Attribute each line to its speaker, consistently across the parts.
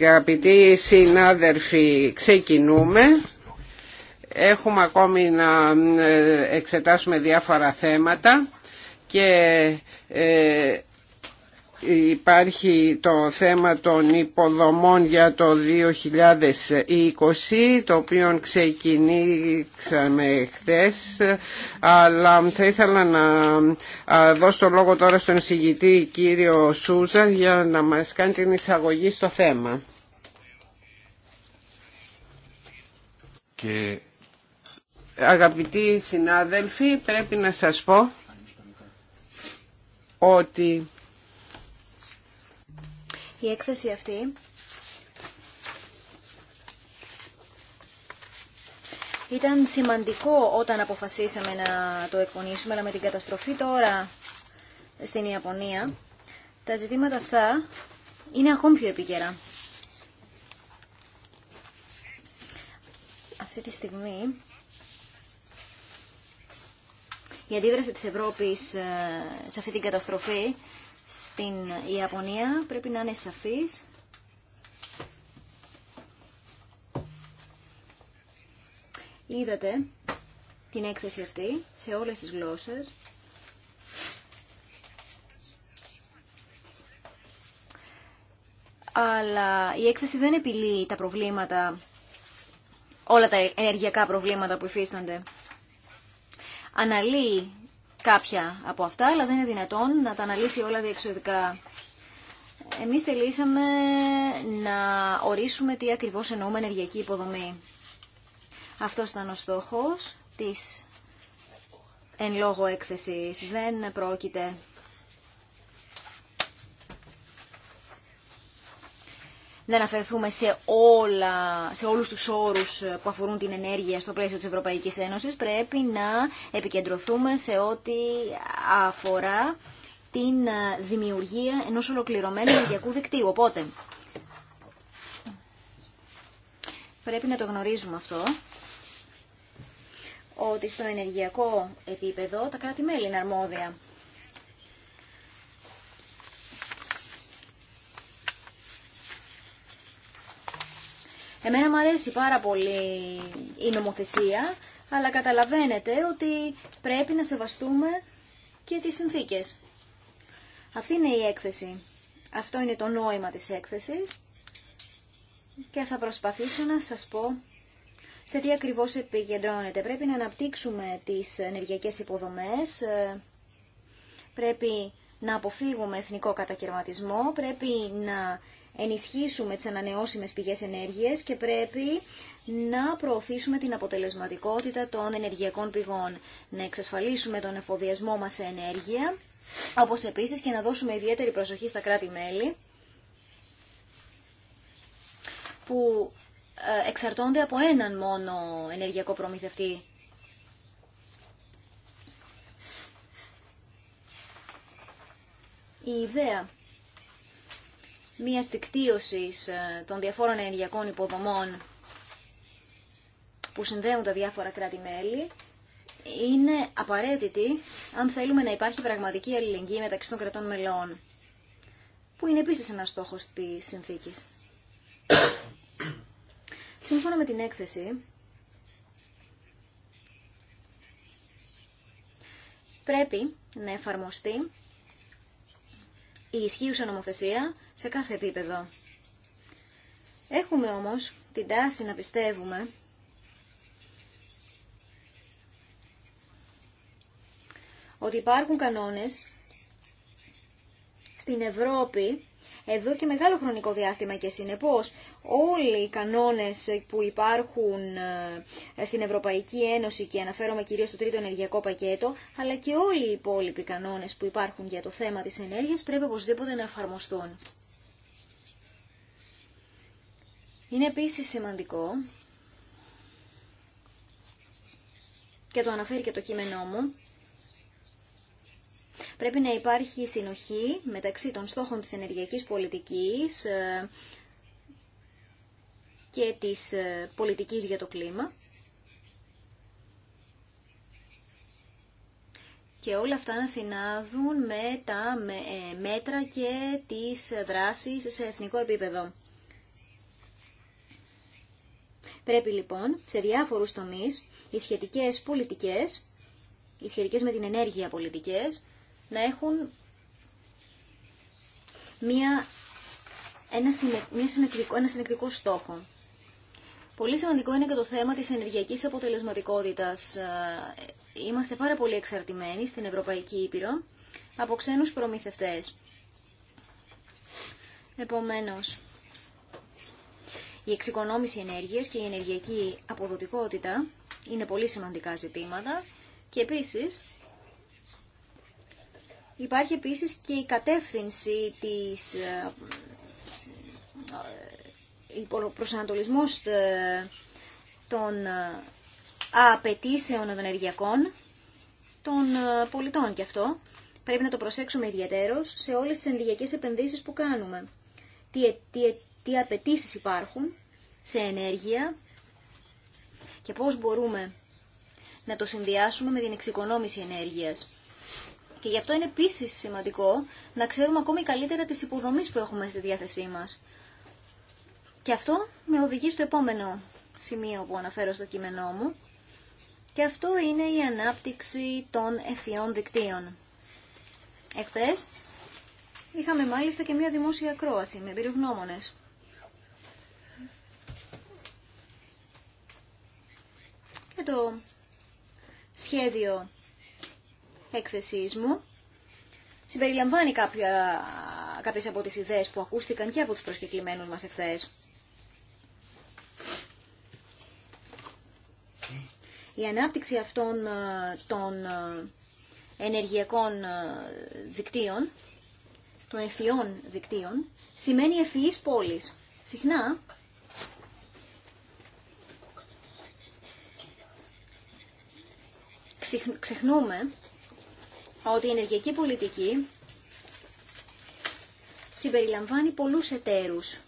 Speaker 1: Αγαπητοί συνάδελφοι, ξεκινούμε. Έχουμε ακόμη να ε, εξετάσουμε διάφορα θέματα και ε, υπάρχει το θέμα των υποδομών για το 2020 το οποίο ξεκινήσαμε χθες αλλά θα ήθελα να δώσω το λόγο τώρα στον συγητή κύριο Σούζα για να μας κάνει την εισαγωγή στο θέμα. Και... Αγαπητοί συνάδελφοι, πρέπει να σας πω ότι
Speaker 2: η έκθεση αυτή ήταν σημαντικό όταν αποφασίσαμε να το εκπονήσουμε, αλλά με την καταστροφή τώρα στην Ιαπωνία, τα ζητήματα αυτά είναι ακόμη πιο επίκαιρα. Αυτή τη στιγμή η αντίδραση της Ευρώπης ε, σε αυτή την καταστροφή στην Ιαπωνία πρέπει να είναι σαφής. Είδατε την έκθεση αυτή σε όλες τις γλώσσες. Αλλά η έκθεση δεν επιλύει τα προβλήματα, όλα τα ενεργειακά προβλήματα που υφίστανται. Αναλύει κάποια από αυτά, αλλά δεν είναι δυνατόν να τα αναλύσει όλα διεξοδικά. Εμείς θελήσαμε να ορίσουμε τι ακριβώς εννοούμε ενεργειακή υποδομή. Αυτό ήταν ο στόχος της εν λόγω έκθεσης. Δεν πρόκειται Δεν αφαιρθούμε σε, όλα, σε όλους τους όρους ε, που αφορούν την ενέργεια στο πλαίσιο της Ευρωπαϊκής Ένωσης. Πρέπει να επικεντρωθούμε σε ό,τι αφορά την ε, δημιουργία ενός ολοκληρωμένου ενεργειακού δικτύου. Οπότε, πρέπει να το γνωρίζουμε αυτό, ότι στο ενεργειακό επίπεδο τα κράτη-μέλη είναι αρμόδια Εμένα μου αρέσει πάρα πολύ η νομοθεσία, αλλά καταλαβαίνετε ότι πρέπει να σεβαστούμε και τις συνθήκες. Αυτή είναι η έκθεση. Αυτό είναι το νόημα της έκθεσης και θα προσπαθήσω να σας πω σε τι ακριβώς επικεντρώνεται. Πρέπει να αναπτύξουμε τις ενεργειακές υποδομές, ε, πρέπει να αποφύγουμε εθνικό κατακαιρματισμό, πρέπει να ενισχύσουμε τις ανανεώσιμες πηγές ενέργειας και πρέπει να προωθήσουμε την αποτελεσματικότητα των ενεργειακών πηγών, να εξασφαλίσουμε τον εφοδιασμό μας σε ενέργεια, όπως επίσης και να δώσουμε ιδιαίτερη προσοχή στα κράτη-μέλη, που ε, εξαρτώνται από έναν μόνο ενεργειακό προμηθευτή. Η ιδέα μία δικτύωσης ε, των διαφόρων ενεργειακών υποδομών που συνδέουν τα διάφορα κράτη-μέλη είναι απαραίτητη αν θέλουμε να υπάρχει πραγματική αλληλεγγύη μεταξύ των κρατών μελών, που είναι επίσης ένας στόχος της συνθήκης. Σύμφωνα με την έκθεση, πρέπει να εφαρμοστεί η ισχύουσα νομοθεσία σε κάθε επίπεδο. Έχουμε όμως την τάση να πιστεύουμε ότι υπάρχουν κανόνες στην Ευρώπη εδώ και μεγάλο χρονικό διάστημα και συνεπώς όλοι οι κανόνες που υπάρχουν ε, στην Ευρωπαϊκή Ένωση και αναφέρομαι κυρίως στο τρίτο ενεργειακό πακέτο αλλά και όλοι οι υπόλοιποι κανόνες που υπάρχουν για το θέμα της ενέργειας πρέπει οπωσδήποτε να εφαρμοστούν. Είναι επίσης σημαντικό και το αναφέρει και το κείμενό μου, Πρέπει να υπάρχει συνοχή μεταξύ των στόχων της ενεργειακής πολιτικής ε, και της ε, πολιτικής για το κλίμα. Και όλα αυτά να συνάδουν με τα ε, μέτρα και τις δράσεις σε εθνικό επίπεδο. Πρέπει λοιπόν σε διάφορους τομείς οι σχετικές πολιτικές, οι σχετικές με την ενέργεια πολιτικές, να έχουν μια, ένα, συνεκτικό, ένα συνεκτικό στόχο. Πολύ σημαντικό είναι και το θέμα της ενεργειακής αποτελεσματικότητας. Είμαστε πάρα πολύ εξαρτημένοι στην Ευρωπαϊκή Ήπειρο από ξένους προμηθευτές. Επομένως, η εξοικονόμηση ενέργειας και η ενεργειακή αποδοτικότητα είναι πολύ σημαντικά ζητήματα και επίσης υπάρχει επίσης και η κατεύθυνση της η ε, ε, προσανατολισμός ε, των απαιτήσεων των ενεργειακών των πολιτών και αυτό πρέπει να το προσέξουμε ιδιαίτερως σε όλες τις ενεργειακές επενδύσεις που κάνουμε. Τι, τι, τι απαιτήσει υπάρχουν σε ενέργεια και πώς μπορούμε να το συνδυάσουμε με την εξοικονόμηση ενέργειας. Και γι' αυτό είναι επίση σημαντικό να ξέρουμε ακόμη καλύτερα τις υποδομές που έχουμε στη διάθεσή μας. Και αυτό με οδηγεί στο επόμενο σημείο που αναφέρω στο κείμενό μου, και αυτό είναι η ανάπτυξη των ευφυών δικτύων. Εχθές είχαμε μάλιστα και μία δημόσια ακρόαση με εμπειρογνώμονες. το σχέδιο έκθεσής μου. Συμπεριλαμβάνει κάποια, κάποιες από τις ιδέες που ακούστηκαν και από τους προσκεκλημένους μας εχθές. Η ανάπτυξη αυτών ε, των ε, ενεργειακών ε, δικτύων, των ευφυών δικτύων, σημαίνει ευφυής πόλης. Συχνά ξεχνούμε ότι η ενεργειακή πολιτική συμπεριλαμβάνει πολλούς εταίρους.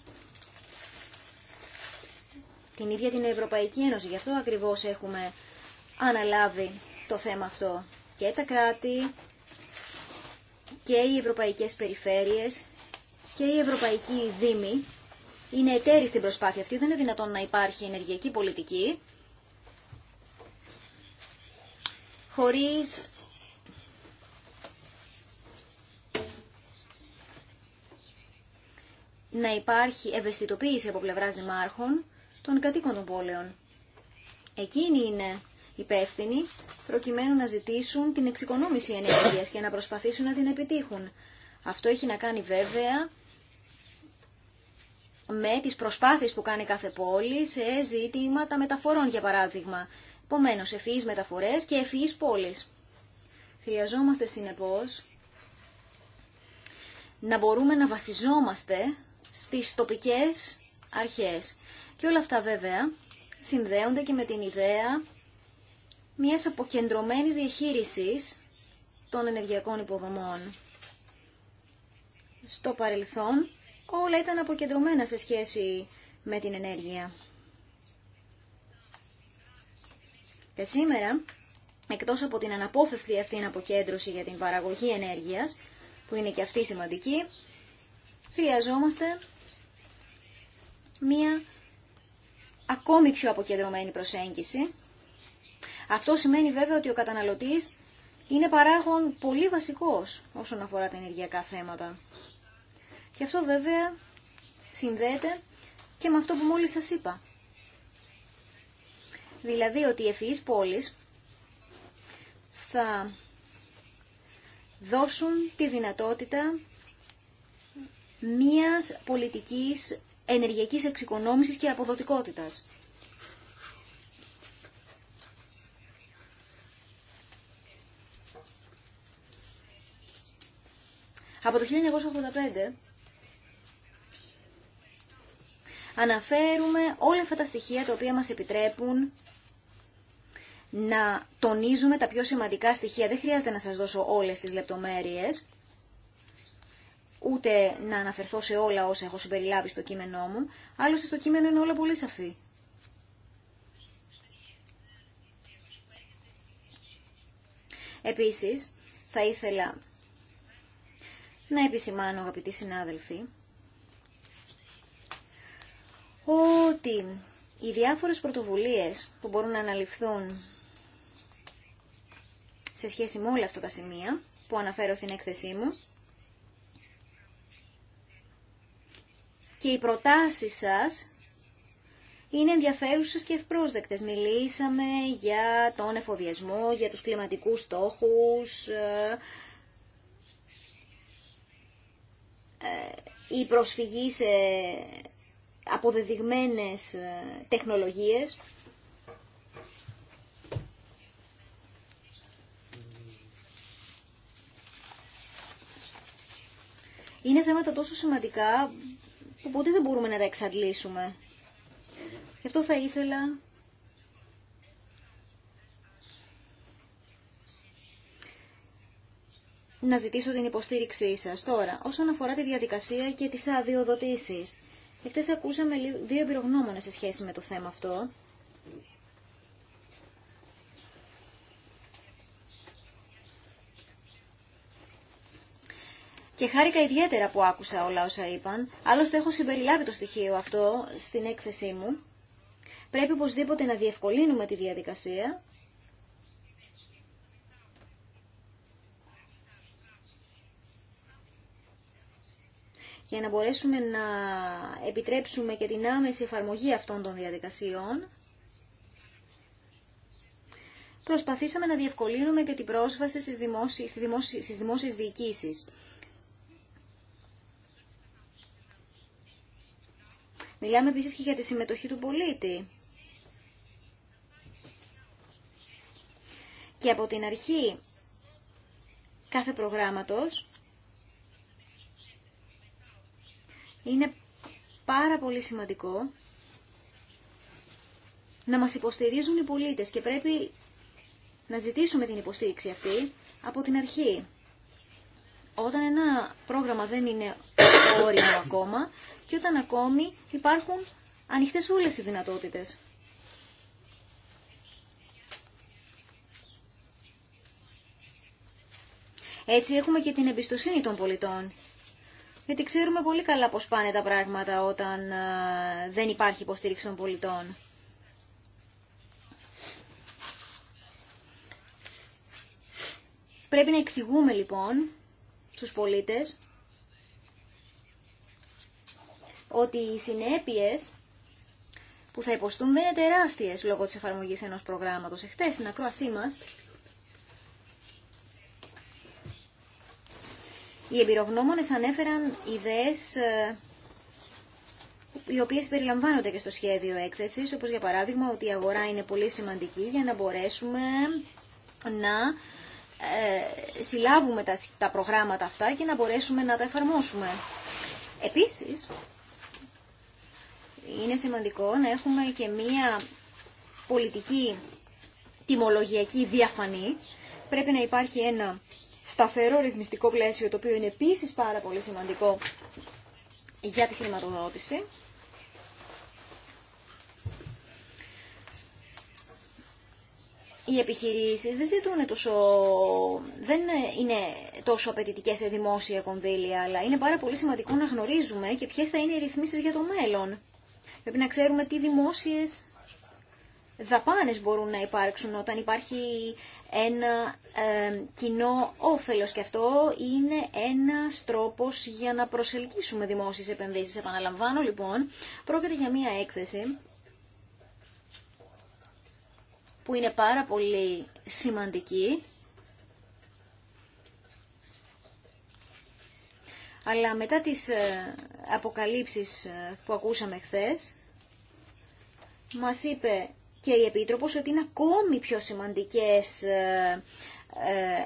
Speaker 2: Την ίδια την Ευρωπαϊκή Ένωση, γι' αυτό ακριβώς έχουμε αναλάβει το θέμα αυτό. Και τα κράτη και οι ευρωπαϊκές περιφέρειες και η Ευρωπαϊκή Δήμη είναι εταίροι στην προσπάθεια αυτή. Δεν είναι δυνατόν να υπάρχει ενεργειακή πολιτική χωρίς να υπάρχει ευαισθητοποίηση από πλευράς δημάρχων των κατοίκων των πόλεων. Εκείνοι είναι υπεύθυνοι προκειμένου να ζητήσουν την εξοικονόμηση ενέργειας και να προσπαθήσουν να την επιτύχουν. Αυτό έχει να κάνει βέβαια με τις προσπάθειες που κάνει κάθε πόλη σε ζητήματα μεταφορών, για παράδειγμα. Επομένως, ευφυείς μεταφορές και ευφυείς πόλεις. Χρειαζόμαστε συνεπώς να μπορούμε να βασιζόμαστε στις τοπικές αρχές. Και όλα αυτά βέβαια συνδέονται και με την ιδέα μιας αποκεντρωμένης διαχείρισης των ενεργειακών υποδομών. Στο παρελθόν όλα ήταν αποκεντρωμένα σε σχέση με την ενέργεια. Και σήμερα, εκτός από την αναπόφευκτη αυτή αποκέντρωση για την παραγωγή ενέργειας, που είναι και αυτή σημαντική, χρειαζόμαστε μία ακόμη πιο αποκεντρωμένη προσέγγιση. Αυτό σημαίνει βέβαια ότι ο καταναλωτής είναι παράγον πολύ βασικός όσον αφορά τα ενεργειακά θέματα. Και αυτό βέβαια συνδέεται και με αυτό που μόλις σας είπα. Δηλαδή ότι οι ευφυείς πόλεις θα δώσουν τη δυνατότητα μίας πολιτικής ενεργειακής εξοικονόμησης και αποδοτικότητας. Από το 1985 αναφέρουμε όλα αυτά τα στοιχεία τα οποία μας επιτρέπουν να τονίζουμε τα πιο σημαντικά στοιχεία. Δεν χρειάζεται να σας δώσω όλες τις λεπτομέρειες, ούτε να αναφερθώ σε όλα όσα έχω συμπεριλάβει στο κείμενό μου. Άλλωστε στο κείμενο είναι όλα πολύ σαφή. Επίσης, θα ήθελα να επισημάνω, αγαπητοί συνάδελφοι, ότι οι διάφορες πρωτοβουλίες που μπορούν να αναλυφθούν σε σχέση με όλα αυτά τα σημεία που αναφέρω στην έκθεσή μου. Και οι προτάσεις σας είναι ενδιαφέρουσες και ευπρόσδεκτες. Μιλήσαμε για τον εφοδιασμό, για τους κλιματικούς στόχους, ε, η προσφυγή σε αποδεδειγμένες τεχνολογίες. είναι θέματα τόσο σημαντικά που ποτέ δεν μπορούμε να τα εξαντλήσουμε. Γι' αυτό θα ήθελα να ζητήσω την υποστήριξή σας. Τώρα, όσον αφορά τη διαδικασία και τις αδειοδοτήσεις. Εκτές ακούσαμε δύο εμπειρογνώμονες σε σχέση με το θέμα αυτό. και χάρηκα ιδιαίτερα που άκουσα όλα όσα είπαν. Άλλωστε έχω συμπεριλάβει το στοιχείο αυτό στην έκθεσή μου. Πρέπει οπωσδήποτε να διευκολύνουμε τη διαδικασία. για να μπορέσουμε να επιτρέψουμε και την άμεση εφαρμογή αυτών των διαδικασιών, προσπαθήσαμε να διευκολύνουμε και την πρόσβαση στις δημόσιες, στις δημόσιες διοικήσεις. Μιλάμε επίση και για τη συμμετοχή του πολίτη. Και από την αρχή κάθε προγράμματος είναι πάρα πολύ σημαντικό να μας υποστηρίζουν οι πολίτες και πρέπει να ζητήσουμε την υποστήριξη αυτή από την αρχή. Όταν ένα πρόγραμμα δεν είναι όριμο ακόμα, και όταν ακόμη υπάρχουν ανοιχτές όλες οι δυνατότητες. Έτσι έχουμε και την εμπιστοσύνη των πολιτών. Γιατί ξέρουμε πολύ καλά πώς πάνε τα πράγματα όταν δεν υπάρχει υποστήριξη των πολιτών. Πρέπει να εξηγούμε λοιπόν στους πολίτες ότι οι συνέπειε που θα υποστούν δεν είναι τεράστιε λόγω της εφαρμογής ενός προγράμματος. Εχθέ στην ακρόασή μα. οι εμπειρογνώμονε ανέφεραν ιδέες ε, οι οποίες περιλαμβάνονται και στο σχέδιο έκθεσης, όπως για παράδειγμα ότι η αγορά είναι πολύ σημαντική για να μπορέσουμε να ε, συλλάβουμε τα προγράμματα αυτά και να μπορέσουμε να τα εφαρμόσουμε. Επίσης, είναι σημαντικό να έχουμε και μία πολιτική τιμολογιακή διαφανή. Πρέπει να υπάρχει ένα σταθερό ρυθμιστικό πλαίσιο, το οποίο είναι επίσης πάρα πολύ σημαντικό για τη χρηματοδότηση. οι επιχειρήσεις δεν ζητούν τόσο, δεν είναι τόσο απαιτητικέ σε δημόσια κονδύλια, αλλά είναι πάρα πολύ σημαντικό να γνωρίζουμε και ποιες θα είναι οι ρυθμίσεις για το μέλλον. Πρέπει να ξέρουμε τι δημόσιες δαπάνες μπορούν να υπάρξουν όταν υπάρχει ένα ε, κοινό όφελος και αυτό είναι ένα τρόπος για να προσελκύσουμε δημόσιες επενδύσεις. Επαναλαμβάνω λοιπόν, πρόκειται για μία έκθεση που είναι πάρα πολύ σημαντική Αλλά μετά τις ε, αποκαλύψεις ε, που ακούσαμε χθες, μας είπε και η Επίτροπος ότι είναι ακόμη πιο σημαντικές ε,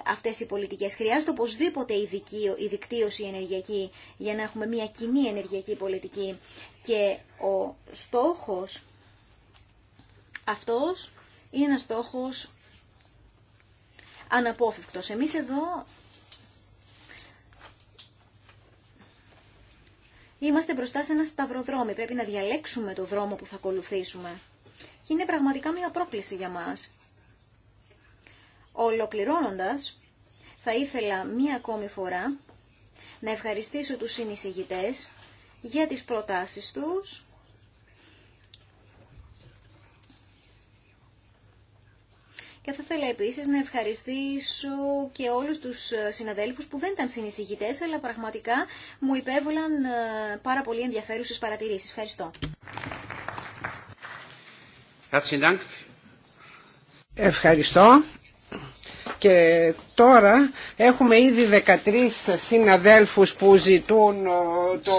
Speaker 2: αυτές οι πολιτικές. Χρειάζεται οπωσδήποτε η δικτύωση ενεργειακή για να έχουμε μια κοινή ενεργειακή πολιτική. Και ο στόχος αυτός είναι ένας στόχος αναπόφευκτος. Εμείς εδώ είμαστε μπροστά σε ένα σταυροδρόμι. Πρέπει να διαλέξουμε το δρόμο που θα ακολουθήσουμε. Και είναι πραγματικά μια πρόκληση για μας. Ολοκληρώνοντας, θα ήθελα μία ακόμη φορά να ευχαριστήσω τους συνεισηγητές για τις προτάσεις τους Και θα ήθελα επίσης να ευχαριστήσω και όλους τους συναδέλφους που δεν ήταν συνεισηγητέ, αλλά πραγματικά μου υπέβολαν ε, πάρα πολύ ενδιαφέρουσε παρατηρήσεις. Ευχαριστώ.
Speaker 1: Ευχαριστώ και τώρα έχουμε ήδη 13 συναδέλφους που ζητούν ε, το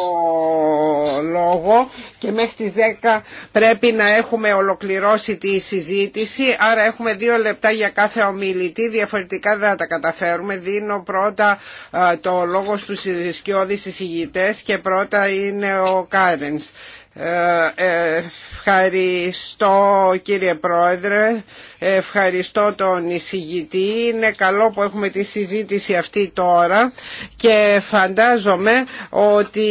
Speaker 1: λόγο και μέχρι τις 10 πρέπει να έχουμε ολοκληρώσει τη συζήτηση άρα έχουμε δύο λεπτά για κάθε ομιλητή διαφορετικά δεν θα τα καταφέρουμε δίνω πρώτα ε, το λόγο στους σκιώδεις εισηγητές και πρώτα είναι ο Κάρενς. Ε, ευχαριστώ κύριε Πρόεδρε Ευχαριστώ τον εισηγητή. Είναι καλό που έχουμε τη συζήτηση αυτή τώρα και φαντάζομαι ότι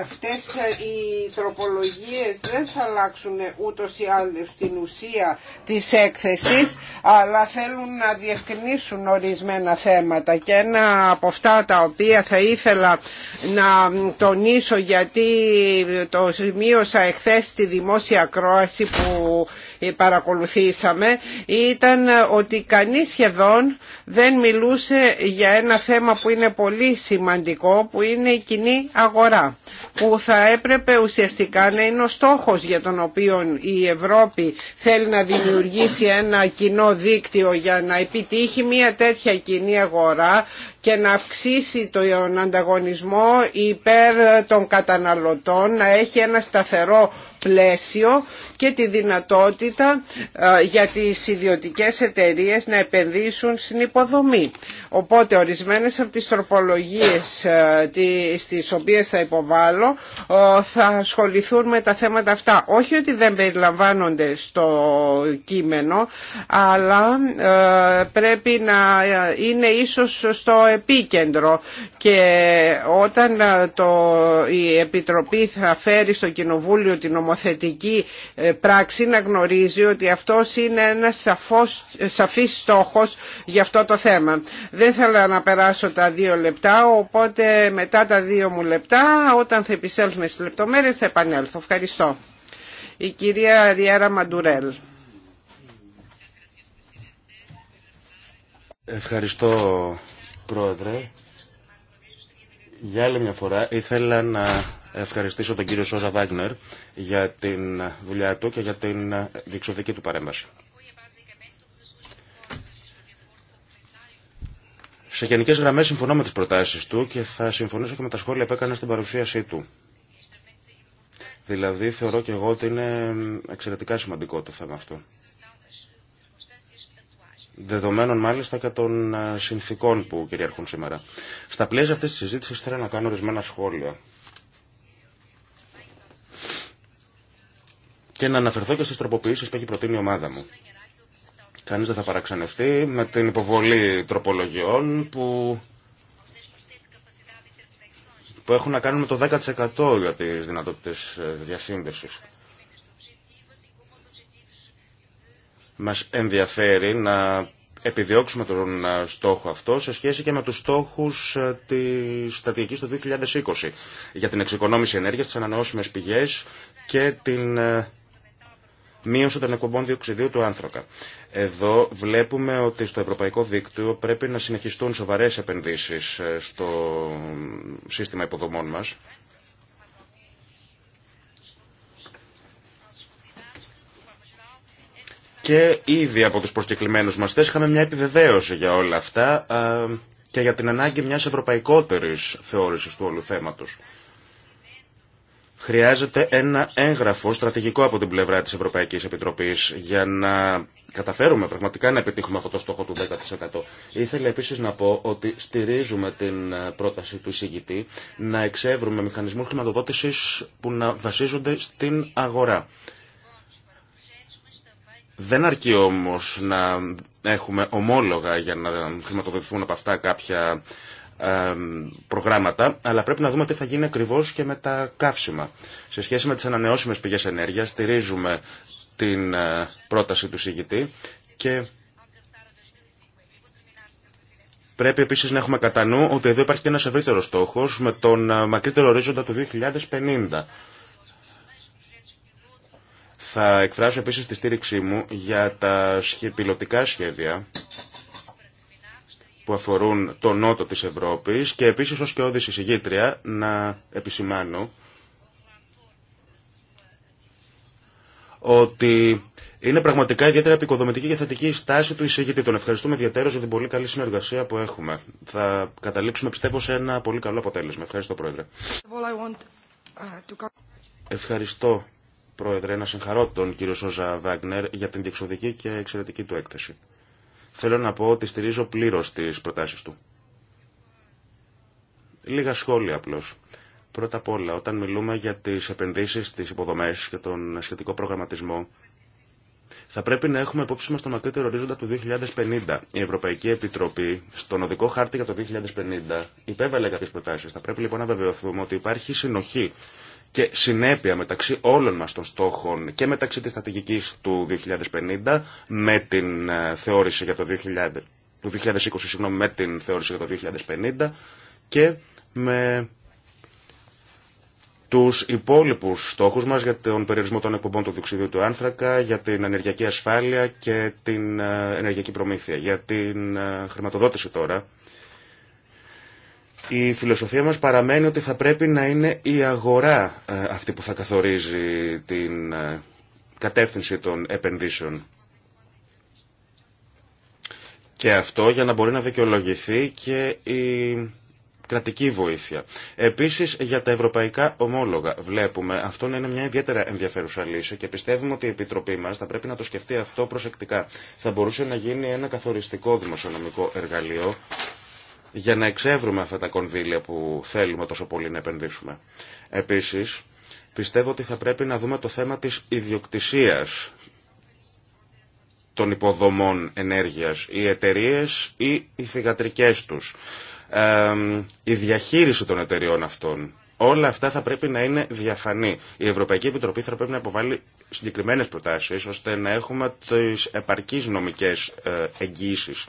Speaker 1: αυτές οι τροπολογίες δεν θα αλλάξουν ούτως ή άλλως την ουσία της έκθεσης αλλά θέλουν να διευκρινίσουν ορισμένα θέματα και ένα από αυτά τα οποία θα ήθελα να τονίσω γιατί το σημείωσα εχθές στη δημόσια ακρόαση που παρακολουθήσαμε ήταν ότι κανείς σχεδόν δεν μιλούσε για ένα θέμα που είναι πολύ σημαντικό που είναι η κοινή αγορά που θα έπρεπε ουσιαστικά να είναι ο στόχος για τον οποίο η Ευρώπη θέλει να δημιουργήσει ένα κοινό δίκτυο για να επιτύχει μια τέτοια κοινή αγορά και να αυξήσει τον ανταγωνισμό υπέρ των καταναλωτών, να έχει ένα σταθερό πλαίσιο και τη δυνατότητα ε, για τις ιδιωτικές εταιρείες να επενδύσουν στην υποδομή. Οπότε ορισμένες από τις τροπολογίες ε, στις οποίες θα υποβάλλω ε, θα ασχοληθούν με τα θέματα αυτά. Όχι ότι δεν περιλαμβάνονται στο κείμενο αλλά πρέπει να είναι ίσως στο επίκεντρο και όταν ε, το, η Επιτροπή θα φέρει στο Κοινοβούλιο την νομοθετική ε, πράξη να γνωρίζει ότι αυτός είναι ένας σαφός, σαφής στόχος για αυτό το θέμα. Δεν θέλω να περάσω τα δύο λεπτά, οπότε μετά τα δύο μου λεπτά, όταν θα επισέλθουμε στις λεπτομέρειες, θα επανέλθω. Ευχαριστώ. Η κυρία Ριέρα Μαντουρέλ.
Speaker 3: Ευχαριστώ Πρόεδρε, για άλλη μια φορά ήθελα να ευχαριστήσω τον κύριο Σόζα Βάγνερ για την δουλειά του και για την διεξοδική του παρέμβαση. Σε γενικές γραμμές συμφωνώ με τις προτάσεις του και θα συμφωνήσω και με τα σχόλια που έκανε στην παρουσίασή του. Δηλαδή θεωρώ και εγώ ότι είναι εξαιρετικά σημαντικό το θέμα αυτό δεδομένων μάλιστα και των ε, συνθήκων που κυριαρχούν σήμερα. Στα πλαίσια αυτής της συζήτησης θέλω να κάνω ορισμένα σχόλια. Και να αναφερθώ και στις τροποποιήσεις που έχει προτείνει η ομάδα μου. Κανείς δεν θα παραξενευτεί με την υποβολή τροπολογιών που που έχουν να κάνουν με το 10% για τις δυνατότητες ε, διασύνδεσης. Μας ενδιαφέρει να επιδιώξουμε τον ε, στόχο αυτό σε σχέση και με τους στόχους ε, της στρατηγικής του 2020 για την εξοικονόμηση ενέργειας, τις ανανεώσιμες πηγές και την ε, μείωση των εκπομπών διοξιδίου του άνθρακα. Εδώ βλέπουμε ότι στο ευρωπαϊκό δίκτυο πρέπει να συνεχιστούν σοβαρές επενδύσεις στο σύστημα υποδομών μας Και ήδη από τους προσκεκλημένους μας θες μια επιβεβαίωση για όλα αυτά και για την ανάγκη μιας ευρωπαϊκότερης θεώρησης του όλου θέματος. Χρειάζεται ένα έγγραφο στρατηγικό από την πλευρά της Ευρωπαϊκής Επιτροπής για να καταφέρουμε πραγματικά να επιτύχουμε αυτό το στόχο του 10%. Ήθελα επίσης να πω ότι στηρίζουμε την πρόταση του εισηγητή να εξεύρουμε μηχανισμούς χρηματοδότησης που να βασίζονται στην αγορά. Δεν αρκεί όμως να έχουμε ομόλογα για να χρηματοδοτηθούν από αυτά κάποια προγράμματα, αλλά πρέπει να δούμε τι θα γίνει ακριβώς και με τα καύσιμα. Σε σχέση με τις ανανεώσιμες πηγές ενέργειας, στηρίζουμε την ε, πρόταση του συγητή και Πρέπει επίση να έχουμε κατά νου ότι εδώ υπάρχει και ένα ευρύτερο στόχο με τον ε, μακρύτερο ορίζοντα του 2050. Θα εκφράσω επίσης τη στήριξή μου για τα πιλωτικά σχέδια που αφορούν το νότο της Ευρώπης και επίσης ως και όδηση εισηγήτρια να επισημάνω ότι είναι πραγματικά ιδιαίτερα επικοδομητική και θετική η στάση του εισηγητή. Τον ευχαριστούμε ιδιαίτερα για την πολύ καλή συνεργασία που έχουμε. Θα καταλήξουμε πιστεύω σε ένα πολύ καλό αποτέλεσμα. Ευχαριστώ Πρόεδρε.
Speaker 1: Uh,
Speaker 3: Ευχαριστώ Πρόεδρε, να συγχαρώ τον κύριο Σόζα Βάγκνερ για την διεξοδική και εξαιρετική του έκθεση. Θέλω να πω ότι στηρίζω πλήρω τις προτάσει του. Λίγα σχόλια απλώ. Πρώτα απ' όλα, όταν μιλούμε για τι επενδύσει τι υποδομές και τον σχετικό προγραμματισμό, θα πρέπει να έχουμε υπόψη μα το μακρύτερο ορίζοντα του 2050. Η Ευρωπαϊκή Επιτροπή, στον οδικό χάρτη για το 2050, υπέβαλε κάποιε προτάσει. Θα πρέπει λοιπόν να βεβαιωθούμε ότι υπάρχει συνοχή και συνέπεια μεταξύ όλων μας των στόχων και μεταξύ της στρατηγικής του 2050 ε, με την θεώρηση για το του 2020 με την θεώρηση για το 2050 και με τους υπόλοιπους στόχους μας για τον περιορισμό των εκπομπών του διοξιδίου του άνθρακα, για την ενεργειακή ασφάλεια και την ε, ενεργειακή προμήθεια, για την ε, χρηματοδότηση τώρα η φιλοσοφία μας παραμένει ότι θα πρέπει να είναι η αγορά ε, αυτή που θα καθορίζει την ε, κατεύθυνση των επενδύσεων. Και αυτό για να μπορεί να δικαιολογηθεί και η κρατική βοήθεια. Επίσης για τα ευρωπαϊκά ομόλογα βλέπουμε αυτό να είναι μια ιδιαίτερα ενδιαφέρουσα λύση και πιστεύουμε ότι η Επιτροπή μας θα πρέπει να το σκεφτεί αυτό προσεκτικά. Θα μπορούσε να γίνει ένα καθοριστικό δημοσιονομικό εργαλείο για να εξεύρουμε αυτά τα κονδύλια που θέλουμε τόσο πολύ να επενδύσουμε. Επίσης, πιστεύω ότι θα πρέπει να δούμε το θέμα της ιδιοκτησίας των υποδομών ενέργειας, οι εταιρείε ή οι θυγατρικες τους, η διαχείριση των εταιριών αυτών. Όλα αυτά θα πρέπει να είναι διαφανή. Η Ευρωπαϊκή Επιτροπή θα πρέπει να υποβάλει συγκεκριμένες προτάσεις, ώστε να έχουμε τις επαρκείς νομικές ε, εγγύησεις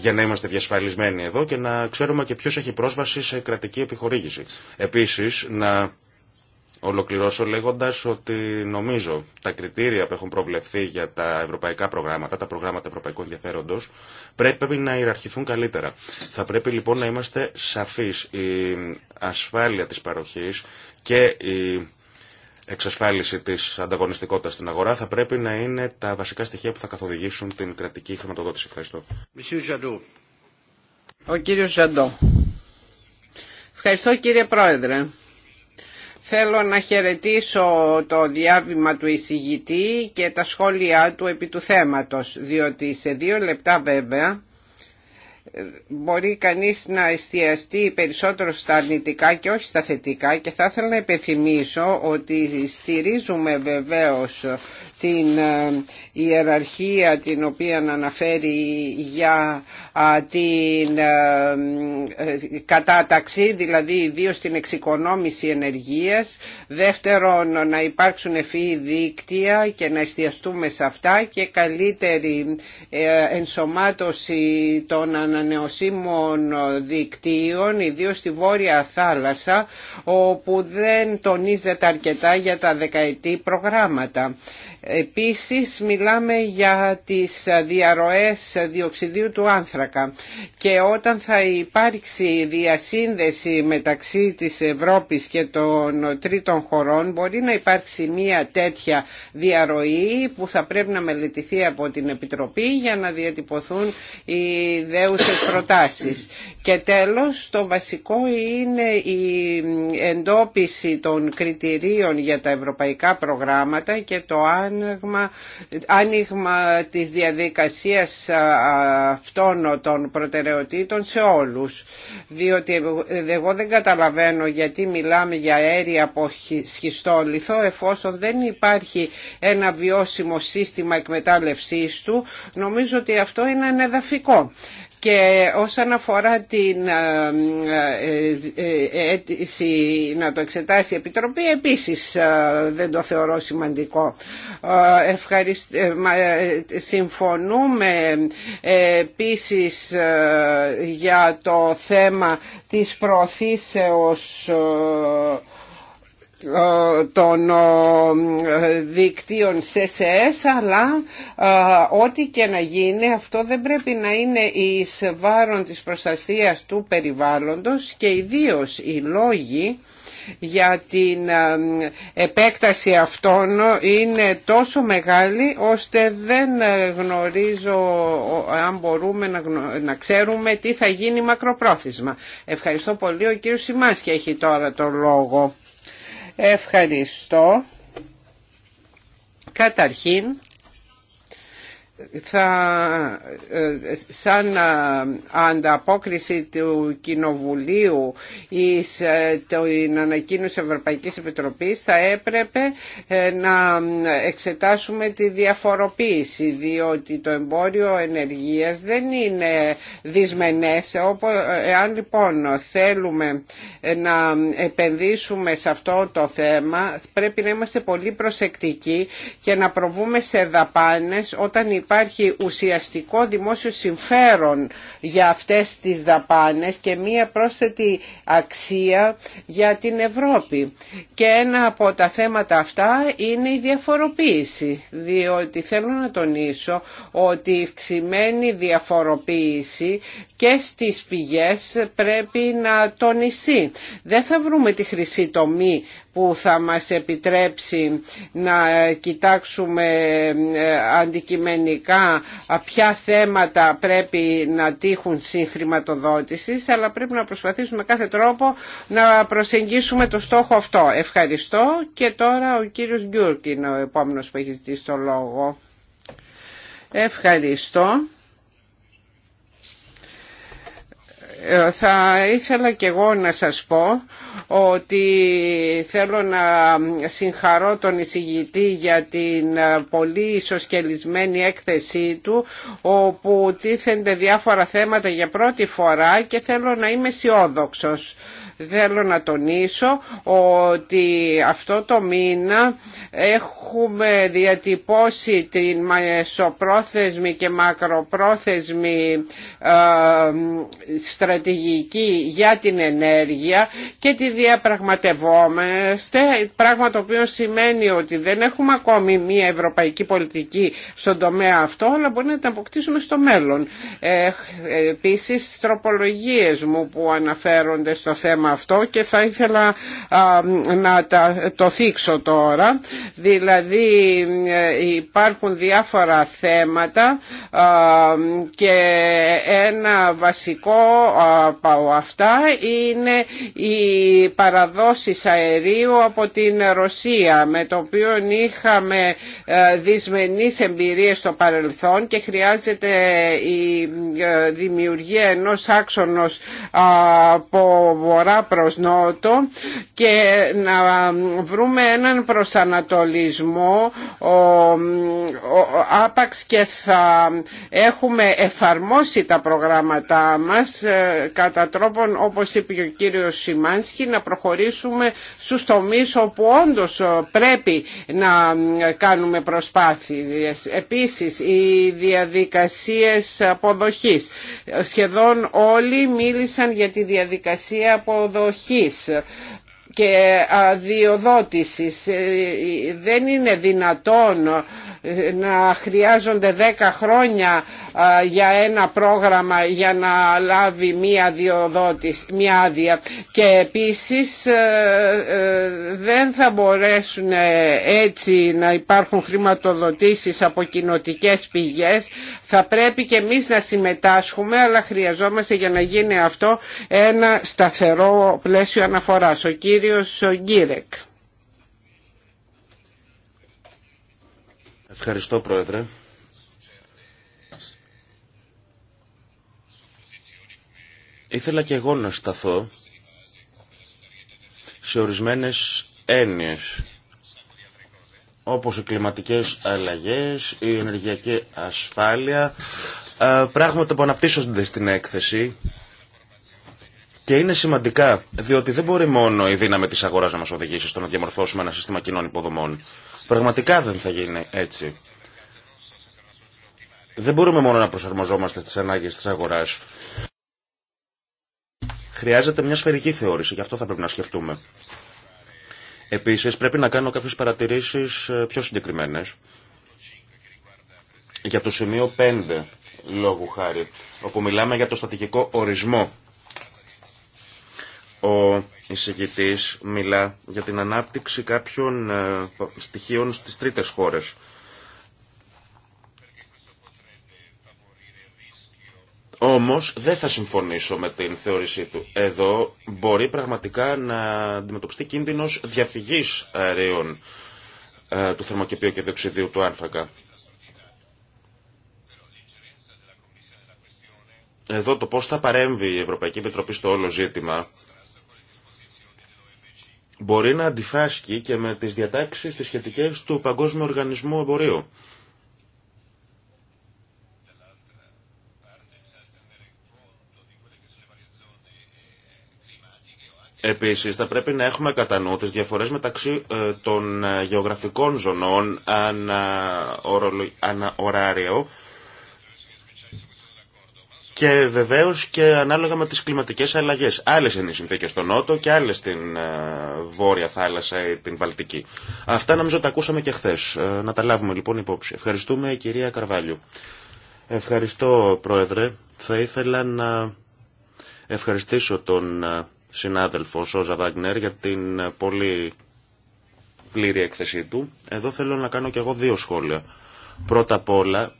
Speaker 3: για να είμαστε διασφαλισμένοι εδώ και να ξέρουμε και ποιος έχει πρόσβαση σε κρατική επιχορήγηση. Επίσης, να ολοκληρώσω λέγοντας ότι νομίζω τα κριτήρια που έχουν προβλεφθεί για τα ευρωπαϊκά προγράμματα, τα προγράμματα ευρωπαϊκού ενδιαφέροντος, πρέπει να ιεραρχηθούν καλύτερα. Θα πρέπει λοιπόν να είμαστε σαφείς η ασφάλεια της παροχής και η εξασφάλιση της ανταγωνιστικότητας στην αγορά θα πρέπει να είναι τα βασικά στοιχεία που θα καθοδηγήσουν την κρατική χρηματοδότηση. Ευχαριστώ.
Speaker 1: Ο κύριος Ζαντό. Ευχαριστώ κύριε Πρόεδρε. Θέλω να χαιρετήσω το διάβημα του εισηγητή και τα σχόλιά του επί του θέματος, διότι σε δύο λεπτά βέβαια μπορεί κανείς να εστιαστεί περισσότερο στα αρνητικά και όχι στα θετικά και θα ήθελα να υπενθυμίσω ότι στηρίζουμε βεβαίως την ε, ιεραρχία την οποία αναφέρει για την ε, ε, κατάταξη, δηλαδή ιδίω στην εξοικονόμηση ενεργείας. Δεύτερον, να υπάρξουν ευφύη δίκτυα και να εστιαστούμε σε αυτά και καλύτερη ενσωμάτωση των ανανεωσίμων δικτύων, ιδίω στη Βόρεια Θάλασσα, όπου δεν τονίζεται αρκετά για τα δεκαετή προγράμματα. Επίσης μιλάμε για τις διαρροές διοξιδίου του άνθρακα και όταν θα υπάρξει διασύνδεση μεταξύ της Ευρώπης και των τρίτων χωρών μπορεί να υπάρξει μία τέτοια διαρροή που θα πρέπει να μελετηθεί από την Επιτροπή για να διατυπωθούν οι δέουσες προτάσεις. Και τέλος το βασικό είναι η εντόπιση των κριτηρίων για τα ευρωπαϊκά προγράμματα και το αν άνοιγμα, άνοιγμα της διαδικασίας αυτών των προτεραιοτήτων σε όλους. Διότι εγώ δεν καταλαβαίνω γιατί μιλάμε για αέρια από σχιστόλιθο εφόσον δεν υπάρχει ένα βιώσιμο σύστημα εκμετάλλευσής του. Νομίζω ότι αυτό είναι ανεδαφικό. Και όσον αφορά την ε, ε, ε, αίτηση να το εξετάσει η Επιτροπή, επίσης δεν το θεωρώ σημαντικό. Συμφωνούμε επίσης για το θέμα της προωθήσεως των δικτύων ΣΣΕΣ αλλά ό,τι και να γίνει αυτό δεν πρέπει να είναι η βάρον της προστασίας του περιβάλλοντος και ιδίως οι λόγοι για την επέκταση αυτών είναι τόσο μεγάλη ώστε δεν γνωρίζω αν μπορούμε να, να ξέρουμε τι θα γίνει μακροπρόθεσμα. Ευχαριστώ πολύ. Ο κύριος Σιμάς και έχει τώρα το λόγο. Ευχαριστώ. Καταρχήν θα, ε, σαν ε, ανταπόκριση του Κοινοβουλίου ή ε, την ανακοίνωση Ευρωπαϊκής Επιτροπής θα έπρεπε να εξετάσουμε τη διαφοροποίηση διότι το εμπόριο ενεργείας δεν είναι δυσμενές εάν λοιπόν θέλουμε να επενδύσουμε σε αυτό το θέμα πρέπει να είμαστε πολύ προσεκτικοί και να προβούμε σε δαπάνες όταν υπάρχει ουσιαστικό δημόσιο συμφέρον για αυτές τις δαπάνες και μία πρόσθετη αξία για την Ευρώπη. Και ένα από τα θέματα αυτά είναι η διαφοροποίηση, διότι θέλω να τονίσω ότι η αυξημένη διαφοροποίηση και στις πηγές πρέπει να τονιστεί. Δεν θα βρούμε τη χρυσή τομή που θα μας επιτρέψει να κοιτάξουμε ε, αντικειμενικά ποια θέματα πρέπει να τύχουν χρηματοδότηση, αλλά πρέπει να προσπαθήσουμε κάθε τρόπο να προσεγγίσουμε το στόχο αυτό. Ευχαριστώ και τώρα ο κύριος Γκιούρκ είναι ο επόμενος που έχει ζητήσει το λόγο. Ευχαριστώ. θα ήθελα και εγώ να σας πω ότι θέλω να συγχαρώ τον εισηγητή για την πολύ ισοσκελισμένη έκθεσή του όπου τίθενται διάφορα θέματα για πρώτη φορά και θέλω να είμαι αισιόδοξο. Θέλω να τονίσω ότι αυτό το μήνα έχουμε διατυπώσει την μεσοπρόθεσμη και μακροπρόθεσμη ε, στρατηγική για την ενέργεια και τη διαπραγματευόμαστε, πράγμα το οποίο σημαίνει ότι δεν έχουμε ακόμη μία ευρωπαϊκή πολιτική στον τομέα αυτό, αλλά μπορεί να τα αποκτήσουμε στο μέλλον. Ε, ε, επίσης, τροπολογίες μου που αναφέρονται στο θέμα αυτό και θα ήθελα να το θίξω τώρα. Δηλαδή ε, υπάρχουν διάφορα θέματα και ένα βασικό από αυτά είναι η παραδόσεις αερίου από την Ρωσία με το οποίο είχαμε ε, δυσμενείς εμπειρίες στο παρελθόν και χρειάζεται η ε, δημιουργία ενός άξονος από βορρά προς νότο και να βρούμε έναν προσανατολισμό ο, άπαξ και θα έχουμε εφαρμόσει τα προγράμματά μας ε, κατά τρόπον όπως είπε ο κύριος Σιμάνσκι να προχωρήσουμε στους τομείς όπου όντως πρέπει να κάνουμε προσπάθειες. Επίσης οι διαδικασίες αποδοχής. Σχεδόν όλοι μίλησαν για τη διαδικασία αποδοχής και αδειοδότησης. Ε, ε, ε, δεν είναι δυνατόν να χρειάζονται 10 χρόνια για ένα πρόγραμμα για να λάβει μία μία άδεια και επίσης ε, ε, δεν θα μπορέσουν ε, έτσι να υπάρχουν χρηματοδοτήσεις από κοινοτικέ πηγές θα πρέπει και εμείς να συμμετάσχουμε αλλά χρειαζόμαστε για να γίνει αυτό ένα σταθερό πλαίσιο αναφοράς ο κύριος Γκίρεκ
Speaker 3: Ευχαριστώ, Πρόεδρε. Ήθελα και εγώ να σταθώ σε ορισμένες έννοιες όπως οι κλιματικές αλλαγές, η ενεργειακή ασφάλεια, πράγματα που αναπτύσσονται στην έκθεση και είναι σημαντικά, διότι δεν μπορεί μόνο η δύναμη της αγοράς να μας οδηγήσει στο να διαμορφώσουμε ένα σύστημα κοινών υποδομών. Πραγματικά δεν θα γίνει έτσι. Δεν μπορούμε μόνο να προσαρμοζόμαστε στις ανάγκες της αγοράς. Χρειάζεται μια σφαιρική θεώρηση, γι' αυτό θα πρέπει να σκεφτούμε. Επίσης πρέπει να κάνω κάποιες παρατηρήσεις ε, πιο συγκεκριμένες. Για το σημείο 5, λόγου χάρη, όπου μιλάμε για το στατικικό ορισμό. Ο εισηγητής μιλά για την ανάπτυξη κάποιων ε, στοιχείων στις τρίτες χώρες. Όμως δεν θα συμφωνήσω με την θεώρησή του. Εδώ μπορεί πραγματικά να αντιμετωπιστεί κίνδυνος διαφυγής αερίων ε, του θερμοκηπίου και διοξιδίου του άνθρακα. Εδώ το πώς θα παρέμβει η Ευρωπαϊκή Επιτροπή στο όλο ζήτημα μπορεί να αντιφάσκει και με τις διατάξεις της σχετικές του Παγκόσμιου Οργανισμού Εμπορίου. Επίσης θα πρέπει να έχουμε κατά νου τις διαφορές μεταξύ ε, των γεωγραφικών ζωνών αναοράριο... ανα και βεβαίω και ανάλογα με τι κλιματικέ αλλαγέ. Άλλε είναι οι συνθήκε στο Νότο και άλλε στην ε, Βόρεια Θάλασσα ή την Βαλτική. Αυτά νομίζω τα ακούσαμε και χθε. Ε, να τα λάβουμε λοιπόν υπόψη. Ευχαριστούμε κυρία Καρβάλιο. Ευχαριστώ Πρόεδρε. Θα ήθελα να ευχαριστήσω τον ε, συνάδελφο Σόζα Βάγκνερ για την πολύ πλήρη έκθεσή του. Εδώ θέλω να κάνω και εγώ δύο σχόλια. Πρώτα απ' όλα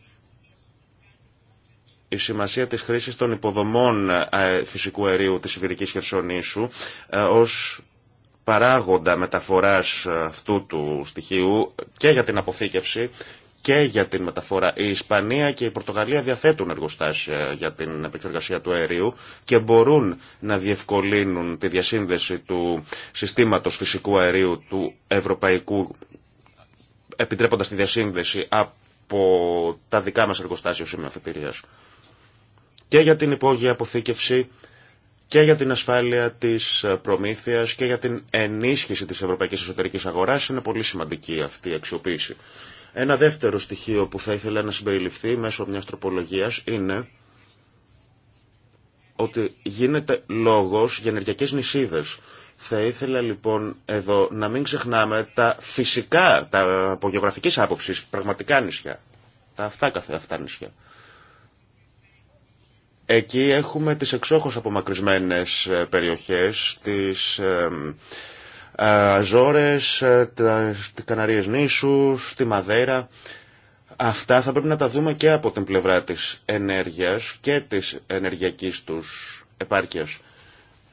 Speaker 3: η σημασία της χρήσης των υποδομών ε, φυσικού αερίου της Ιβηρικής Χερσονήσου ε, ως παράγοντα μεταφοράς ε, αυτού του στοιχείου και για την αποθήκευση και για την μεταφορά. Η Ισπανία και η Πορτογαλία διαθέτουν εργοστάσια για την επεξεργασία του αερίου και μπορούν να διευκολύνουν τη διασύνδεση του συστήματος φυσικού αερίου του ευρωπαϊκού επιτρέποντας τη διασύνδεση από τα δικά μας εργοστάσια ως σημείο και για την υπόγεια αποθήκευση και για την ασφάλεια της ε, προμήθειας και για την ενίσχυση της ευρωπαϊκής εσωτερικής αγοράς είναι πολύ σημαντική αυτή η αξιοποίηση. Ένα δεύτερο στοιχείο που θα ήθελα να συμπεριληφθεί μέσω μιας τροπολογίας είναι ότι γίνεται λόγος για ενεργειακές νησίδες. Θα ήθελα λοιπόν εδώ να μην ξεχνάμε τα φυσικά, τα από γεωγραφικής άποψης, πραγματικά νησιά. Τα αυτά αυτά νησιά. Εκεί έχουμε τις εξόχως απομακρυσμένες ε, περιοχές, τις ε, ε, Αζόρες, τις Καναρίες νήσους, τη Μαδέρα. Αυτά θα πρέπει να τα δούμε και από την πλευρά της ενέργειας και της ενεργειακής τους επάρκειας.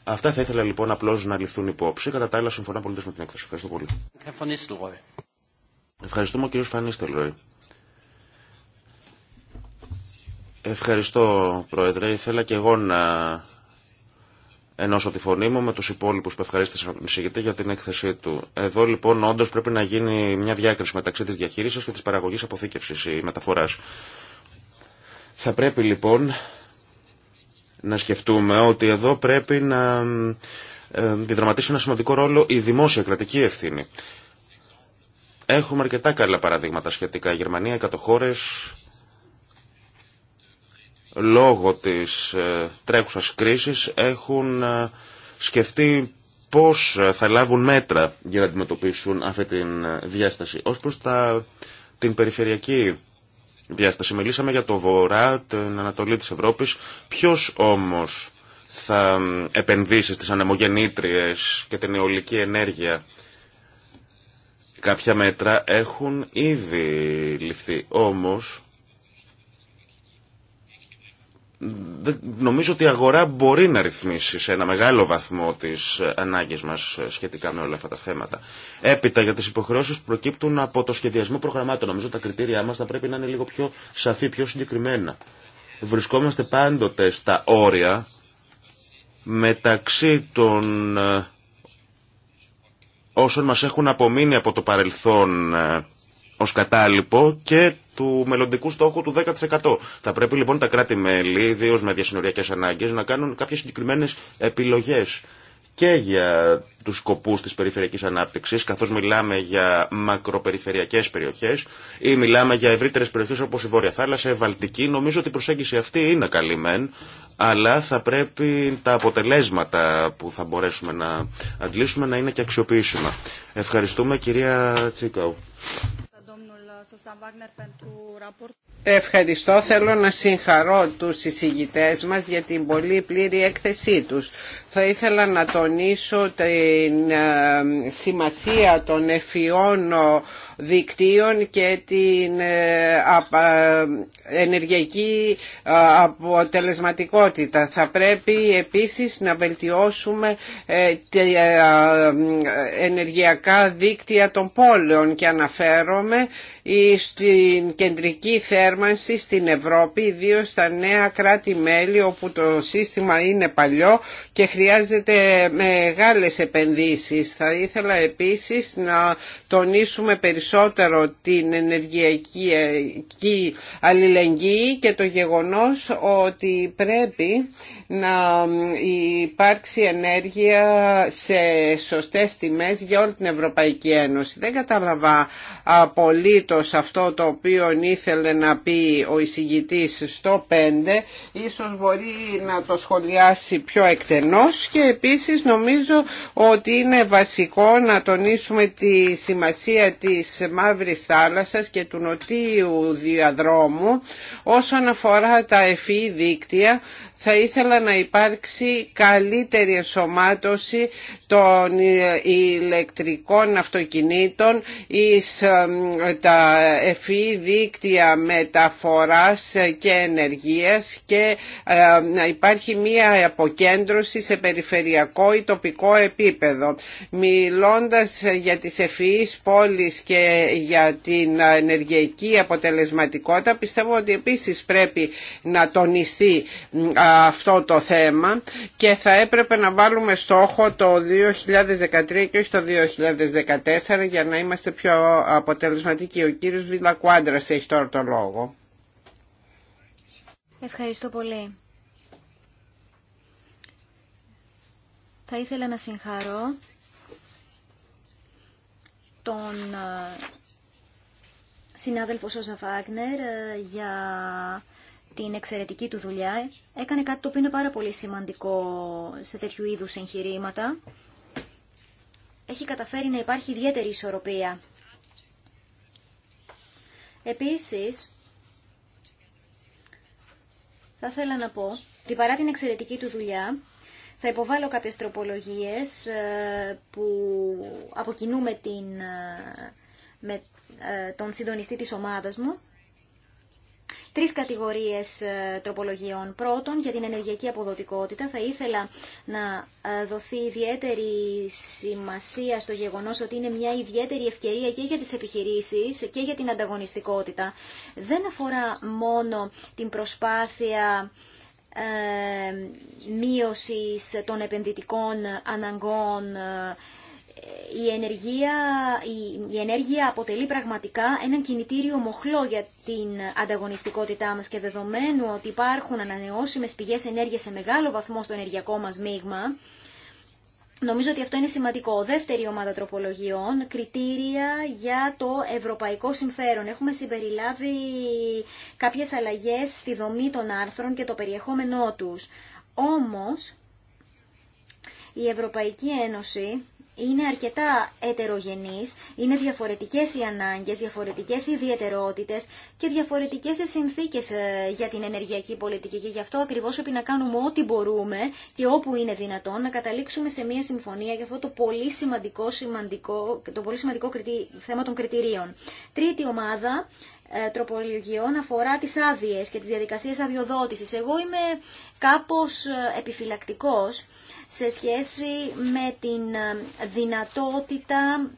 Speaker 3: Αυτά θα ήθελα λοιπόν απλώς να ληφθούν υπόψη. Κατά τα άλλα συμφωνώ πολύ με την έκθεση. Ευχαριστώ πολύ. Ευχαριστούμε ο κύριος Φανίστελ Ευχαριστώ, Πρόεδρε. Ήθελα και εγώ να ενώσω τη φωνή μου με τους υπόλοιπους που ευχαρίστησαν τον εισηγητή για την έκθεσή του. Εδώ λοιπόν όντως πρέπει να γίνει μια διάκριση μεταξύ της διαχείρισης και της παραγωγής αποθήκευσης ή μεταφοράς. Θα πρέπει λοιπόν να σκεφτούμε ότι εδώ πρέπει να ε, διδραματίσει ένα σημαντικό ρόλο η δημόσια κρατική ευθύνη. Έχουμε αρκετά καλά παραδείγματα σχετικά. Η δημοσια κρατικη ευθυνη εχουμε αρκετα καλα παραδειγματα σχετικα γερμανια κατοχώρες, λόγω της ε, τρέχουσας κρίσης έχουν ε, σκεφτεί πώς ε, θα λάβουν μέτρα για να αντιμετωπίσουν αυτή τη διάσταση. Ως προς τα, την περιφερειακή διάσταση. Μιλήσαμε για το Βορρά, την Ανατολή της Ευρώπης. Ποιος όμως θα επενδύσει στις ανεμογεννήτριες και την αιωλική ενέργεια. Κάποια μέτρα έχουν ήδη ληφθεί. Όμως νομίζω ότι η αγορά μπορεί να ρυθμίσει σε ένα μεγάλο βαθμό τις ανάγκες μας σχετικά με όλα αυτά τα θέματα. Έπειτα για τις υποχρεώσεις που προκύπτουν από το σχεδιασμό προγραμμάτων. Νομίζω τα κριτήριά μας θα πρέπει να είναι λίγο πιο σαφή, πιο συγκεκριμένα. Βρισκόμαστε πάντοτε στα όρια μεταξύ των ε, όσων μας έχουν απομείνει από το παρελθόν ε, ως κατάλοιπο και του μελλοντικού στόχου του 10%. Θα πρέπει λοιπόν τα κράτη-μέλη, ιδίω με διασυνοριακές ανάγκες, να κάνουν κάποιες συγκεκριμένες επιλογές και για τους σκοπούς της περιφερειακής ανάπτυξης, καθώς μιλάμε για μακροπεριφερειακές περιοχές ή μιλάμε για ευρύτερες περιοχές όπως η Βόρεια Θάλασσα, η Βαλτική. Νομίζω ότι η προσέγγιση αυτή είναι καλή μεν, αλλά θα πρέπει τα αποτελέσματα που θα μπορέσουμε να αντλήσουμε να είναι και αξιοποιήσιμα. Ευχαριστούμε κυρία Τσίκαου.
Speaker 1: Ευχαριστώ. Θέλω να συγχαρώ τους εισηγητές μας για την πολύ πλήρη έκθεσή τους. Θα ήθελα να τονίσω την ε, σημασία των εφιών δικτύων και την ε, ε, ενεργειακή αποτελεσματικότητα. Θα πρέπει επίσης να βελτιώσουμε τα ενεργειακά δίκτυα των πόλεων και αναφέρομαι στην κεντρική θέρμανση στην Ευρώπη, ιδίω στα νέα κράτη-μέλη όπου το σύστημα είναι παλιό και χρειάζεται χρειάζεται μεγάλες επενδύσεις. Θα ήθελα επίσης να τονίσουμε περισσότερο την ενεργειακή αλληλεγγύη και το γεγονός ότι πρέπει να υπάρξει ενέργεια σε σωστές τιμές για όλη την Ευρωπαϊκή Ένωση. Δεν κατάλαβα απολύτως αυτό το οποίο ήθελε να πει ο εισηγητής στο 5 ίσως μπορεί να το σχολιάσει πιο εκτενώς και επίσης νομίζω ότι είναι βασικό να τονίσουμε τη σημασία της Μαύρης Θάλασσας και του νοτίου διαδρόμου όσον αφορά τα εφή δίκτυα θα ήθελα να υπάρξει καλύτερη εσωμάτωση των ηλεκτρικών αυτοκινήτων εις τα ΕΦΗ δίκτυα μεταφοράς και ενεργείας και να υπάρχει μία αποκέντρωση σε περιφερειακό ή τοπικό επίπεδο. Μιλώντας για τις ευφυείς πόλεις και για την ενεργειακή αποτελεσματικότητα πιστεύω ότι επίσης πρέπει να τονιστεί αυτό το θέμα και θα έπρεπε να βάλουμε στόχο το 2013 και όχι το 2014 για να είμαστε πιο αποτελεσματικοί. Ο κύριος Βίλα Κουάντρας έχει τώρα το λόγο.
Speaker 2: Ευχαριστώ πολύ. Θα ήθελα να συγχαρώ τον ε, συνάδελφο Σόζα Βάγνερ ε, για την εξαιρετική του δουλειά. Έκανε κάτι το οποίο είναι πάρα πολύ σημαντικό σε τέτοιου είδους εγχειρήματα. Έχει καταφέρει να υπάρχει ιδιαίτερη ισορροπία. Επίσης, θα ήθελα να πω ότι παρά την εξαιρετική του δουλειά, θα υποβάλω κάποιες τροπολογίες ε, που αποκινούμε την, ε, με ε, τον συντονιστή της ομάδας μου τρεις κατηγορίες ε, τροπολογιών. Πρώτον, για την ενεργειακή αποδοτικότητα θα ήθελα να ε, δοθεί ιδιαίτερη σημασία στο γεγονός ότι είναι μια ιδιαίτερη ευκαιρία και για τις επιχειρήσεις και για την ανταγωνιστικότητα. Δεν αφορά μόνο την προσπάθεια ε, μείωσης των επενδυτικών αναγκών η, η, ενέργεια αποτελεί πραγματικά έναν κινητήριο μοχλό για την ανταγωνιστικότητά μας και δεδομένου ότι υπάρχουν ανανεώσιμες πηγές ενέργειας σε μεγάλο βαθμό στο ενεργειακό μας μείγμα, Νομίζω ότι αυτό είναι σημαντικό. Δεύτερη ομάδα τροπολογιών, κριτήρια για το ευρωπαϊκό συμφέρον. Έχουμε συμπεριλάβει κάποιες αλλαγές στη δομή των άρθρων και το περιεχόμενό τους. Όμως, η Ευρωπαϊκή Ένωση είναι αρκετά ετερογενής, είναι διαφορετικές οι ανάγκες, διαφορετικές οι ιδιαιτερότητες και διαφορετικές οι συνθήκες ε, για την ενεργειακή πολιτική και γι' αυτό ακριβώς πρέπει να κάνουμε ό,τι μπορούμε και όπου είναι δυνατόν να καταλήξουμε σε μια συμφωνία για αυτό το πολύ σημαντικό, σημαντικό, το πολύ σημαντικό θέμα των κριτηρίων. Τρίτη ομάδα ε, τροπολογιών αφορά τις άδειες και τις διαδικασίες αδειοδότησης. Εγώ είμαι κάπως ε, επιφυλακτικός σε σχέση με την ε, δυνατότητα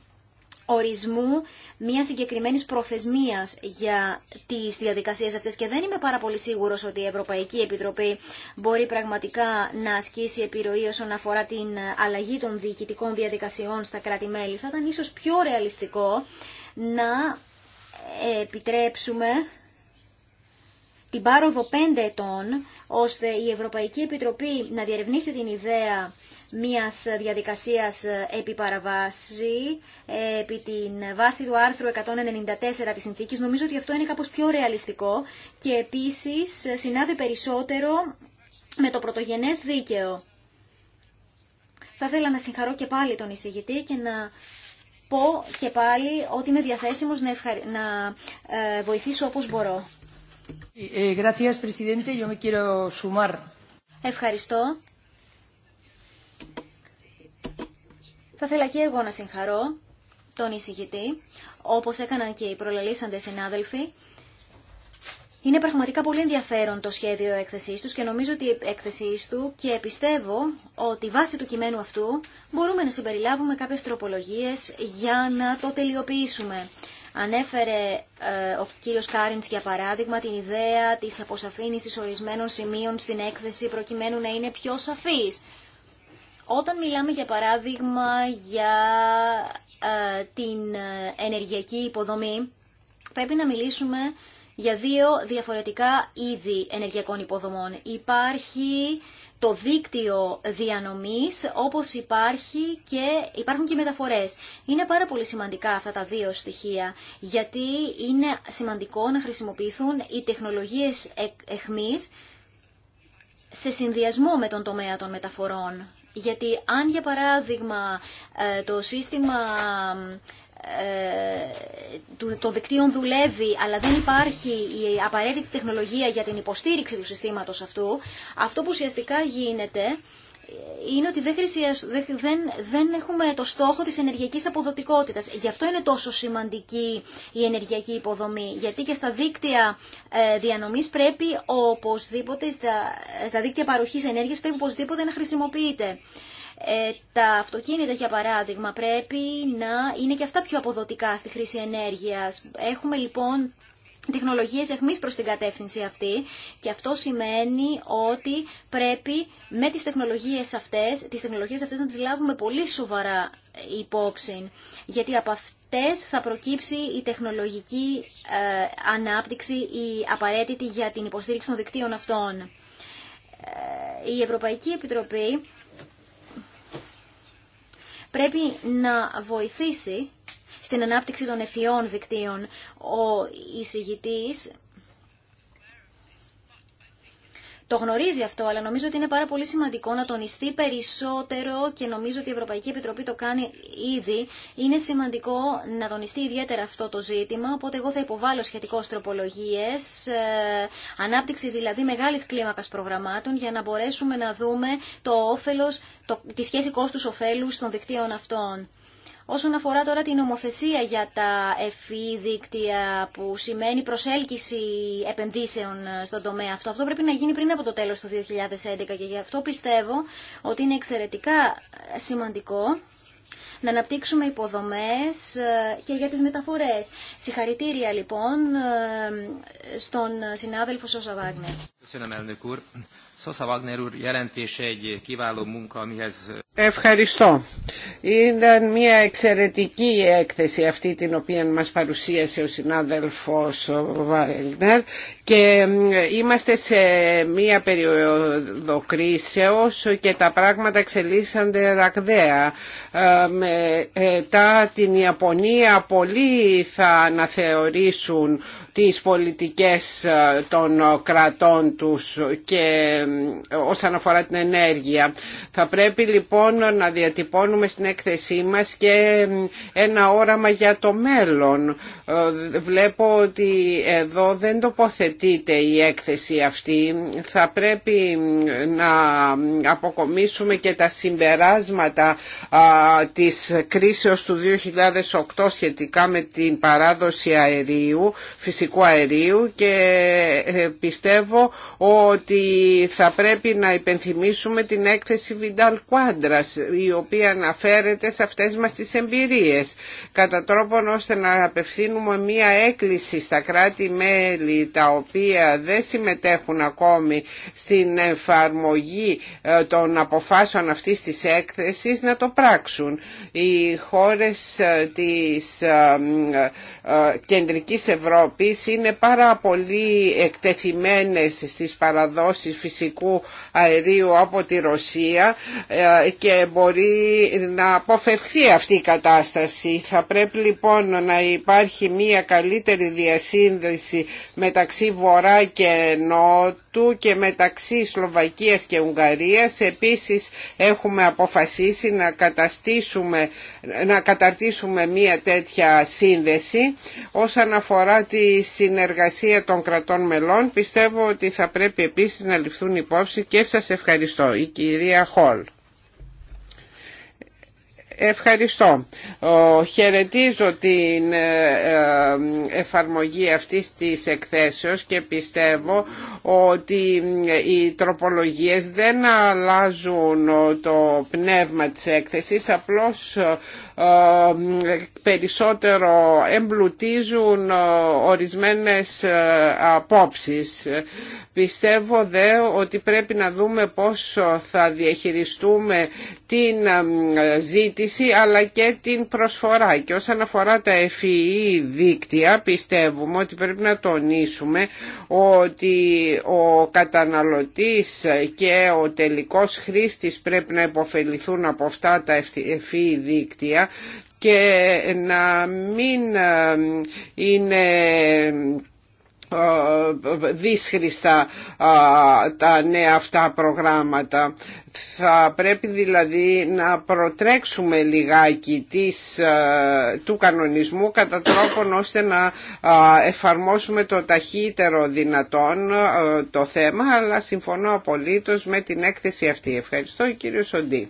Speaker 2: ορισμού μια συγκεκριμένης προθεσμίας για τις διαδικασίες αυτές και δεν είμαι πάρα πολύ σίγουρος ότι η Ευρωπαϊκή Επιτροπή μπορεί πραγματικά να ασκήσει επιρροή όσον αφορά την αλλαγή των διοικητικών διαδικασιών στα κράτη-μέλη. Θα ήταν ίσως πιο ρεαλιστικό να ε, επιτρέψουμε την πάροδο 5 ετών ώστε η Ευρωπαϊκή Επιτροπή να διερευνήσει την ιδέα μιας διαδικασίας επί επί την βάση του άρθρου 194 της συνθήκης. Νομίζω ότι αυτό είναι κάπως πιο ρεαλιστικό και επίσης συνάδει περισσότερο με το πρωτογενές δίκαιο. Θα ήθελα να συγχαρώ και πάλι τον εισηγητή και να πω και πάλι ότι είμαι διαθέσιμος να, να ε, βοηθήσω όπως μπορώ. Eh, Ευχαριστώ. Θα ήθελα και εγώ να συγχαρώ τον εισηγητή, όπως έκαναν και οι προλαλήσαντες συνάδελφοι. Είναι πραγματικά πολύ ενδιαφέρον το σχέδιο έκθεσής τους και νομίζω ότι η έκθεσής του και πιστεύω ότι βάσει του κειμένου αυτού μπορούμε να συμπεριλάβουμε κάποιες τροπολογίες για να το τελειοποιήσουμε. Ανέφερε ε, ο κύριος Κάριντς, για παράδειγμα, την ιδέα της αποσαφήνισης ορισμένων σημείων στην έκθεση προκειμένου να είναι πιο σαφής. Όταν μιλάμε, για παράδειγμα, για ε, την ε, ενεργειακή υποδομή, πρέπει να μιλήσουμε για δύο διαφορετικά είδη ενεργειακών υποδομών. Υπάρχει το δίκτυο διανομής όπως υπάρχει και υπάρχουν και μεταφορές. Είναι πάρα πολύ σημαντικά αυτά τα δύο στοιχεία γιατί είναι σημαντικό να χρησιμοποιηθούν οι τεχνολογίες εχμής σε συνδυασμό με τον τομέα των μεταφορών. Γιατί αν για παράδειγμα ε, το σύστημα ε, των δικτύων δουλεύει αλλά δεν υπάρχει η απαραίτητη τεχνολογία για την υποστήριξη του συστήματος αυτού, αυτό που ουσιαστικά γίνεται ε, είναι ότι δεν, δεν, δεν έχουμε το στόχο της ενεργειακής αποδοτικότητας. Γι' αυτό είναι τόσο σημαντική η ενεργειακή υποδομή, γιατί και στα δίκτυα ε, διανομής πρέπει οπωσδήποτε, στα, στα δίκτυα παροχής ενέργειας πρέπει οπωσδήποτε να χρησιμοποιείται. Ε, τα αυτοκίνητα, για παράδειγμα, πρέπει να είναι και αυτά πιο αποδοτικά στη χρήση ενέργειας. Έχουμε λοιπόν τεχνολογίες εχμής προς την κατεύθυνση αυτή και αυτό σημαίνει ότι πρέπει με τις τεχνολογίες αυτές, τις τεχνολογίες αυτές να τις λάβουμε πολύ σοβαρά υπόψη, γιατί από αυτές θα προκύψει η τεχνολογική ε, ανάπτυξη, η απαραίτητη για την υποστήριξη των δικτύων αυτών. Ε, η Ευρωπαϊκή Επιτροπή πρέπει να βοηθήσει στην ανάπτυξη των ευφυών δικτύων. Ο εισηγητής το γνωρίζει αυτό, αλλά νομίζω ότι είναι πάρα πολύ σημαντικό να τονιστεί περισσότερο και νομίζω ότι η Ευρωπαϊκή Επιτροπή το κάνει ήδη. Είναι σημαντικό να τονιστεί ιδιαίτερα αυτό το ζήτημα, οπότε εγώ θα υποβάλω σχετικώ τροπολογίε, ε, ανάπτυξη δηλαδή μεγάλη κλίμακα προγραμμάτων, για να μπορέσουμε να δούμε το όφελο, τη σχέση κόστου-οφέλου των δικτύων αυτών. Όσον αφορά τώρα την νομοθεσία για τα εφή δίκτυα που σημαίνει προσέλκυση επενδύσεων ε, στον τομέα αυτό, αυτό πρέπει να γίνει πριν από το τέλος του 2011 και γι' αυτό πιστεύω ότι είναι εξαιρετικά ε, σημαντικό να αναπτύξουμε υποδομές ε, και για τις μεταφορές. Συγχαρητήρια λοιπόν στον συνάδελφο Σώσα Βάγνερ.
Speaker 1: Ευχαριστώ. Ήταν μια εξαιρετική έκθεση αυτή την οποία μας παρουσίασε ο συνάδελφος Βάγνερ και είμαστε σε μία περίοδο κρίσεως και τα πράγματα εξελίσσονται ρακδαία. Ε, μετά την Ιαπωνία πολλοί θα αναθεωρήσουν τις πολιτικές ε, των κρατών τους και όσον αφορά την ενέργεια. Θα πρέπει λοιπόν να διατυπώνουμε στην έκθεσή μας και ένα όραμα για το μέλλον ε, βλέπω ότι εδώ δεν τοποθετείται η έκθεση αυτή. Θα πρέπει να αποκομίσουμε και τα συμπεράσματα της κρίσεως του 2008 σχετικά με την παράδοση αερίου, φυσικού αερίου και ε, πιστεύω ότι θα πρέπει να υπενθυμίσουμε την έκθεση Βιντάλ Κουάντρας η οποία αναφέρεται σε αυτές μας τις εμπειρίες κατά τρόπον ώστε να απευθύνουμε κάνουμε μία έκκληση στα κράτη-μέλη τα οποία δεν συμμετέχουν ακόμη στην εφαρμογή ε, των αποφάσεων αυτής της έκθεσης να το πράξουν. Οι χώρες ε, της ε, κεντρικής Ευρώπης είναι πάρα πολύ εκτεθειμένες στις παραδόσεις φυσικού αερίου από τη Ρωσία και μπορεί να αποφευχθεί αυτή η κατάσταση. Θα πρέπει λοιπόν να υπάρχει μια καλύτερη διασύνδεση μεταξύ Βορρά και Νότου και μεταξύ Σλοβακίας και Ουγγαρίας. Επίσης έχουμε αποφασίσει να, καταστήσουμε, να καταρτήσουμε μια τέτοια σύνδεση. Όσον αφορά τη συνεργασία των κρατών μελών πιστεύω ότι θα πρέπει επίσης να ληφθούν υπόψη και σας ευχαριστώ. Η κυρία Χολ. Ευχαριστώ. Χαιρετίζω την ε, ε, εφαρμογή αυτής της εκθέσεως και πιστεύω ότι ε, οι τροπολογίες δεν αλλάζουν το πνεύμα της έκθεσης, απλώς ε, περισσότερο εμπλουτίζουν ε, ορισμένες ε, απόψεις. Πιστεύω δε ότι πρέπει να δούμε πώς θα διαχειριστούμε την ζήτηση αλλά και την προσφορά και όσον αφορά τα FEE e δίκτυα πιστεύουμε ότι πρέπει να τονίσουμε ότι ο καταναλωτής και ο τελικός χρήστης πρέπει να υποφεληθούν από αυτά τα FEE e δίκτυα και να μην ε, είναι ε, δύσχριστα ε, τα νέα αυτά προγράμματα. Θα πρέπει δηλαδή να προτρέξουμε λιγάκι της, του κανονισμού κατά τρόπον ώστε να εφαρμόσουμε το ταχύτερο δυνατόν το θέμα αλλά συμφωνώ απολύτως με την έκθεση αυτή. Ευχαριστώ κύριο Σοντή.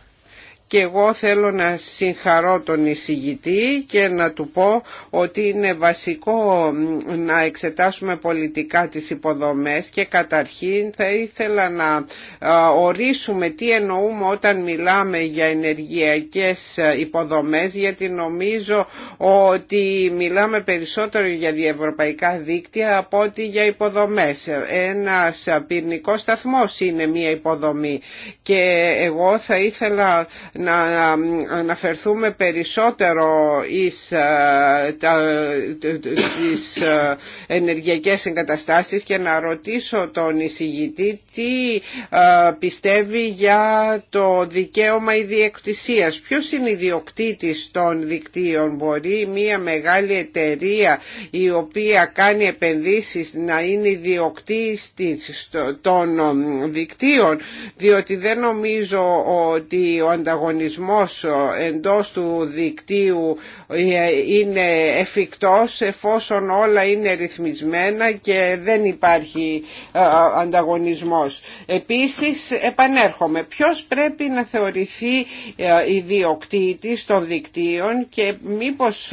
Speaker 1: και εγώ θέλω να συγχαρώ τον εισηγητή και να του πω ότι είναι βασικό να εξετάσουμε πολιτικά τις υποδομές και καταρχήν θα ήθελα να ορίσουμε τι εννοούμε όταν μιλάμε για ενεργειακές υποδομές γιατί νομίζω ότι μιλάμε περισσότερο για διευρωπαϊκά δίκτυα από ότι για υποδομές. Ένας πυρνικός σταθμός είναι μια υποδομή και εγώ θα ήθελα να αναφερθούμε περισσότερο εις ε, τις ε, ενεργειακές εγκαταστάσεις και να ρωτήσω τον εισηγητή τι ε, πιστεύει για το δικαίωμα ιδιοκτησίας. Ποιος είναι ιδιοκτήτης των δικτύων. Μπορεί μια μεγάλη εταιρεία η οποία κάνει επενδύσεις να είναι ιδιοκτήτης των δικτύων διότι δεν νομίζω ότι ο ανταγωνισμός ανταγωνισμός ε, εντός του δικτύου ε, είναι εφικτός εφόσον όλα είναι ρυθμισμένα και δεν υπάρχει ε, ανταγωνισμός. Επίσης επανέρχομαι ποιος πρέπει να θεωρηθεί ιδιοκτήτης των δικτύων και μήπως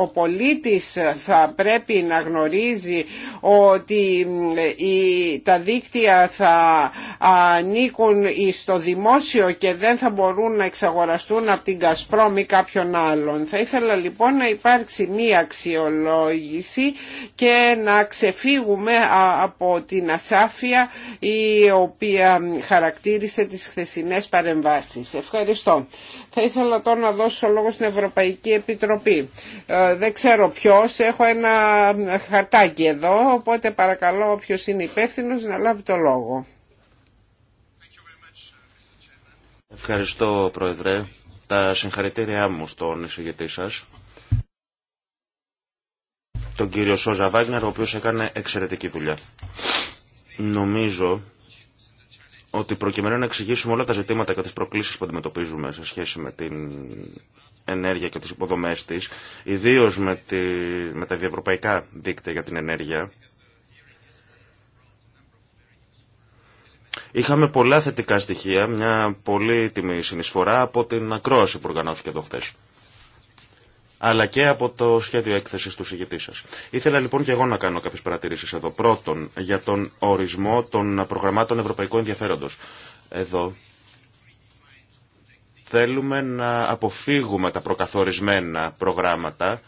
Speaker 1: ο πολίτης θα πρέπει να γνωρίζει ότι τα δίκτυα θα ανήκουν στο δημόσιο και δεν θα μπορούν να εξαγοραστούν από την Κασπρόμι ή κάποιον άλλον. Θα ήθελα λοιπόν να υπάρξει μία αξιολόγηση και να ξεφύγουμε από την ασάφεια η οποία χαρακτήρισε τις χθεσινές παρεμβάσεις. Ευχαριστώ. Θα ήθελα τώρα να δώσω λόγο στην Ευρωπαϊκή Επιτροπή. Ε, δεν ξέρω ποιος, έχω ένα χαρτάκι εδώ, οπότε παρακαλώ όποιος είναι υπεύθυνος να λάβει το λόγο.
Speaker 3: Ευχαριστώ, Πρόεδρε. Τα συγχαρητήριά μου στον εισηγητή σας, τον κύριο Σόζα Βάγνερ, ο οποίος έκανε εξαιρετική δουλειά. Νομίζω ότι προκειμένου να εξηγήσουμε όλα τα ζητήματα και τις προκλήσεις που αντιμετωπίζουμε σε σχέση με την ενέργεια και τις υποδομές της, ιδίως με, τη, με τα διευρωπαϊκά δίκτυα για την ενέργεια, Είχαμε πολλά θετικά στοιχεία, μια πολύτιμη συνεισφορά από την ακρόαση που οργανώθηκε εδώ χθες. Αλλά και από το σχέδιο έκθεση του συγγετή σα. Ήθελα λοιπόν και εγώ να κάνω κάποιε παρατηρήσεις εδώ. Πρώτον, για τον ορισμό των προγραμμάτων ευρωπαϊκού ενδιαφέροντο. Εδώ θέλουμε να αποφύγουμε τα προκαθορισμένα προγράμματα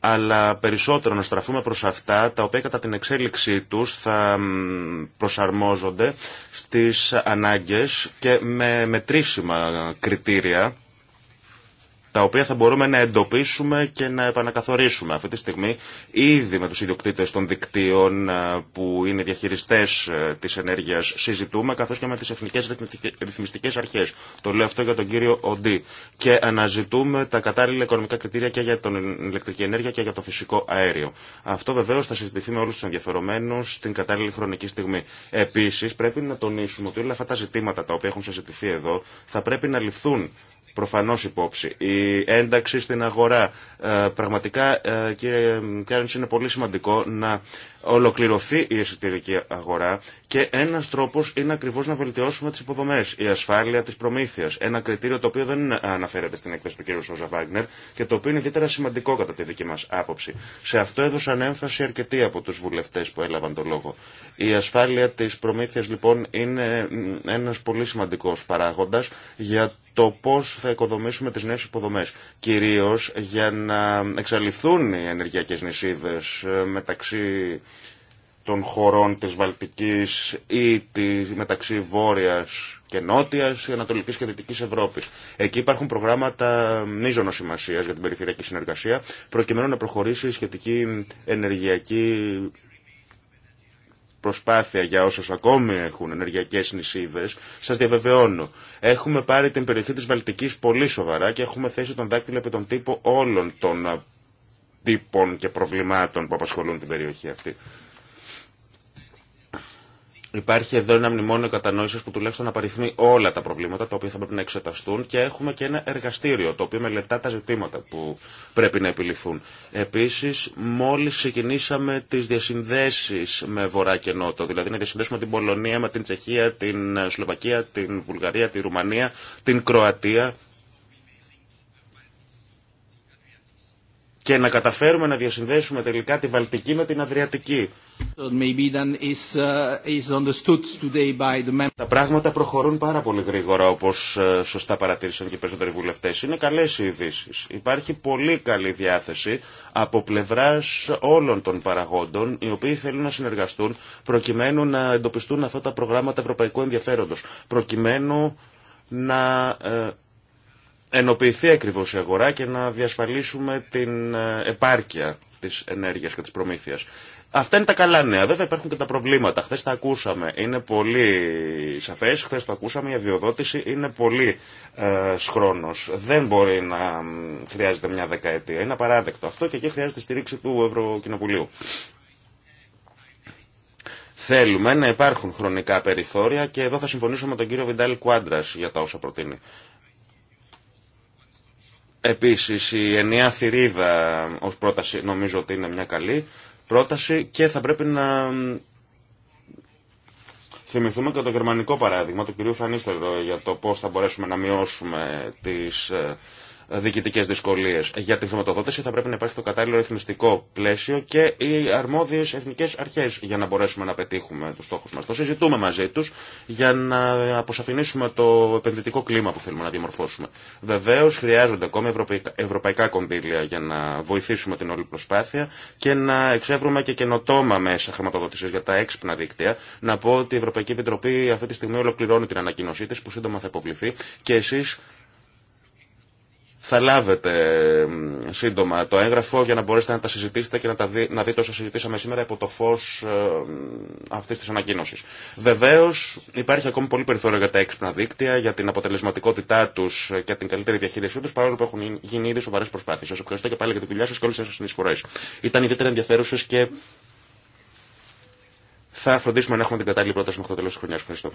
Speaker 3: αλλά περισσότερο να στραφούμε προς αυτά τα οποία κατά την εξέλιξή τους θα προσαρμόζονται στις ανάγκες και με μετρήσιμα κριτήρια τα οποία θα μπορούμε να εντοπίσουμε και να επανακαθορίσουμε. Αυτή τη στιγμή ήδη με τους ιδιοκτήτες των δικτύων ε, που είναι διαχειριστές ε, της ενέργειας συζητούμε καθώς και με τις εθνικές ρυθμιστικές αρχές. Το λέω αυτό για τον κύριο Οντί. Και αναζητούμε τα κατάλληλα οικονομικά κριτήρια και για την ηλεκτρική ενέργεια και για το φυσικό αέριο. Αυτό βεβαίως θα συζητηθεί με όλους τους ενδιαφερομένους στην κατάλληλη χρονική στιγμή. Επίσης πρέπει να τονίσουμε ότι όλα αυτά τα ζητήματα τα οποία έχουν συζητηθεί εδώ θα πρέπει να ληφθούν Προφανώ υπόψη. Η ένταξη στην αγορά. Ε, πραγματικά, ε, κύριε Κάρινς, είναι πολύ σημαντικό να ολοκληρωθεί η εσωτερική αγορά και ένας τρόπος είναι ακριβώς να βελτιώσουμε τις υποδομές, η ασφάλεια της προμήθειας. Ένα κριτήριο το οποίο δεν αναφέρεται στην έκθεση του κ. Σόζα Βάγνερ και το οποίο είναι ιδιαίτερα σημαντικό κατά τη δική μας άποψη. Σε αυτό έδωσαν έμφαση αρκετοί από τους βουλευτές που έλαβαν το λόγο. Η ασφάλεια της προμήθειας λοιπόν είναι ένας πολύ σημαντικός παράγοντας για το πώς θα οικοδομήσουμε τις νέες υποδομές. Κυρίως για να εξαλειφθούν οι ενεργειακές νησίδες μεταξύ των χωρών της Βαλτικής ή τη μεταξύ Βόρειας και Νότιας, Ανατολικής και Δυτικής Ευρώπης. Εκεί υπάρχουν προγράμματα μείζωνος σημασίας για την περιφερειακή συνεργασία, προκειμένου να προχωρήσει η σχετική ενεργειακή προσπάθεια για όσου ακόμη έχουν ενεργειακέ νησίδε, σα διαβεβαιώνω. Έχουμε πάρει την περιοχή τη Βαλτική πολύ σοβαρά και έχουμε θέσει τον δάκτυλο επί τον τύπο όλων των τύπων και προβλημάτων που απασχολούν την περιοχή αυτή. Υπάρχει εδώ ένα μνημόνιο κατανόηση που τουλάχιστον απαριθμεί όλα τα προβλήματα τα οποία θα πρέπει να εξεταστούν και έχουμε και ένα εργαστήριο το οποίο μελετά τα ζητήματα που πρέπει να επιληθούν. Επίση, μόλι ξεκινήσαμε τι διασυνδέσει με Βορρά και Νότο, δηλαδή να διασυνδέσουμε την Πολωνία με την Τσεχία, την Σλοβακία, την Βουλγαρία, τη Ρουμανία, την Κροατία και να καταφέρουμε να διασυνδέσουμε τελικά τη Βαλτική με την Αδριατική. Τα πράγματα προχωρούν πάρα πολύ γρήγορα όπως ε, σωστά παρατήρησαν και οι περισσότεροι βουλευτές. Είναι καλές οι ειδήσει. Υπάρχει πολύ καλή διάθεση από πλευράς όλων των παραγόντων οι οποίοι θέλουν να συνεργαστούν προκειμένου να εντοπιστούν αυτά τα προγράμματα ευρωπαϊκού ενδιαφέροντος. Προκειμένου να ε, ενοποιηθεί ακριβώ η αγορά και να διασφαλίσουμε την ε, επάρκεια τη ενέργεια και τη προμήθεια. Αυτά είναι τα καλά νέα. Βέβαια υπάρχουν και τα προβλήματα. Χθε τα ακούσαμε. Είναι πολύ σαφέ. Χθε το ακούσαμε. Η αδειοδότηση είναι πολύ ε, χρόνο. Δεν μπορεί να χρειάζεται μια δεκαετία. Είναι απαράδεκτο αυτό και εκεί χρειάζεται στήριξη του Ευρωκοινοβουλίου. Θέλουμε να υπάρχουν χρονικά περιθώρια και εδώ θα συμφωνήσω με τον κύριο Βιντάλη Κουάντρα για τα όσα προτείνει. Επίσης η ενιαία θηρίδα ως πρόταση νομίζω ότι είναι μια καλή πρόταση και θα πρέπει να θυμηθούμε και το γερμανικό παράδειγμα του κυρίου Φανίστερο για το πώς θα μπορέσουμε να μειώσουμε τις ε, διοικητικέ δυσκολίε. Για την χρηματοδότηση θα πρέπει να υπάρχει το κατάλληλο ρυθμιστικό πλαίσιο και οι αρμόδιε εθνικέ αρχέ για να μπορέσουμε να πετύχουμε του στόχου μα. Το συζητούμε μαζί του για να αποσαφηνίσουμε το επενδυτικό κλίμα που θέλουμε να διαμορφώσουμε. Βεβαίω χρειάζονται ακόμη ευρωπαϊκά κονδύλια για να βοηθήσουμε την όλη προσπάθεια και να εξεύρουμε και καινοτόμα μέσα χρηματοδότηση για τα έξυπνα δίκτυα. Να πω ότι η Ευρωπαϊκή Επιτροπή αυτή τη στιγμή ολοκληρώνει την ανακοίνωσή τη που σύντομα θα υποβληθεί και εσεί θα λάβετε σύντομα το έγγραφο για να μπορέσετε να τα συζητήσετε και να, τα δει, να δείτε όσα συζητήσαμε σήμερα από το φω ε, αυτή τη ανακοίνωση. Βεβαίω υπάρχει ακόμη πολύ περιθώριο για τα έξυπνα δίκτυα, για την αποτελεσματικότητά του και την καλύτερη διαχείρισή του, παρόλο που έχουν γίνει ήδη σοβαρέ προσπάθειε. Σα ευχαριστώ και πάλι για τη δουλειά σα και όλε τι συνεισφορέ. Ήταν ιδιαίτερα ενδιαφέρουσε και θα φροντίσουμε να έχουμε την κατάλληλη πρόταση μέχρι το τέλο τη χρονιά. Ευχαριστώ.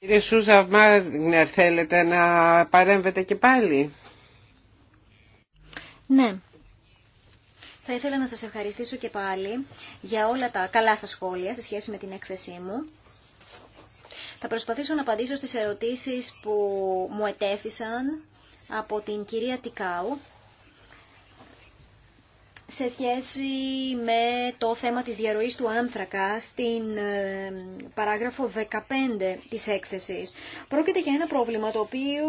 Speaker 1: Κύριε Σούζα Μάγνερ, θέλετε να παρέμβετε και πάλι. Ναι.
Speaker 2: Θα ήθελα να σας ευχαριστήσω και πάλι για όλα τα καλά σας σχόλια σε σχέση με την έκθεσή μου. Θα προσπαθήσω να απαντήσω στις ερωτήσεις που μου ετέθησαν από την κυρία Τικάου σε σχέση με το θέμα της διαρροής του άνθρακα στην ε, παράγραφο 15 της έκθεσης. Πρόκειται για ένα πρόβλημα το οποίο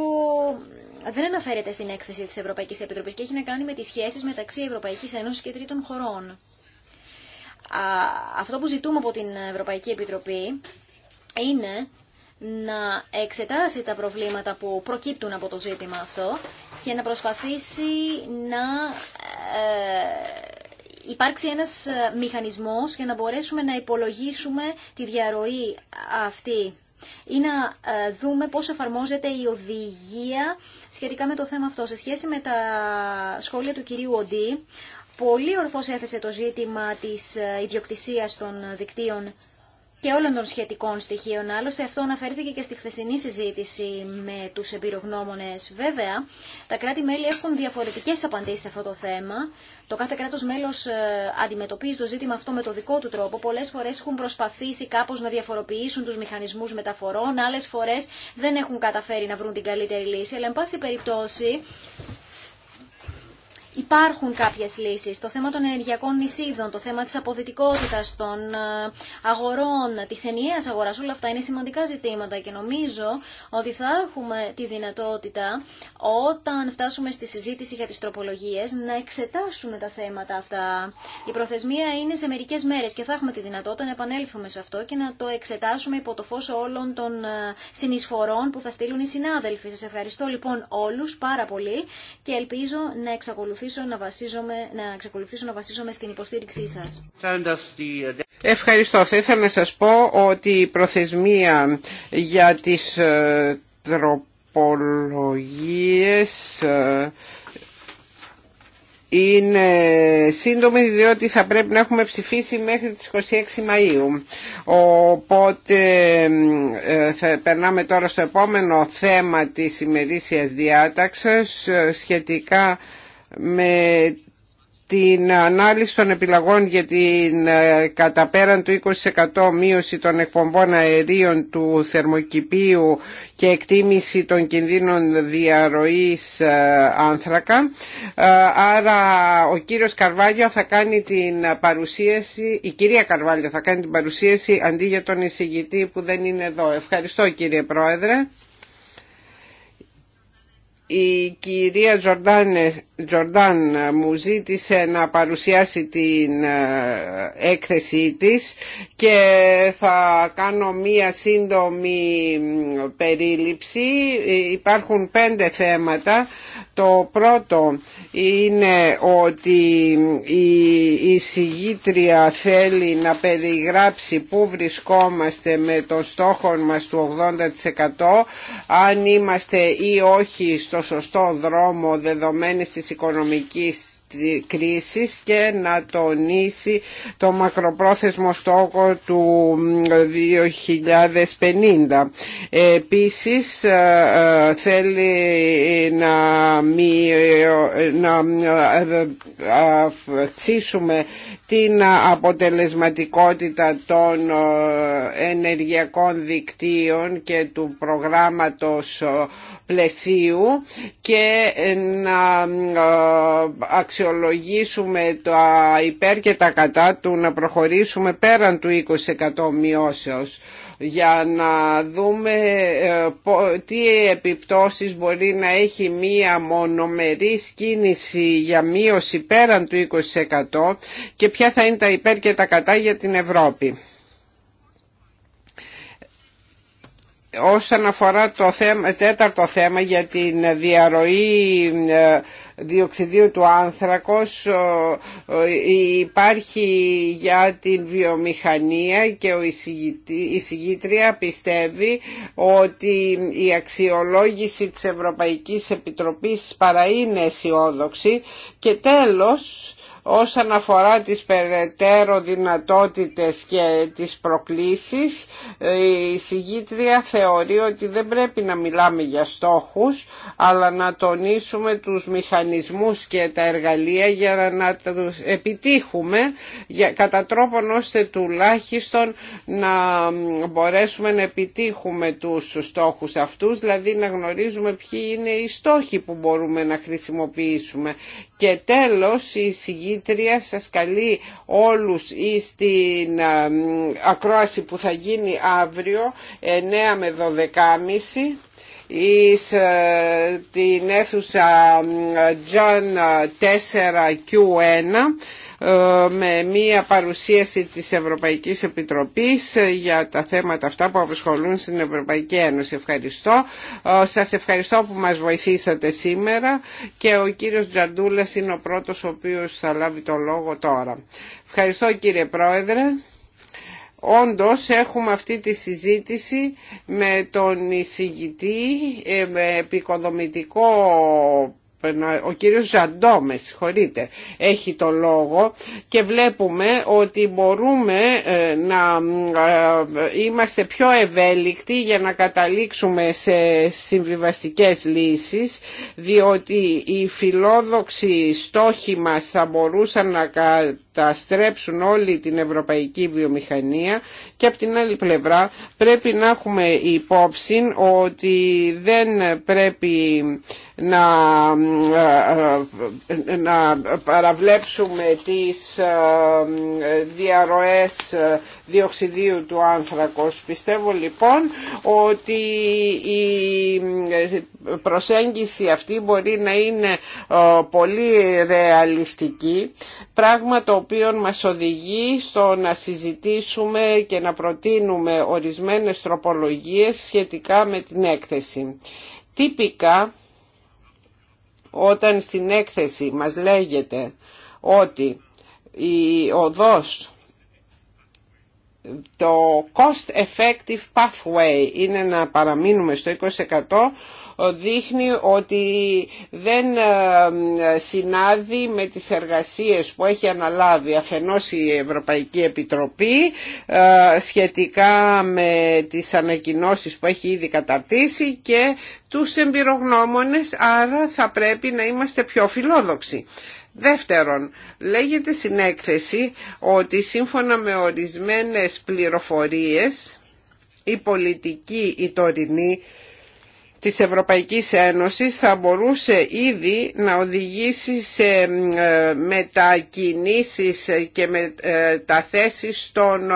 Speaker 2: δεν αναφέρεται στην έκθεση της Ευρωπαϊκής Επιτροπής και έχει να κάνει με τις σχέσεις μεταξύ Ευρωπαϊκής Ένωσης και τρίτων χωρών. Αυτό που ζητούμε από την Ευρωπαϊκή Επιτροπή είναι να εξετάσει τα προβλήματα που προκύπτουν από το ζήτημα αυτό και να προσπαθήσει να ε, υπάρξει ένας ε, μηχανισμός για να μπορέσουμε να υπολογίσουμε τη διαρροή αυτή ή να ε, δούμε πώς εφαρμόζεται η οδηγία σχετικά με το θέμα αυτό. Σε σχέση με τα σχόλια του κυρίου Οντή, πολύ ορθώς έθεσε το ζήτημα της ιδιοκτησίας των δικτύων και όλων των σχετικών στοιχείων. Άλλωστε αυτό αναφέρθηκε και στη χθεσινή συζήτηση με τους εμπειρογνώμονες. Βέβαια, τα κράτη-μέλη έχουν διαφορετικές απαντήσεις σε αυτό το θέμα. Το κάθε κράτος μέλος ε, αντιμετωπίζει το ζήτημα αυτό με το δικό του τρόπο. Πολλές φορές έχουν προσπαθήσει κάπως να διαφοροποιήσουν τους μηχανισμούς μεταφορών, άλλες φορές δεν έχουν καταφέρει να βρουν την καλύτερη λύση. Αλλά, εν πάση περιπτώσει, υπάρχουν κάποιες λύσεις. Το θέμα των ενεργειακών νησίδων, το θέμα της αποδυτικότητα των ε, αγορών, της ενιαίας αγοράς, όλα αυτά είναι σημαντικά ζητήματα και νομίζω ότι θα έχουμε τη δυνατότητα όταν φτάσουμε στη συζήτηση για τις τροπολογίες να εξετάσουμε τα θέματα αυτά. Η προθεσμία είναι σε μερικές μέρες και θα έχουμε τη δυνατότητα να επανέλθουμε σε αυτό και να το εξετάσουμε υπό το φως όλων των ε, συνεισφορών που θα στείλουν οι συνάδελφοι. Σας ευχαριστώ λοιπόν όλους πάρα πολύ και ελπίζω να εξακολουθήσουμε να να εξακολουθήσω να στην υποστήριξή σας.
Speaker 1: Ευχαριστώ. Θα ήθελα να σας πω ότι η προθεσμία για τις ε, τροπολογίες ε, είναι σύντομη διότι θα πρέπει να έχουμε ψηφίσει μέχρι τις 26 Μαΐου. Οπότε ε, θα περνάμε τώρα στο επόμενο θέμα της ημερήσιας διάταξης σχετικά με την ανάλυση των επιλογών για την ε, κατά πέραν του 20% μείωση των εκπομπών αερίων του θερμοκηπίου και εκτίμηση των κινδύνων διαρροής ε, άνθρακα. Ε, άρα ο κύριος Καρβάλιο θα κάνει την παρουσίαση, η κυρία Καρβάλιο θα κάνει την παρουσίαση αντί για τον εισηγητή που δεν είναι εδώ. Ευχαριστώ κύριε Πρόεδρε η κυρία Τζορντάν μου ζήτησε να παρουσιάσει την ε, έκθεσή της και θα κάνω μία σύντομη περίληψη. Υπάρχουν πέντε θέματα. Το πρώτο είναι ότι η συγγήτρια θέλει να περιγράψει πού βρισκόμαστε με το στόχο μας του 80% αν είμαστε ή όχι στο σωστό δρόμο δεδομένης της οικονομικής κρίσης και να τονίσει το μακροπρόθεσμο στόχο του 2050. Επίσης ε, ε, θέλει να, μη, να ε, αυξήσουμε την αποτελεσματικότητα των ενεργειακών δικτύων και του προγράμματος πλαισίου και να ε, αξιολογήσουμε τα υπέρ και τα κατά του να προχωρήσουμε πέραν του 20% μειώσεως για να δούμε ε, τι επιπτώσεις μπορεί να έχει μία μονομερή κίνηση για μείωση πέραν του 20% και ποια θα είναι τα υπέρ και τα κατά για την Ευρώπη. όσον αφορά το θέμα, τέταρτο θέμα για την διαρροή ε, διοξιδίου του άνθρακος υπάρχει για την βιομηχανία και ο συγγήτρια πιστεύει ότι η αξιολόγηση της Ευρωπαϊκής Επιτροπής παρά είναι αισιόδοξη και τέλος όσον αφορά τις περαιτέρω δυνατότητες και τις προκλήσεις η συγγήτρια θεωρεί ότι δεν πρέπει να μιλάμε για στόχους αλλά να τονίσουμε τους μηχανισμούς και τα εργαλεία για να τους επιτύχουμε για, κατά τρόπον ώστε τουλάχιστον να μπορέσουμε να επιτύχουμε τους στόχους αυτούς δηλαδή να γνωρίζουμε ποιοι είναι οι στόχοι που μπορούμε να χρησιμοποιήσουμε και τέλος η συγγήτρια σας καλεί όλους στην ακρόαση που θα γίνει αύριο 9 με 12.30 εις ε, την αίθουσα John 4Q1 ε, με μία παρουσίαση της Ευρωπαϊκής Επιτροπής για τα θέματα αυτά που απασχολούν στην Ευρωπαϊκή Ένωση. Ευχαριστώ. Ε, σας ευχαριστώ που μας βοηθήσατε σήμερα και ο κύριος Τζαντούλας είναι ο πρώτος ο οποίος θα λάβει το λόγο τώρα. Ευχαριστώ κύριε Πρόεδρε. Όντως έχουμε αυτή τη συζήτηση με τον εισηγητή ε, με επικοδομητικό ο κύριος Ζαντό, με συγχωρείτε, έχει το λόγο και βλέπουμε ότι μπορούμε ε, να ε, είμαστε πιο ευέλικτοι για να καταλήξουμε σε συμβιβαστικές λύσεις διότι οι φιλόδοξοι στόχοι μας θα μπορούσαν να τα στρέψουν όλη την ευρωπαϊκή βιομηχανία και από την άλλη πλευρά πρέπει να έχουμε υπόψη ότι δεν πρέπει να, να παραβλέψουμε τις ε, διαρροές διοξιδίου του άνθρακος. Πιστεύω λοιπόν ότι η προσέγγιση αυτή μπορεί να είναι ε, πολύ ρεαλιστική, πράγμα το οποίο μας οδηγεί στο να συζητήσουμε και να προτείνουμε ορισμένες τροπολογίες σχετικά με την έκθεση. Τύπικα όταν στην έκθεση μας λέγεται ότι η οδός το cost effective pathway είναι να παραμείνουμε στο 20% δείχνει ότι δεν ε, συνάδει με τις εργασίες που έχει αναλάβει αφενός η Ευρωπαϊκή Επιτροπή ε, σχετικά με τις ανακοινώσεις που έχει ήδη καταρτήσει και τους εμπειρογνώμονες άρα θα πρέπει να είμαστε πιο φιλόδοξοι. Δεύτερον, λέγεται στην έκθεση ότι σύμφωνα με ορισμένες πληροφορίες η πολιτική η τωρινή της Ευρωπαϊκής Ένωσης θα μπορούσε ήδη να οδηγήσει σε ε, μετακινήσεις και μεταθέσεις ε, των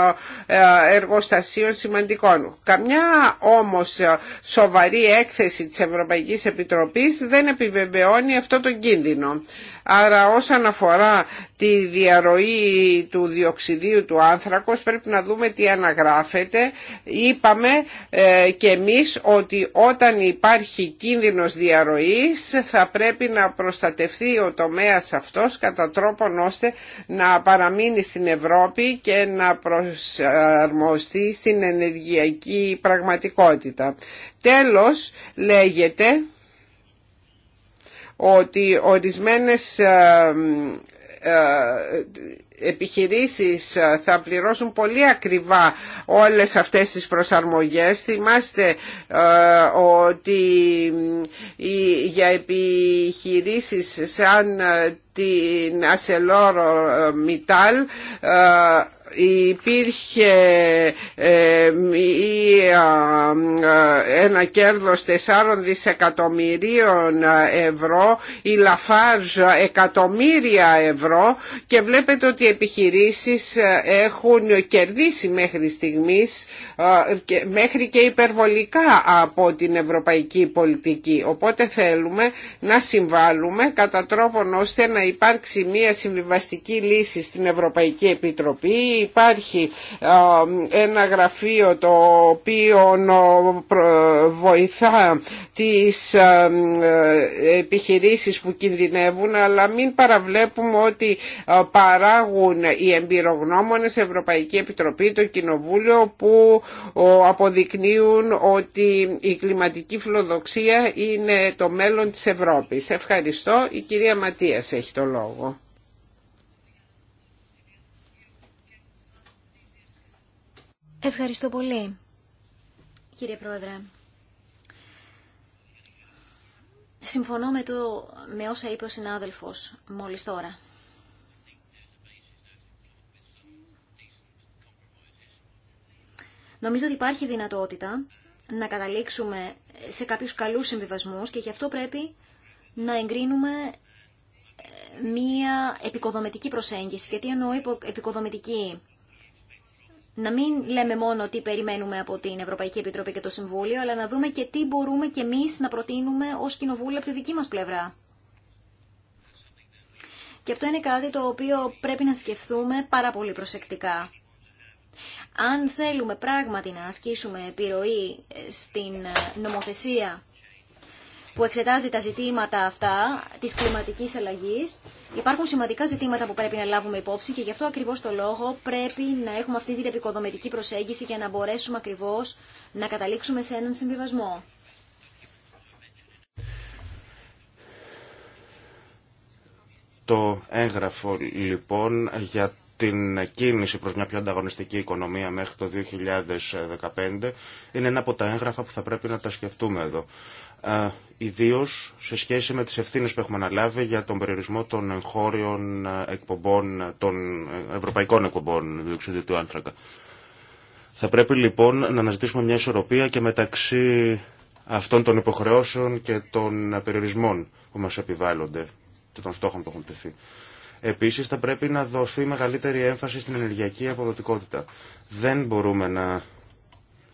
Speaker 1: ε, εργοστασίων σημαντικών. Καμιά όμως σοβαρή έκθεση της Ευρωπαϊκής Επιτροπής δεν επιβεβαιώνει αυτό το κίνδυνο. Άρα όσον αφορά τη διαρροή του διοξιδίου του άνθρακος πρέπει να δούμε τι αναγράφεται. Είπαμε ε, και εμείς ότι όταν υπάρχει κίνδυνος διαρροής θα πρέπει να προστατευτεί ο τομέας αυτός κατά τρόπον ώστε να παραμείνει στην Ευρώπη και να προσαρμοστεί στην ενεργειακή πραγματικότητα. Τέλος λέγεται ότι ορισμένες ε, ε, επιχειρήσεις ε, θα πληρώσουν πολύ ακριβά όλες αυτές τις προσαρμογές. Θυμάστε ότι για επιχειρήσεις σαν την Ασελόρο Μιτάλ υπήρχε ε, ε, ένα κέρδος 4 δισεκατομμυρίων ευρώ, η Λαφάζ εκατομμύρια ευρώ και βλέπετε ότι οι επιχειρήσεις έχουν κερδίσει μέχρι στιγμής ε, μέχρι και υπερβολικά από την ευρωπαϊκή πολιτική. Οπότε θέλουμε να συμβάλλουμε κατά τρόπον ώστε να υπάρξει μια συμβιβαστική λύση στην Ευρωπαϊκή Επιτροπή υπάρχει ένα γραφείο το οποίο ε, βοηθά τις ε, ε, επιχειρήσεις που κινδυνεύουν αλλά μην παραβλέπουμε ότι παράγουν οι εμπειρογνώμονες Ευρωπαϊκή Επιτροπή, το Κοινοβούλιο που αποδεικνύουν ότι η κλιματική φιλοδοξία είναι το μέλλον της Ευρώπης. Ευχαριστώ. Η κυρία Ματίας έχει το λόγο.
Speaker 2: Ευχαριστώ πολύ, κύριε Πρόεδρε. Συμφωνώ με, το, με όσα είπε ο συνάδελφος μόλις τώρα. Νομίζω ότι υπάρχει δυνατότητα να καταλήξουμε σε κάποιους καλούς συμβιβασμούς και γι' αυτό πρέπει να εγκρίνουμε ε, μία επικοδομητική προσέγγιση. Γιατί εννοώ επικοδομητική να μην λέμε μόνο τι περιμένουμε από την Ευρωπαϊκή Επιτροπή και το Συμβούλιο, αλλά να δούμε και τι μπορούμε και εμείς να προτείνουμε ως Κοινοβούλιο από τη δική μας πλευρά. Και αυτό είναι κάτι το οποίο πρέπει να σκεφτούμε πάρα πολύ προσεκτικά. Αν θέλουμε πράγματι να ασκήσουμε επιρροή ε, στην ε, νομοθεσία που εξετάζει τα ζητήματα αυτά της κλιματικής αλλαγής. Υπάρχουν σημαντικά ζητήματα που πρέπει να λάβουμε υπόψη και γι' αυτό ακριβώς το λόγο πρέπει να έχουμε αυτή την επικοδομητική προσέγγιση για να μπορέσουμε ακριβώς να καταλήξουμε σε έναν συμβιβασμό.
Speaker 3: Το έγγραφο λοιπόν για την κίνηση προς μια πιο ανταγωνιστική οικονομία μέχρι το 2015 είναι ένα από τα έγγραφα που θα πρέπει να τα σκεφτούμε εδώ. Ε, ιδίω σε σχέση με τις ευθύνε που έχουμε αναλάβει για τον περιορισμό των εγχώριων εκπομπών, των ευρωπαϊκών εκπομπών διοξιδίου του άνθρακα. Θα πρέπει λοιπόν να αναζητήσουμε μια ισορροπία και μεταξύ αυτών των υποχρεώσεων και των περιορισμών που μας επιβάλλονται και των στόχων που έχουν τεθεί. Επίσης θα πρέπει να δοθεί μεγαλύτερη έμφαση στην ενεργειακή αποδοτικότητα. Δεν μπορούμε να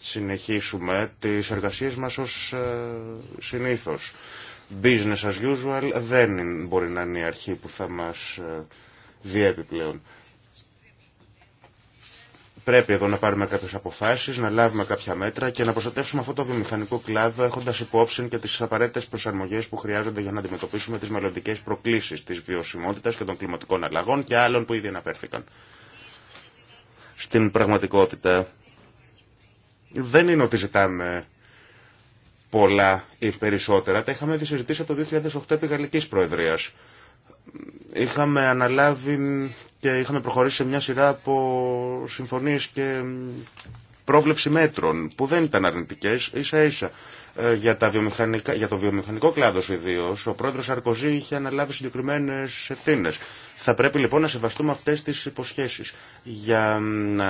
Speaker 3: συνεχίσουμε τις εργασίες μας ως ε, συνήθως. Business as usual δεν μπορεί να είναι η αρχή που θα μας ε, διέπει πλέον. Πρέπει εδώ να πάρουμε κάποιες αποφάσεις, να λάβουμε κάποια μέτρα και να προστατεύσουμε αυτό το βιομηχανικό κλάδο έχοντας υπόψη και τις απαραίτητες προσαρμογές που χρειάζονται για να αντιμετωπίσουμε τις μελλοντικέ προκλήσεις τη βιωσιμότητα και των κλιματικών αλλαγών και άλλων που ήδη αναφέρθηκαν. Στην πραγματικότητα, δεν είναι ότι ζητάμε πολλά ή περισσότερα. Τα είχαμε συζητήσει από το 2008 επί Γαλλικής Προεδρίας. Είχαμε αναλάβει και είχαμε προχωρήσει σε μια σειρά από συμφωνίες και πρόβλεψη μέτρων που δεν ήταν αρνητικές, ίσα ίσα ε, για, τα για το βιομηχανικό κλάδο ιδίω, ο πρόεδρο Σαρκοζή είχε αναλάβει συγκεκριμένε ευθύνε. Θα πρέπει λοιπόν να σεβαστούμε αυτέ τι υποσχέσει. Για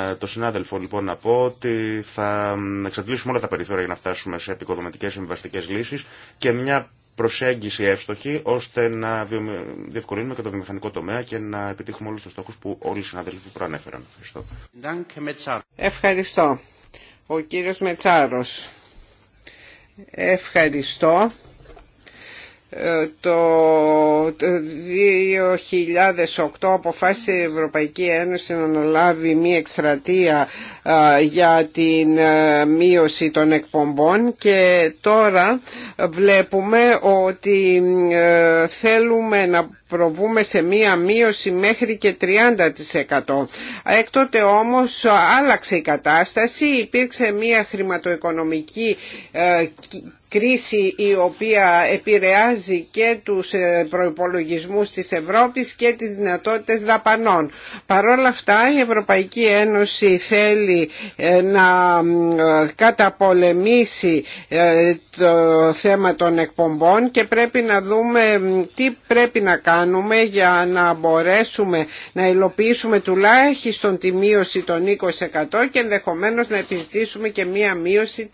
Speaker 3: ε, το συνάδελφο λοιπόν να πω ότι θα εξαντλήσουμε όλα τα περιθώρια για να φτάσουμε σε επικοδομητικέ συμβαστικέ λύσει και μια προσέγγιση εύστοχη ώστε να διευκολύνουμε και το βιομηχανικό τομέα και να επιτύχουμε όλου του στόχου που όλοι οι συναδελφοί προανέφεραν.
Speaker 1: Ευχαριστώ. Ευχαριστώ. Ο κύριος Μετσάρος. Ευχαριστώ το 2008 αποφάσισε η Ευρωπαϊκή Ένωση να αναλάβει μία εκστρατεία για την μείωση των εκπομπών και τώρα βλέπουμε ότι θέλουμε να προβούμε σε μία μείωση μέχρι και 30%. Έκτοτε όμως άλλαξε η κατάσταση, υπήρξε μία χρηματοοικονομική κρίση η οποία επηρεάζει και τους ε, προϋπολογισμούς της Ευρώπης και τις δυνατότητες δαπανών. Παρόλα αυτά η Ευρωπαϊκή Ένωση θέλει ε, να ε, καταπολεμήσει το θέμα των εκπομπών και πρέπει να δούμε τι πρέπει να κάνουμε για να μπορέσουμε να υλοποιήσουμε τουλάχιστον τη μείωση των 20% και ενδεχομένως να επιστήσουμε και μία μείωση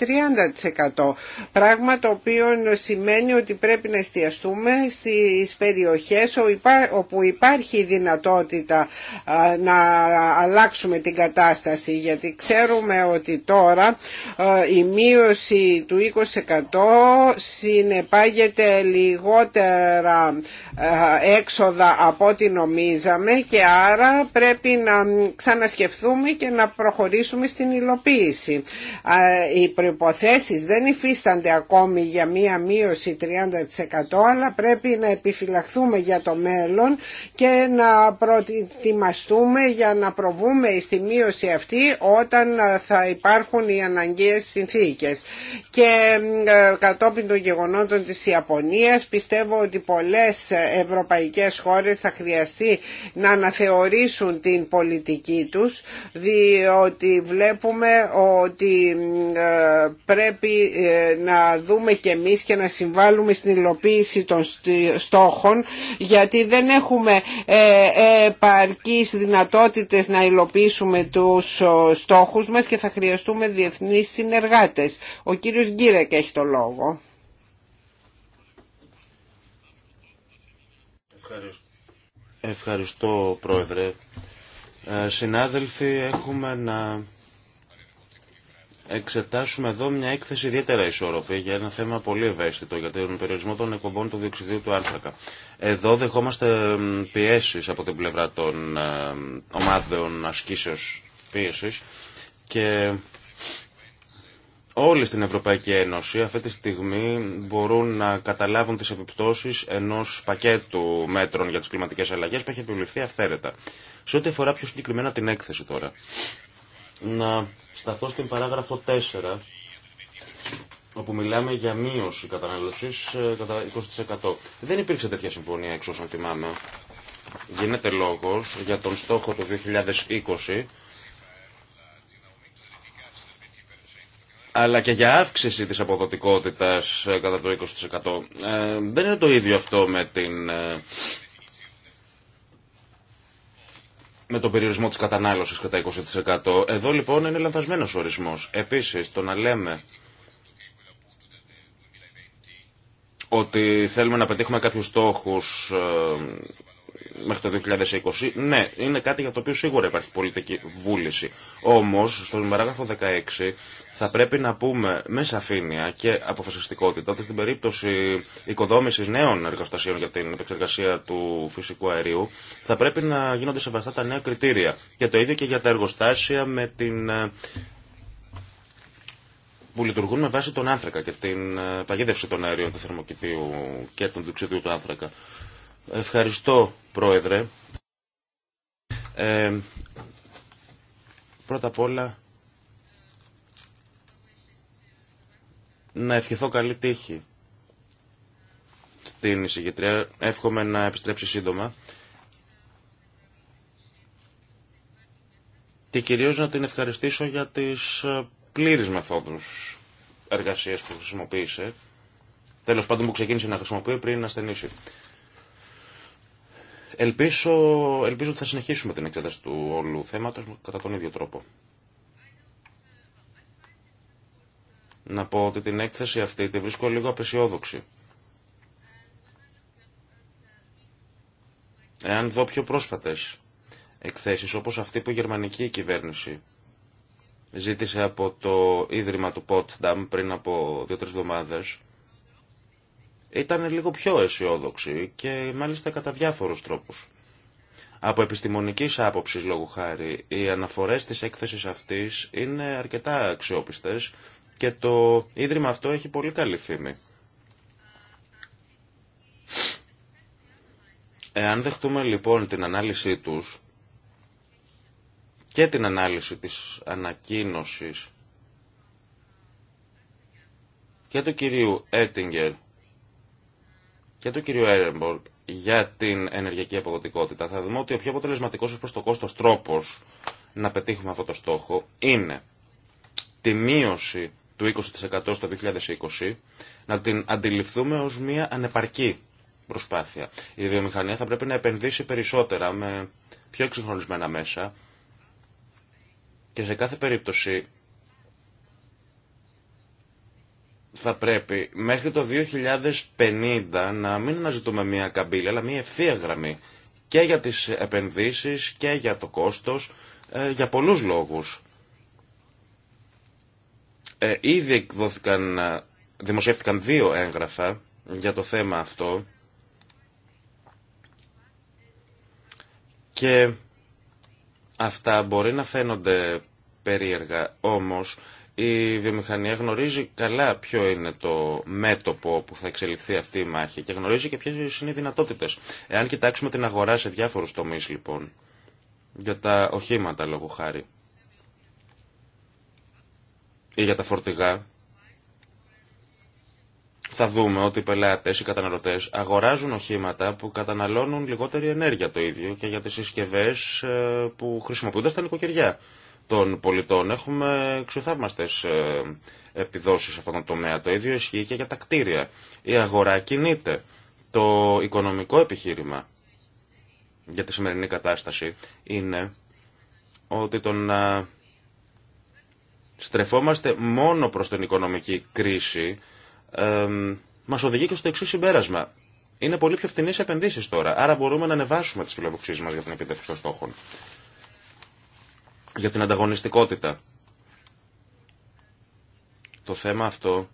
Speaker 1: 30%. Πράγμα το οποίο σημαίνει ότι πρέπει να εστιαστούμε στις περιοχές όπου υπάρχει δυνατότητα να αλλάξουμε την κατάσταση γιατί ξέρουμε ότι τώρα η μείωση του 20% συνεπάγεται λιγότερα έξοδα από ό,τι νομίζαμε και άρα πρέπει να ξανασκεφτούμε και να προχωρήσουμε στην υλοποίηση. Οι προϋποθέσεις δεν υφίστανται ακόμα ακόμη για μία μείωση 30% αλλά πρέπει να επιφυλαχθούμε για το μέλλον και να προετοιμαστούμε για να προβούμε στη μείωση αυτή όταν θα υπάρχουν οι αναγκαίες συνθήκες. Και ε, κατόπιν των γεγονότων της Ιαπωνίας πιστεύω ότι πολλές ευρωπαϊκές χώρες θα χρειαστεί να αναθεωρήσουν την πολιτική τους διότι βλέπουμε ότι ε, πρέπει ε, να δούμε και εμείς και να συμβάλλουμε στην υλοποίηση των στόχων γιατί δεν έχουμε ε, επαρκείς δυνατότητες να υλοποιήσουμε τους στόχους μας και θα χρειαστούμε διεθνείς συνεργάτες. Ο κύριος Γκίρεκ έχει το λόγο.
Speaker 3: Ευχαριστώ. Ευχαριστώ, Πρόεδρε. Ε, συνάδελφοι, έχουμε να εξετάσουμε εδώ μια έκθεση ιδιαίτερα ισόρροπη για ένα θέμα πολύ ευαίσθητο για τον περιορισμό των εκπομπών του διοξιδίου του άνθρακα. Εδώ δεχόμαστε πιέσεις από την πλευρά των ε, ομάδων ασκήσεως πίεσης και όλοι στην Ευρωπαϊκή Ένωση αυτή τη στιγμή μπορούν να καταλάβουν τις επιπτώσεις ενός πακέτου μέτρων για τις κλιματικές αλλαγές που έχει επιβληθεί αυθαίρετα. Σε ό,τι αφορά πιο συγκεκριμένα την έκθεση τώρα. Να σταθώ στην παράγραφο 4 όπου μιλάμε για μείωση κατανάλωσης ε, κατά 20%. Δεν υπήρξε τέτοια συμφωνία εξ όσων θυμάμαι. Γίνεται λόγος για τον στόχο του 2020 αλλά και για αύξηση της αποδοτικότητας ε, κατά το 20%. Ε, δεν είναι το ίδιο αυτό με την με τον περιορισμό της κατανάλωση κατά 20%. Εδώ λοιπόν είναι λανθασμένος ο ορισμός. Επίσης το να λέμε ότι θέλουμε να πετύχουμε κάποιους στόχους ε, μέχρι το 2020, ναι, είναι κάτι για το οποίο σίγουρα υπάρχει πολιτική βούληση. Όμω, στον παράγραφο 16 θα πρέπει να πούμε με σαφήνεια και αποφασιστικότητα ότι στην περίπτωση οικοδόμηση νέων εργοστασίων για την επεξεργασία του φυσικού αερίου θα πρέπει να γίνονται σεβαστά τα νέα κριτήρια. Και το ίδιο και για τα εργοστάσια με την ε, που λειτουργούν με βάση τον άνθρακα και την ε, παγίδευση των αερίων του θερμοκηπίου και των διοξιδίου του άνθρακα. Ευχαριστώ, Πρόεδρε. Ε, πρώτα απ' όλα, να ευχηθώ καλή τύχη στην εισηγητρία. Εύχομαι να επιστρέψει σύντομα. Και κυρίως να την ευχαριστήσω για τις ε, πλήρεις μεθόδους εργασίας που χρησιμοποίησε. Τέλος πάντων που ξεκίνησε να χρησιμοποιεί πριν να στενήσει. Ελπίζω, ελπίζω ότι θα συνεχίσουμε την εξέταση του όλου θέματος κατά τον ίδιο τρόπο. Να πω ότι την έκθεση αυτή τη βρίσκω λίγο απεσιόδοξη. Εάν δω πιο πρόσφατες εκθέσεις όπως αυτή που η γερμανική κυβέρνηση ζήτησε από το Ίδρυμα του Πότσταμ πριν από δύο-τρεις εβδομάδες ήταν λίγο πιο αισιόδοξη και μάλιστα κατά διάφορους τρόπους. Από επιστημονικής άποψης λόγου χάρη, οι αναφορές της έκθεσης αυτής είναι αρκετά αξιόπιστες και το Ίδρυμα αυτό έχει πολύ καλή φήμη. Εάν δεχτούμε λοιπόν την ανάλυση τους και την ανάλυση της ανακοίνωσης και του κυρίου Έτιγκερ και του κυρίου Έρεμπορντ, για την ενεργειακή αποδοτικότητα, θα δούμε ότι ο πιο αποτελεσματικό ω προ το κόστο τρόπο να πετύχουμε αυτό το στόχο είναι τη μείωση του 20% στο 2020 να την αντιληφθούμε ως μια ανεπαρκή προσπάθεια. Η βιομηχανία θα πρέπει να επενδύσει περισσότερα με πιο εξυγχρονισμένα μέσα και σε κάθε περίπτωση θα πρέπει μέχρι το 2050 να μην αναζητούμε μία καμπύλη, αλλά μία ευθεία γραμμή και για τις επενδύσεις και για το κόστος, ε, για πολλούς λόγους. Ε, ήδη εκδόθηκαν, ε, δημοσιεύτηκαν δύο έγγραφα για το θέμα αυτό και αυτά μπορεί να φαίνονται περίεργα, όμως η βιομηχανία γνωρίζει καλά ποιο είναι το μέτωπο που θα εξελιχθεί αυτή η μάχη και γνωρίζει και ποιε είναι οι δυνατότητε. Εάν κοιτάξουμε την αγορά σε διάφορου τομεί, λοιπόν, για τα οχήματα λόγω χάρη ή για τα φορτηγά, θα δούμε ότι οι πελάτε, οι καταναλωτέ αγοράζουν οχήματα που καταναλώνουν λιγότερη ενέργεια το ίδιο και για τι συσκευέ ε, που χρησιμοποιούνται στα νοικοκυριά των πολιτών. Έχουμε ξεθαύμαστε ε, επιδόσεις σε αυτόν τον τομέα. Το ίδιο ισχύει και για τα κτίρια. Η αγορά κινείται. Το οικονομικό επιχείρημα για τη σημερινή κατάσταση είναι ότι το να στρεφόμαστε μόνο προς την οικονομική κρίση ε, μας οδηγεί και στο εξή συμπέρασμα. Είναι πολύ πιο φθηνές επενδύσεις τώρα, άρα μπορούμε να ανεβάσουμε τις φιλοδοξίες μας για την επίτευξη των στόχων για την ανταγωνιστικότητα. Το θέμα αυτό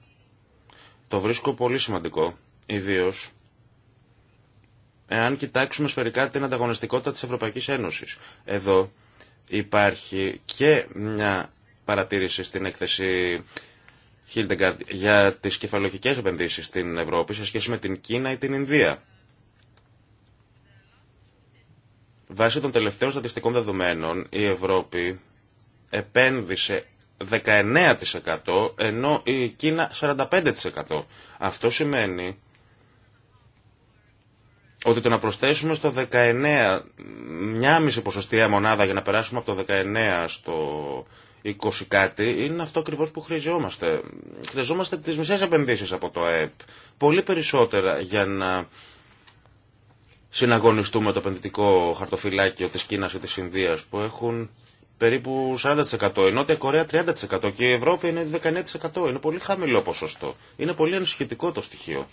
Speaker 3: το βρίσκω πολύ σημαντικό, ιδίως εάν κοιτάξουμε σφαιρικά την ανταγωνιστικότητα της Ευρωπαϊκής Ένωσης. Εδώ υπάρχει και μια παρατήρηση στην έκθεση Hildegard για τις κεφαλογικές επενδύσεις στην Ευρώπη σε σχέση με την Κίνα ή την Ινδία. Βάσει των τελευταίων στατιστικών δεδομένων, η Ευρώπη επένδυσε 19% ενώ η Κίνα 45%. Αυτό σημαίνει ότι το να προσθέσουμε στο 19, μια μισή ποσοστία μονάδα για να περάσουμε από το 19 στο 20 κάτι, είναι αυτό ακριβώς που χρειαζόμαστε. Χρειαζόμαστε τις μισές επενδύσεις από το ΑΕΠ, πολύ περισσότερα για να συναγωνιστούμε το επενδυτικό χαρτοφυλάκιο της Κίνας ή της Ινδίας που έχουν περίπου 40%, η Νότια Κορέα 30% και η Ευρώπη είναι 19%. Είναι πολύ χαμηλό ποσοστό. Είναι πολύ ανησυχητικό το στοιχείο.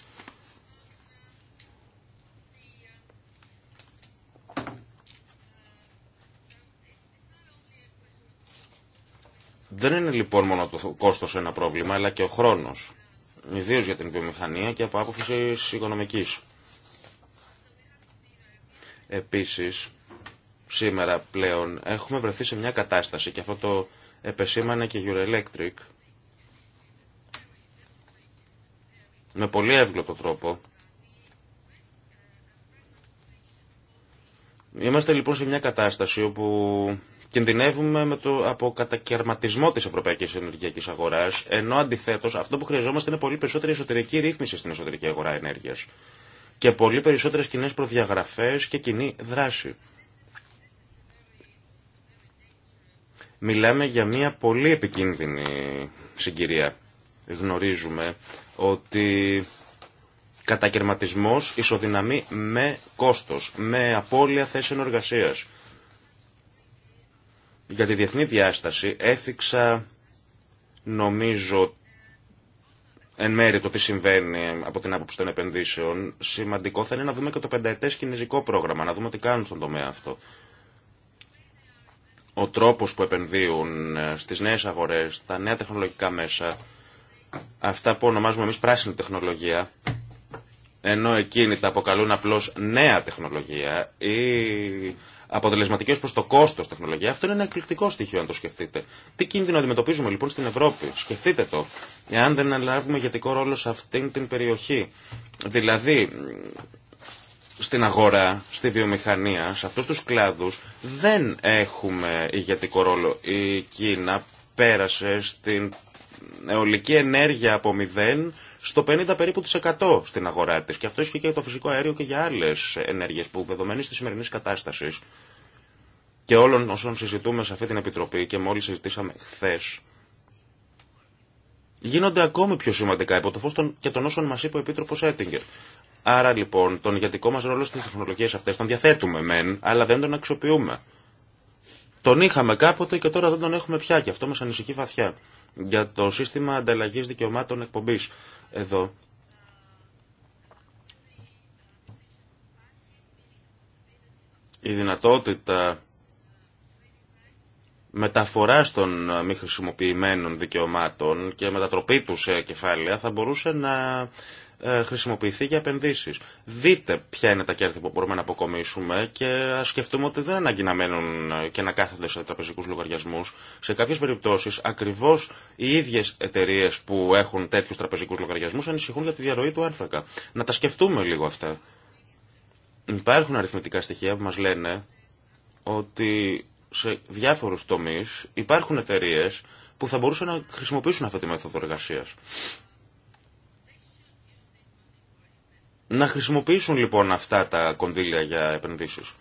Speaker 3: Δεν είναι λοιπόν μόνο το κόστος ένα πρόβλημα, αλλά και ο χρόνος. Ιδίω για την βιομηχανία και από άποψη οικονομικής. Επίσης, σήμερα πλέον έχουμε βρεθεί σε μια κατάσταση και αυτό το επεσήμανε και Euroelectric με πολύ εύγλωτο τρόπο. Είμαστε λοιπόν σε μια κατάσταση όπου κινδυνεύουμε με το, από κατακαιρματισμό της ευρωπαϊκής ενεργειακής αγοράς, ενώ αντιθέτως αυτό που χρειαζόμαστε είναι πολύ περισσότερη εσωτερική ρύθμιση στην εσωτερική αγορά ενέργειας και πολύ περισσότερες κοινέ προδιαγραφές και κοινή δράση. Μιλάμε για μια πολύ επικίνδυνη συγκυρία. Γνωρίζουμε ότι κατακαιρματισμός ισοδυναμεί με κόστος, με απώλεια θέσεων εργασία. Για τη διεθνή διάσταση έθιξα νομίζω εν μέρει το τι συμβαίνει ε, από την άποψη των επενδύσεων, σημαντικό θα είναι να δούμε και το πενταετές κινέζικο πρόγραμμα, να δούμε τι κάνουν στον τομέα αυτό. Ο τρόπος που επενδύουν ε, στις νέες αγορές, τα νέα τεχνολογικά μέσα, αυτά που ονομάζουμε εμεί πράσινη τεχνολογία, ενώ εκείνοι τα αποκαλούν απλώς νέα τεχνολογία ή αποτελεσματικές προς το κόστος τεχνολογία, αυτό είναι ένα εκπληκτικό στοιχείο αν το σκεφτείτε. Τι κίνδυνο αντιμετωπίζουμε λοιπόν στην Ευρώπη, σκεφτείτε το, εάν δεν αναλάβουμε ηγετικό ρόλο σε αυτήν την περιοχή. Δηλαδή, στην αγορά, στη βιομηχανία, σε αυτούς τους κλάδους, δεν έχουμε ηγετικό ρόλο. Η Κίνα πέρασε στην αιωλική ενέργεια από μηδέν στο 50 περίπου 100 στην αγορά της. Και αυτό ισχύει και για το φυσικό αέριο και για άλλες ενέργειες που δεδομένης της σημερινής κατάστασης και όλων όσων συζητούμε σε αυτή την Επιτροπή και μόλις συζητήσαμε χθε. γίνονται ακόμη πιο σημαντικά υπό το φως και των όσων μας είπε ο Επίτροπος Έτιγκερ. Άρα λοιπόν τον ηγετικό μας ρόλο στις τεχνολογίες αυτές τον διαθέτουμε μεν, αλλά δεν τον αξιοποιούμε. Τον είχαμε κάποτε και τώρα δεν τον έχουμε πια και αυτό μας ανησυχεί βαθιά για το σύστημα ανταλλαγή δικαιωμάτων εκπομπής. Εδώ η δυνατότητα μεταφορά των μη χρησιμοποιημένων δικαιωμάτων και μετατροπή του σε κεφάλαια θα μπορούσε να ε, χρησιμοποιηθεί για επενδύσεις. Δείτε ποια είναι τα κέρδη που μπορούμε να αποκομίσουμε και ας σκεφτούμε ότι δεν είναι να μένουν ε, και να κάθονται σε τραπεζικούς λογαριασμούς. Σε κάποιες περιπτώσεις ακριβώς οι ίδιες εταιρείε που έχουν τέτοιους τραπεζικούς λογαριασμούς ανησυχούν για τη διαρροή του άνθρακα. Να τα σκεφτούμε λίγο αυτά. Υπάρχουν αριθμητικά στοιχεία που μας λένε ότι σε διάφορους τομείς υπάρχουν εταιρείε που θα μπορούσαν να χρησιμοποιήσουν αυτή τη μέθοδο εργασίας. Να χρησιμοποιήσουν λοιπόν αυτά τα κονδύλια για επενδύσεις.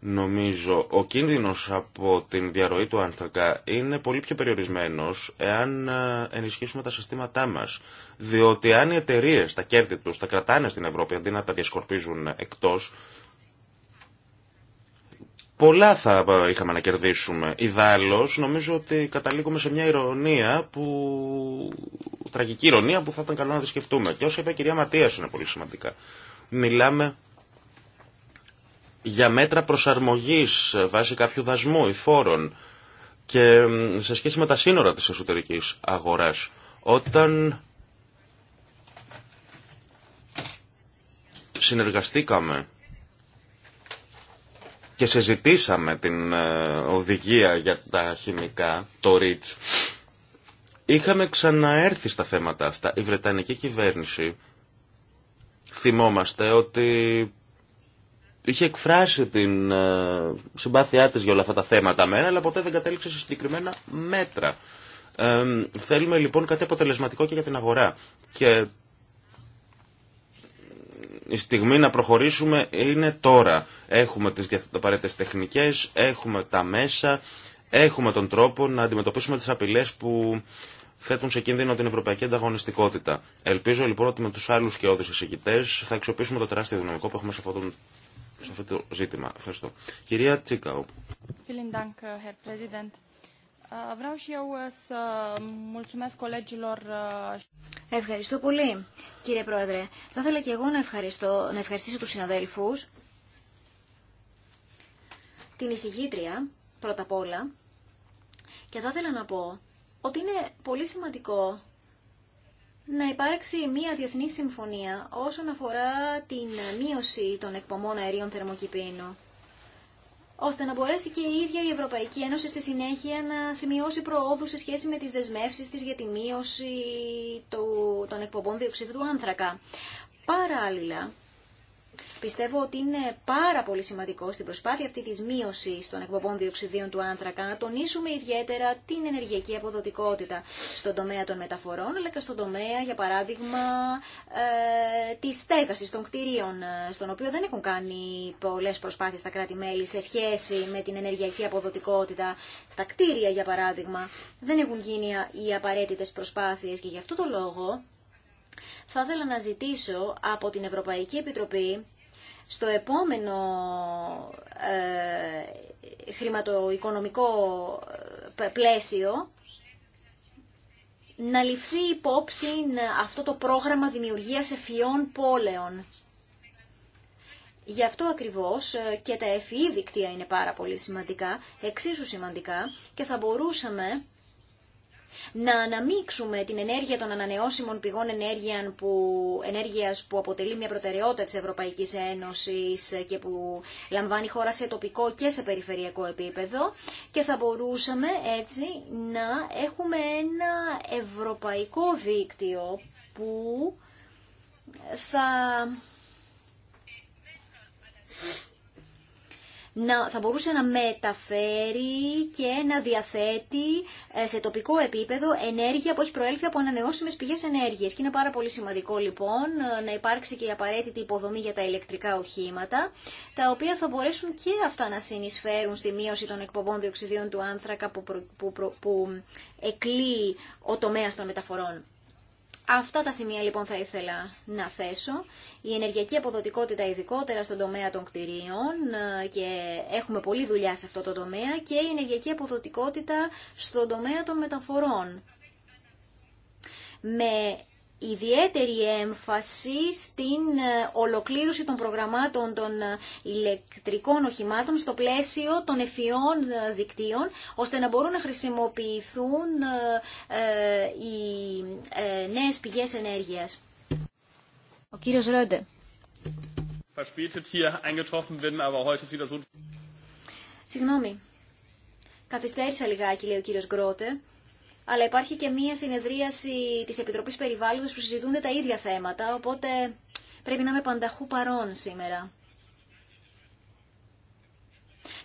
Speaker 3: Νομίζω ο κίνδυνος από την διαρροή του άνθρακα είναι πολύ πιο περιορισμένος εάν ε, ενισχύσουμε τα συστήματά μας. Διότι αν οι εταιρείε τα κέρδη τους τα κρατάνε στην Ευρώπη αντί να τα διασκορπίζουν εκτός, Πολλά θα είχαμε να κερδίσουμε. Ιδάλω, νομίζω ότι καταλήγουμε σε μια ηρωνία που... τραγική ηρωνία που θα ήταν καλό να τη σκεφτούμε. Και όσα είπε η κυρία Ματίας είναι πολύ σημαντικά. Μιλάμε για μέτρα προσαρμογής βάσει κάποιου δασμού ή φόρων και σε σχέση με τα σύνορα της εσωτερικής αγοράς. Όταν συνεργαστήκαμε και συζητήσαμε την ε, οδηγία για τα χημικά, το REACH, είχαμε ξαναέρθει στα θέματα αυτά. Η Βρετανική κυβέρνηση, θυμόμαστε ότι είχε εκφράσει την ε, συμπάθειά της για όλα αυτά τα θέματα μένα, αλλά ποτέ δεν κατέληξε σε συγκεκριμένα μέτρα. Ε, θέλουμε λοιπόν κάτι αποτελεσματικό και για την αγορά. Και η στιγμή να προχωρήσουμε είναι τώρα. Έχουμε τις απαραίτητες τεχνικές, έχουμε τα μέσα, έχουμε τον τρόπο να αντιμετωπίσουμε τις απειλές που θέτουν σε κίνδυνο την ευρωπαϊκή ανταγωνιστικότητα. Ελπίζω λοιπόν ότι με τους άλλους και όδους εισηγητές θα αξιοποιήσουμε το τεράστιο δυναμικό που έχουμε σε αυτό το, σε αυτό το ζήτημα. Ευχαριστώ. Κυρία Τσίκαου.
Speaker 2: Uh, uh, uh, ευχαριστώ πολύ, κύριε Πρόεδρε. Θα ήθελα και εγώ να, ευχαριστήσω τους συναδέλφους, την εισηγήτρια, πρώτα απ' όλα, και θα ήθελα να πω ότι είναι πολύ σημαντικό να υπάρξει μια διεθνή συμφωνία όσον αφορά την μείωση των εκπομών αερίων θερμοκηπίνου ώστε να μπορέσει και η ίδια η Ευρωπαϊκή Ένωση στη συνέχεια να σημειώσει προόδου σε σχέση με τις δεσμεύσεις της για τη μείωση των εκπομπών διοξιδίου του άνθρακα. Παράλληλα, Πιστεύω ότι είναι πάρα πολύ σημαντικό στην προσπάθεια αυτή της μείωσης των εκπομπών διοξιδίων του άνθρακα να τονίσουμε ιδιαίτερα την ενεργειακή αποδοτικότητα στον τομέα των μεταφορών αλλά και στον τομέα, για παράδειγμα, ε, της στέγασης των κτηρίων ε, στον οποίο δεν έχουν κάνει πολλές προσπάθειες τα κράτη-μέλη σε σχέση με την ενεργειακή αποδοτικότητα στα κτίρια, για παράδειγμα. Δεν έχουν γίνει οι απαραίτητες προσπάθειες και γι' αυτό το λόγο θα ήθελα να ζητήσω από την Ευρωπαϊκή Επιτροπή στο επόμενο ε, χρηματοοικονομικό ε, πλαίσιο να ληφθεί υπόψη αυτό το πρόγραμμα δημιουργίας εφιών πόλεων. Γι' αυτό ακριβώς ε, και τα ευφυή δικτύα είναι πάρα πολύ σημαντικά, εξίσου σημαντικά και θα μπορούσαμε να αναμίξουμε την ενέργεια των ανανεώσιμων πηγών ενέργειας που, ενέργειας που αποτελεί μια προτεραιότητα της Ευρωπαϊκής Ένωσης και που λαμβάνει χώρα σε τοπικό και σε περιφερειακό επίπεδο και θα μπορούσαμε έτσι να έχουμε ένα ευρωπαϊκό δίκτυο που θα να, θα μπορούσε να μεταφέρει και να διαθέτει ε, σε τοπικό επίπεδο ενέργεια που έχει προέλθει από ανανεώσιμες πηγές ενέργειας. Και είναι πάρα πολύ σημαντικό λοιπόν ε, να υπάρξει και η απαραίτητη υποδομή για τα ηλεκτρικά οχήματα, τα οποία θα μπορέσουν και αυτά να συνεισφέρουν στη μείωση των εκπομπών διοξιδίων του άνθρακα που, προ, που, που εκλεί ο τομέας των μεταφορών. Αυτά τα σημεία λοιπόν θα ήθελα να θέσω. Η ενεργειακή αποδοτικότητα ειδικότερα στον τομέα των κτηρίων ε, και έχουμε πολλή δουλειά σε αυτό το τομέα και η ενεργειακή αποδοτικότητα στον τομέα των μεταφορών. Με ιδιαίτερη έμφαση στην ε, ολοκλήρωση των προγραμμάτων των ε, ηλεκτρικών οχημάτων στο πλαίσιο των εφιών ε, δικτύων, ώστε να μπορούν να χρησιμοποιηθούν οι νέες πηγές ενέργειας. Ο κύριος Ρόντε. Συγγνώμη. Καθυστέρησα λιγάκι, λέει ο κύριος Γκρότε αλλά υπάρχει και μία συνεδρίαση της Επιτροπής Περιβάλλοντος που συζητούνται τα ίδια θέματα, οπότε πρέπει να είμαι πανταχού παρών σήμερα.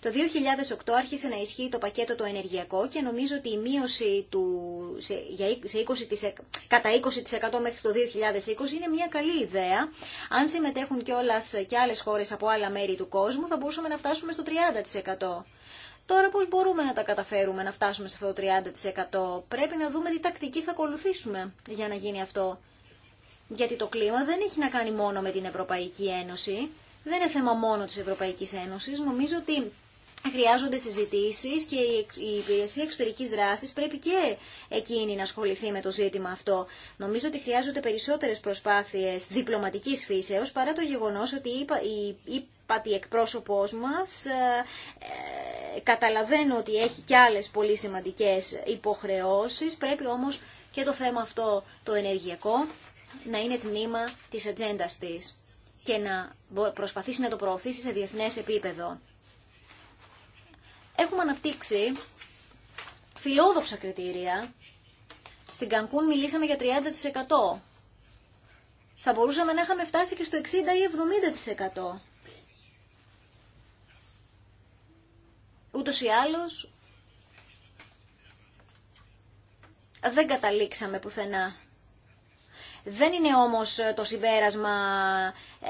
Speaker 2: Το 2008 άρχισε να ισχύει το πακέτο το ενεργειακό και νομίζω ότι η μείωση του, σε, σε 20, κατά 20% μέχρι το 2020 είναι μια καλή ιδέα. Αν συμμετέχουν και όλες και άλλες χώρες από άλλα μέρη του κόσμου θα μπορούσαμε να φτάσουμε στο 30%. Τώρα πώς μπορούμε να τα καταφέρουμε να φτάσουμε σε αυτό το 30%. Πρέπει να δούμε τι τακτική θα ακολουθήσουμε για να γίνει αυτό. Γιατί το κλίμα δεν έχει να κάνει μόνο με την Ευρωπαϊκή Ένωση. Δεν είναι θέμα μόνο της Ευρωπαϊκής Ένωσης. Νομίζω ότι χρειάζονται συζητήσει και η υπηρεσία εξωτερικής δράσης πρέπει και εκείνη να ασχοληθεί με το ζήτημα αυτό. Νομίζω ότι χρειάζονται περισσότερες προσπάθειες διπλωματικής φύσεως παρά το γεγονός ότι η πάτη εκπρόσωπός μας. Ε, ε, καταλαβαίνω ότι έχει και άλλες πολύ σημαντικές υποχρεώσεις. Πρέπει όμως και το θέμα αυτό το ενεργειακό να είναι τμήμα της ατζέντα της και να προσπαθήσει να το προωθήσει σε διεθνές επίπεδο. Έχουμε αναπτύξει φιλόδοξα κριτήρια. Στην Κανκούν μιλήσαμε για 30%. Θα μπορούσαμε να είχαμε φτάσει και στο 60 ή 70%. Ούτως ή άλλως δεν καταλήξαμε πουθενά. Δεν είναι όμως το συμπέρασμα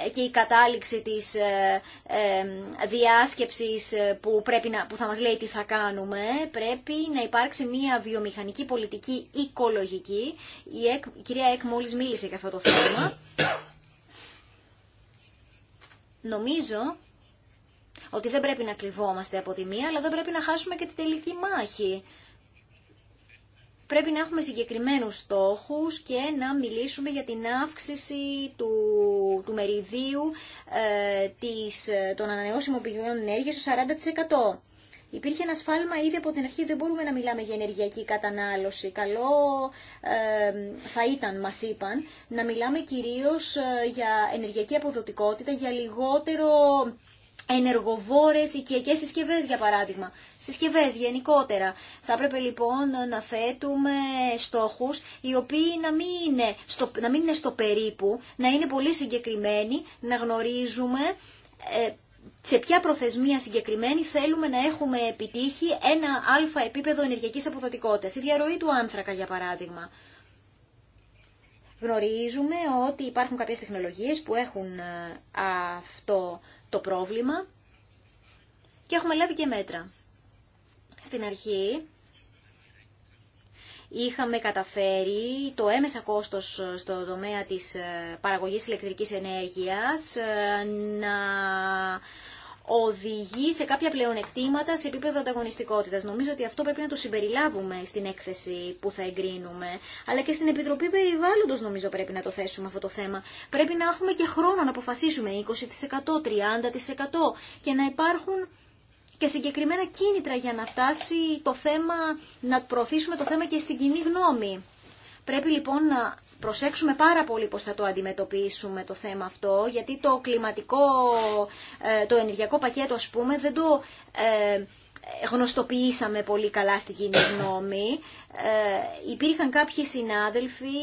Speaker 2: ε, και η κατάληξη της ε, ε, διάσκεψης που, πρέπει να, που θα μας λέει τι θα κάνουμε. Πρέπει να υπάρξει μια βιομηχανική πολιτική οικολογική. Η, η κυρία Εκ μόλις μίλησε για αυτό το θέμα. Νομίζω ότι δεν πρέπει να κρυβόμαστε από τη μία, αλλά δεν πρέπει να χάσουμε και τη τελική μάχη. Πρέπει να έχουμε συγκεκριμένους στόχους και να μιλήσουμε για την αύξηση του, του μεριδίου ε, της, των ανανεώσιμων πηγών ενέργειας στο 40%. Υπήρχε ένα σφάλμα ήδη από την αρχή, δεν μπορούμε να μιλάμε για ενεργειακή κατανάλωση. Καλό ε, θα ήταν, μας είπαν, να μιλάμε κυρίως ε, για ενεργειακή αποδοτικότητα, για λιγότερο ενεργοβόρες οικιακές συσκευές για παράδειγμα, συσκευές γενικότερα. Θα έπρεπε λοιπόν να θέτουμε στόχους οι οποίοι να μην, είναι στο, να μην είναι στο περίπου, να είναι πολύ συγκεκριμένοι, να γνωρίζουμε ε, σε ποια προθεσμία συγκεκριμένη θέλουμε να έχουμε επιτύχει ένα αλφα επίπεδο ενεργειακής αποδοτικότητας, η διαρροή του άνθρακα για παράδειγμα. Γνωρίζουμε ότι υπάρχουν κάποιες τεχνολογίες που έχουν ε, αυτό το πρόβλημα και έχουμε λάβει και μέτρα. Στην αρχή είχαμε καταφέρει το έμεσα κόστος στο τομέα της παραγωγής ηλεκτρικής ενέργειας ε, να οδηγεί σε κάποια πλεονεκτήματα σε επίπεδο ανταγωνιστικότητα. Νομίζω ότι αυτό πρέπει να το συμπεριλάβουμε στην έκθεση που θα εγκρίνουμε, αλλά και στην Επιτροπή Περιβάλλοντο νομίζω πρέπει να το θέσουμε αυτό το θέμα. Πρέπει να έχουμε και χρόνο να αποφασίσουμε 20%, 30% και να υπάρχουν και συγκεκριμένα κίνητρα για να φτάσει το θέμα, να προωθήσουμε το θέμα και στην κοινή γνώμη. Πρέπει λοιπόν να προσέξουμε πάρα πολύ πώς θα το αντιμετωπίσουμε το θέμα αυτό, γιατί το κλιματικό, ε, το ενεργειακό πακέτο ας πούμε δεν το ε, γνωστοποιήσαμε πολύ καλά στην κοινή γνώμη. Ε, υπήρχαν κάποιοι συνάδελφοι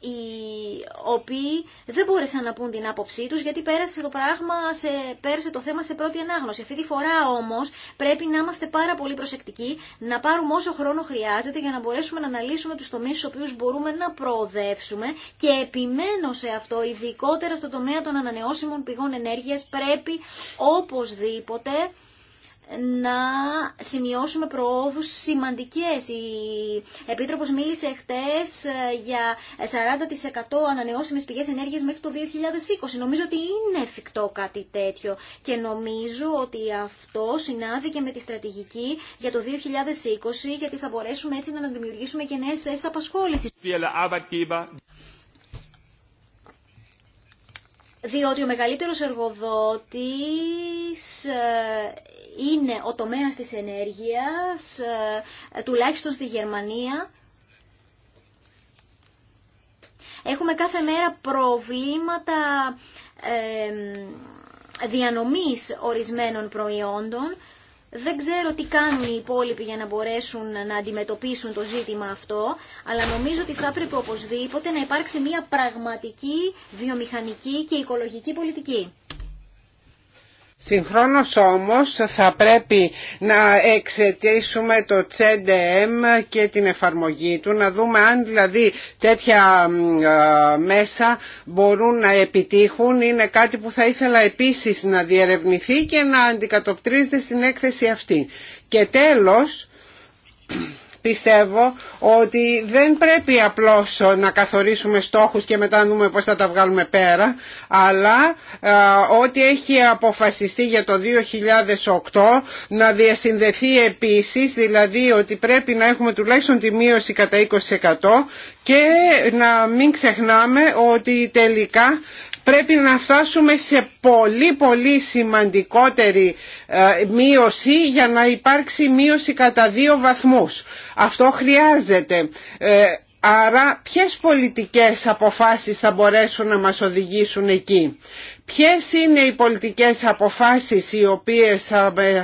Speaker 2: οι οποίοι δεν μπόρεσαν να πούν την άποψή τους γιατί πέρασε το, πράγμα σε, πέρασε το θέμα σε πρώτη ανάγνωση. Αυτή τη φορά όμως πρέπει να είμαστε πάρα πολύ προσεκτικοί, να πάρουμε όσο χρόνο χρειάζεται για να μπορέσουμε να αναλύσουμε τους τομείς στους οποίους μπορούμε να προοδεύσουμε και επιμένω σε αυτό, ειδικότερα στο τομέα των ανανεώσιμων πηγών ενέργειας πρέπει οπωσδήποτε να σημειώσουμε προόδους σημαντικές. Η Επίτροπος μίλησε χτες ε, για 40% ανανεώσιμες πηγές ενέργειας μέχρι το 2020. Νομίζω ότι είναι εφικτό κάτι τέτοιο και νομίζω ότι αυτό συνάδει και με τη στρατηγική για το 2020 γιατί θα μπορέσουμε έτσι να δημιουργήσουμε και νέες θέσεις απασχόλησης. Διότι ο μεγαλύτερος εργοδότης ε, είναι ο τομέας της ενέργειας, ε, τουλάχιστον στη Γερμανία. Έχουμε κάθε μέρα προβλήματα διανομής ορισμένων προϊόντων. Δεν ξέρω τι κάνουν οι υπόλοιποι για να μπορέσουν να αντιμετωπίσουν το ζήτημα αυτό, αλλά νομίζω ότι θα πρέπει οπωσδήποτε να υπάρξει μια πραγματική βιομηχανική και οικολογική πολιτική.
Speaker 1: Συγχρόνως όμως θα πρέπει να εξετήσουμε το CDM και την εφαρμογή του, να δούμε αν δηλαδή τέτοια μέσα μπορούν να επιτύχουν. Είναι κάτι που θα ήθελα επίσης να διερευνηθεί και να αντικατοπτρίζεται στην έκθεση αυτή. Και τέλος, πιστεύω ότι δεν πρέπει απλώς να καθορίσουμε στόχους και μετά να δούμε πώς θα τα βγάλουμε πέρα, αλλά ε, ό,τι έχει αποφασιστεί για το 2008 να διασυνδεθεί επίσης, δηλαδή ότι πρέπει να έχουμε τουλάχιστον τη μείωση κατά 20% και να μην ξεχνάμε ότι τελικά πρέπει να φτάσουμε σε πολύ πολύ σημαντικότερη ε, μείωση για να υπάρξει μείωση κατά δύο βαθμούς. Αυτό χρειάζεται. Ε, άρα ποιες πολιτικές αποφάσεις θα μπορέσουν να μας οδηγήσουν εκεί. Ποιες είναι οι πολιτικές αποφάσεις οι οποίες θα ε,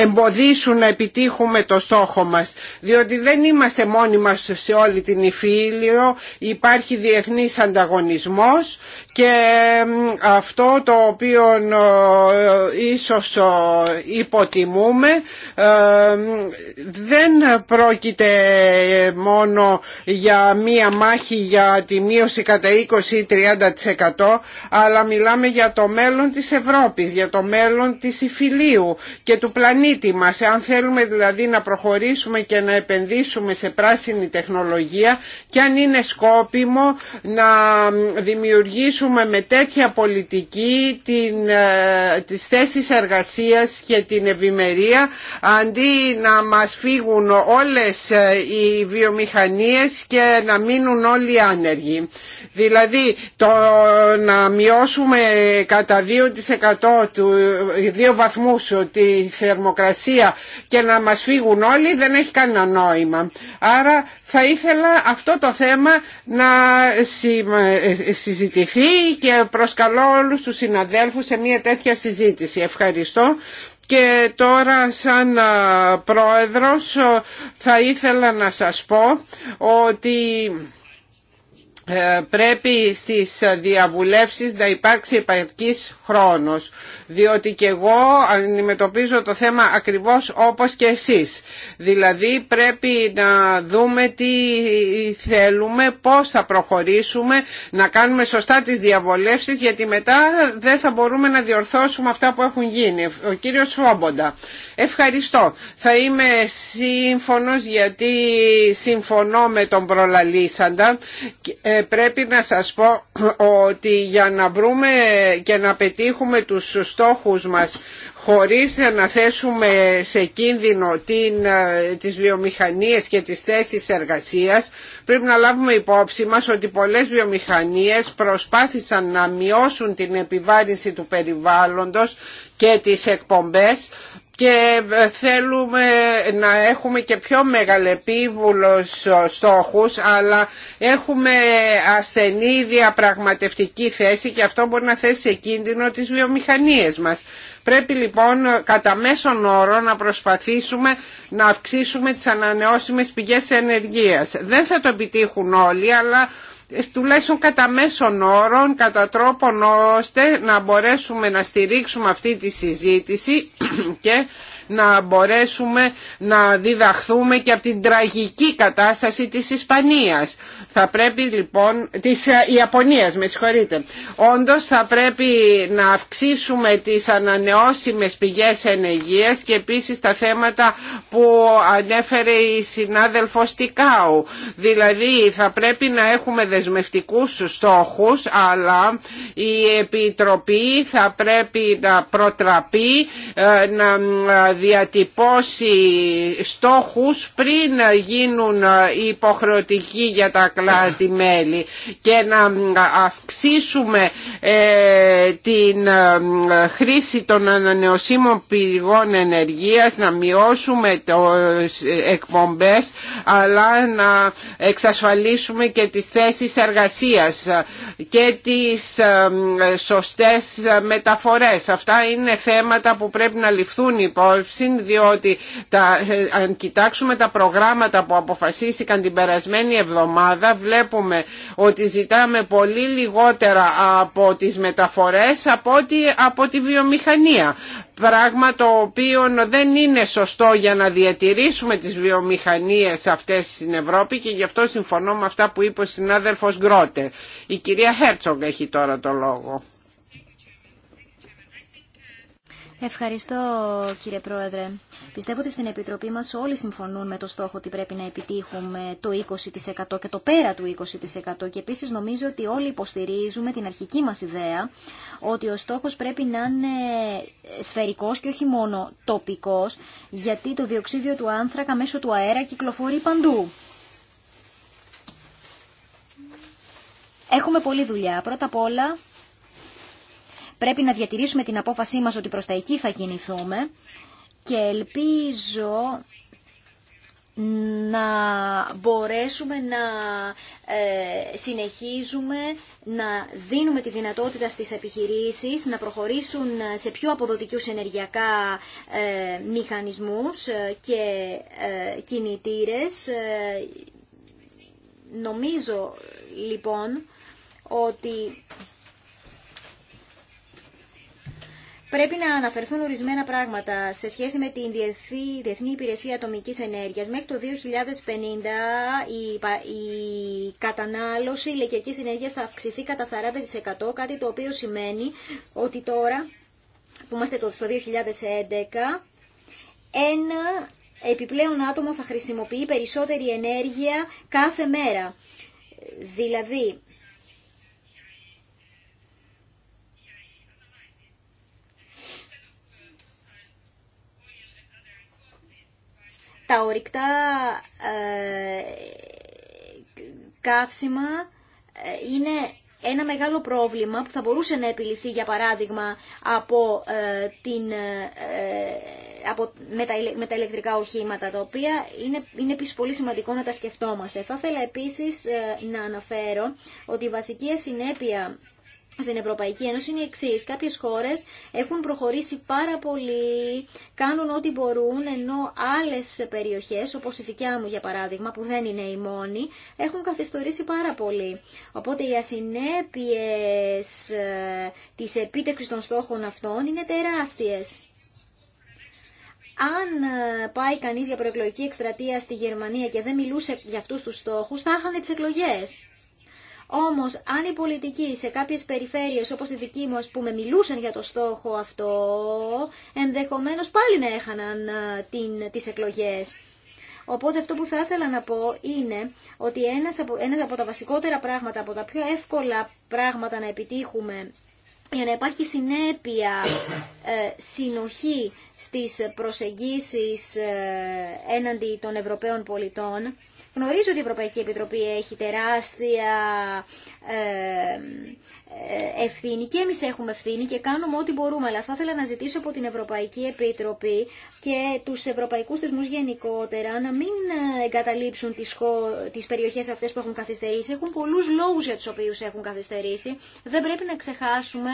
Speaker 1: εμποδίσουν να επιτύχουμε το στόχο μας. Διότι δεν είμαστε μόνοι μας σε όλη την Ιφίλιο, υπάρχει διεθνής ανταγωνισμός και αυτό το οποίο ε, ίσως ε, υποτιμούμε δεν πρόκειται μόνο για μία μάχη για τη μείωση κατά 20 ή 30% αλλά μιλάμε για το μέλλον της Ευρώπης, για το μέλλον της Ιφιλίου και του πλανήτη μας. Αν θέλουμε δηλαδή να προχωρήσουμε και να επενδύσουμε σε πράσινη τεχνολογία και αν είναι σκόπιμο να δημιουργήσουμε με τέτοια πολιτική την, ε, τις θέσεις εργασίας και την ευημερία αντί να μας φύγουν όλες ε, οι βιομηχανίες και να μείνουν όλοι άνεργοι. Δηλαδή το να μειώσουμε μειώσουμε κατά 2% του 2 βαθμούς τη θερμοκρασία και να μας φύγουν όλοι δεν έχει κανένα νόημα. Άρα θα ήθελα αυτό το θέμα να συζητηθεί και προσκαλώ όλους τους συναδέλφους σε μια τέτοια συζήτηση. Ευχαριστώ. Και τώρα σαν πρόεδρος θα ήθελα να σας πω ότι ε, πρέπει στις διαβουλεύσεις να υπάρξει επαρκής χρόνος διότι και εγώ αντιμετωπίζω το θέμα ακριβώς όπως και εσείς δηλαδή πρέπει να δούμε τι θέλουμε πώς θα προχωρήσουμε να κάνουμε σωστά τις διαβολεύσεις γιατί μετά δεν θα μπορούμε να διορθώσουμε αυτά που έχουν γίνει ο κύριος Φόμποντα. ευχαριστώ θα είμαι σύμφωνος γιατί συμφωνώ με τον προλαλήσαντα ε, πρέπει να σας πω ότι για να βρούμε και να πετύχουμε πετύχουμε τους στόχους μας χωρίς να θέσουμε σε κίνδυνο την, ε, τις βιομηχανίες και τις θέσεις εργασίας, πρέπει να λάβουμε υπόψη μας ότι πολλές βιομηχανίες προσπάθησαν να μειώσουν την επιβάρυνση του περιβάλλοντος και τις εκπομπές και ε, θέλουμε να έχουμε και πιο μεγαλεπίβουλους ε, στόχους αλλά έχουμε ασθενή διαπραγματευτική θέση και αυτό μπορεί να θέσει σε κίνδυνο τις βιομηχανίες μας. Πρέπει λοιπόν κατά μέσον όρο να προσπαθήσουμε να αυξήσουμε τις ανανεώσιμες πηγές ενεργείας. Δεν θα το επιτύχουν όλοι αλλά ε, τουλάχιστον κατά μέσον όρων, κατά τρόπον ώστε να μπορέσουμε να στηρίξουμε αυτή τη συζήτηση και να μπορέσουμε να διδαχθούμε και από την τραγική κατάσταση της Ισπανίας. Θα πρέπει λοιπόν, της ε, Ιαπωνίας με συγχωρείτε. Όντως θα πρέπει να αυξήσουμε τις ανανεώσιμες πηγές ενεργείας και επίσης τα θέματα που ανέφερε η συνάδελφος Τικάου. Δηλαδή θα πρέπει να έχουμε δεσμευτικούς στόχους αλλά η Επιτροπή θα πρέπει να προτραπεί ε, να ε, διατυπώσει στόχους πριν γίνουν υποχρεωτικοί για τα κράτη-μέλη και να αυξήσουμε ε, την ε, χρήση των ανανεωσίμων πηγών ενεργείας, να μειώσουμε τις ε, εκπομπές αλλά να εξασφαλίσουμε και τις θέσεις εργασίας και τις σωστές μεταφορές. Αυτά είναι θέματα που πρέπει να ληφθούν υπόψη διότι τα, ε, αν κοιτάξουμε τα προγράμματα που αποφασίστηκαν την περασμένη εβδομάδα βλέπουμε ότι ζητάμε πολύ λιγότερα από τις μεταφορές από, ότι, από τη βιομηχανία πράγμα το οποίο δεν είναι σωστό για να διατηρήσουμε τις βιομηχανίες αυτές στην Ευρώπη και γι' αυτό συμφωνώ με αυτά που είπε ο συνάδελφος Γκρότε. Η κυρία Χέρτσογκ έχει τώρα το λόγο.
Speaker 2: Ευχαριστώ κύριε Πρόεδρε. Πιστεύω ότι στην Επιτροπή μας όλοι συμφωνούν με το στόχο ότι πρέπει να επιτύχουμε το 20% και το πέρα του 20% και επίσης νομίζω ότι όλοι υποστηρίζουμε την αρχική μας ιδέα ότι ο στόχος πρέπει να είναι σφαιρικός και όχι μόνο τοπικός γιατί το διοξίδιο του άνθρακα μέσω του αέρα κυκλοφορεί παντού. Έχουμε πολλή δουλειά. Πρώτα απ' όλα Πρέπει να διατηρήσουμε την απόφασή μας ότι προς τα εκεί θα κινηθούμε και ελπίζω να μπορέσουμε να ε, συνεχίζουμε να δίνουμε τη δυνατότητα στις επιχειρήσεις να προχωρήσουν σε πιο αποδοτικούς ενεργειακά ε, μηχανισμούς ε, και ε, κινητήρες. Νομίζω λοιπόν ότι πρέπει να αναφερθούν ορισμένα πράγματα σε σχέση με την Διεθνή Υπηρεσία Ατομικής Ενέργειας. Μέχρι το 2050 η, κατανάλωση ηλεκτρικής ενέργειας θα αυξηθεί κατά 40%, κάτι το οποίο σημαίνει ότι τώρα που είμαστε το 2011, ένα επιπλέον άτομο θα χρησιμοποιεί περισσότερη ενέργεια κάθε μέρα. Δηλαδή, τα ορυκτά ε, καύσιμα ε, είναι ένα μεγάλο πρόβλημα που θα μπορούσε να επιληθεί για παράδειγμα από, ε, την, από, με, τα, ηλεκτρικά οχήματα τα οποία είναι, είναι επίσης πολύ σημαντικό να τα σκεφτόμαστε. Θα ήθελα επίσης να αναφέρω ότι η βασική συνέπεια στην Ευρωπαϊκή Ένωση είναι η εξή. Κάποιες χώρες έχουν προχωρήσει πάρα πολύ, κάνουν ό,τι μπορούν, ενώ άλλες περιοχές, όπω η δικιά μου για παράδειγμα, που δεν είναι η μόνη, έχουν καθιστορήσει πάρα πολύ. Οπότε οι ασυνέπειες ε, τη επίτευξης των στόχων αυτών είναι τεράστιες. Αν ε, πάει κανείς για προεκλογική εκστρατεία στη Γερμανία και δεν μιλούσε για αυτούς τους στόχους, θα είχαν τις εκλογές. Όμω, αν οι πολιτικοί σε κάποιε περιφέρειες, όπω τη δική μου, α πούμε, μιλούσαν για το στόχο αυτό, ενδεχομένω πάλι να έχαναν την, τις εκλογές. Οπότε αυτό που θα ήθελα να πω είναι ότι ένας ένα από τα βασικότερα πράγματα, από τα πιο εύκολα πράγματα να επιτύχουμε για να υπάρχει συνέπεια, ε, συνοχή στις προσεγγίσεις ε, έναντι των Ευρωπαίων πολιτών, Γνωρίζω ότι η Ευρωπαϊκή Επιτροπή έχει τεράστια ε, ε, ευθύνη και εμείς έχουμε ευθύνη και κάνουμε ό,τι μπορούμε. Αλλά θα ήθελα να ζητήσω από την Ευρωπαϊκή Επιτροπή και τους ευρωπαϊκούς θεσμούς γενικότερα να μην εγκαταλείψουν τις, χω... τις περιοχές αυτές που έχουν καθυστερήσει. Έχουν πολλούς λόγους για τους οποίους έχουν καθυστερήσει. Δεν πρέπει να, ξεχάσουμε,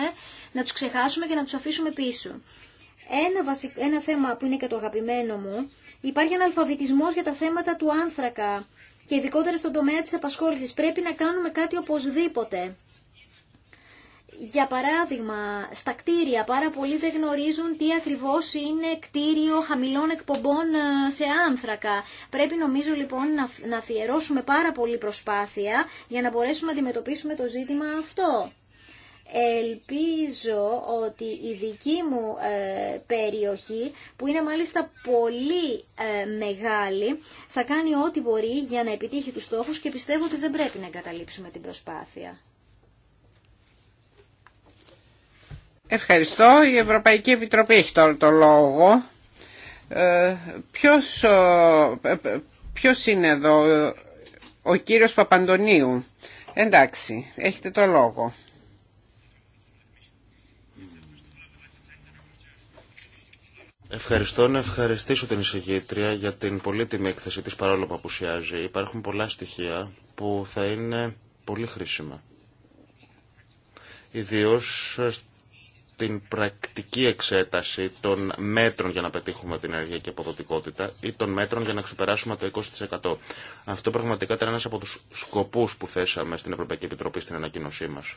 Speaker 2: να τους ξεχάσουμε και να τους αφήσουμε πίσω. Ένα, Ένα θέμα που είναι και το αγαπημένο μου Υπάρχει αναλφαβητισμός για τα θέματα του άνθρακα και ειδικότερα στον τομέα της απασχόλησης. Πρέπει να κάνουμε κάτι οπωσδήποτε. Για παράδειγμα, στα κτίρια πάρα πολλοί δεν γνωρίζουν τι ακριβώς είναι κτίριο χαμηλών εκπομπών ε, σε άνθρακα. Πρέπει νομίζω λοιπόν να αφιερώσουμε πάρα πολύ προσπάθεια για να μπορέσουμε να αντιμετωπίσουμε το ζήτημα αυτό. Ελπίζω ότι η δική μου ε, περιοχή, που είναι μάλιστα πολύ ε, μεγάλη, θα κάνει ό,τι μπορεί για να επιτύχει τους στόχους και πιστεύω ότι δεν πρέπει να εγκαταλείψουμε την προσπάθεια.
Speaker 1: Ευχαριστώ. Η Ευρωπαϊκή Επιτροπή έχει τώρα το λόγο. Ε, ποιος, ε, ποιος είναι εδώ, ο κύριος Παπαντονίου. Εντάξει, έχετε το λόγο.
Speaker 3: Ευχαριστώ να ευχαριστήσω την εισηγήτρια για την πολύτιμη έκθεση της παρόλο που απουσιάζει. Υπάρχουν πολλά στοιχεία που θα είναι πολύ χρήσιμα. Ιδίως στην πρακτική εξέταση των μέτρων για να πετύχουμε την ενεργειακή αποδοτικότητα ή των μέτρων για να ξεπεράσουμε το 20%. Αυτό πραγματικά ήταν ένας από τους σκοπούς που θέσαμε στην Ευρωπαϊκή Επιτροπή στην ανακοίνωσή μας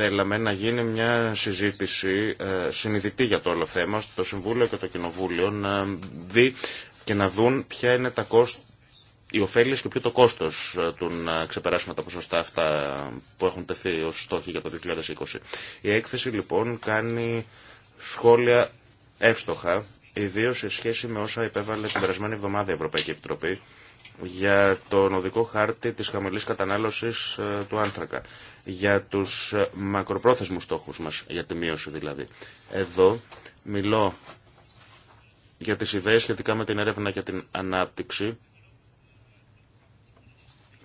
Speaker 3: θέλαμε να γίνει μια συζήτηση ε, συνειδητή για το όλο θέμα, στο Συμβούλιο και το Κοινοβούλιο, να δει και να δουν ποια είναι τα κόστη οι ωφέλειες και ποιο το κόστος ε, του να ξεπεράσουμε τα ποσοστά αυτά που έχουν τεθεί ως στόχοι για το 2020. Η έκθεση λοιπόν κάνει σχόλια εύστοχα, ιδίως σε σχέση με όσα υπέβαλε την περασμένη εβδομάδα η Ευρωπαϊκή Επιτροπή για τον οδικό χάρτη της χαμηλής κατανάλωσης ε, του άνθρακα για τους μακροπρόθεσμους στόχους μας, για τη μείωση δηλαδή. Εδώ μιλώ για τις ιδέες σχετικά με την έρευνα και την ανάπτυξη,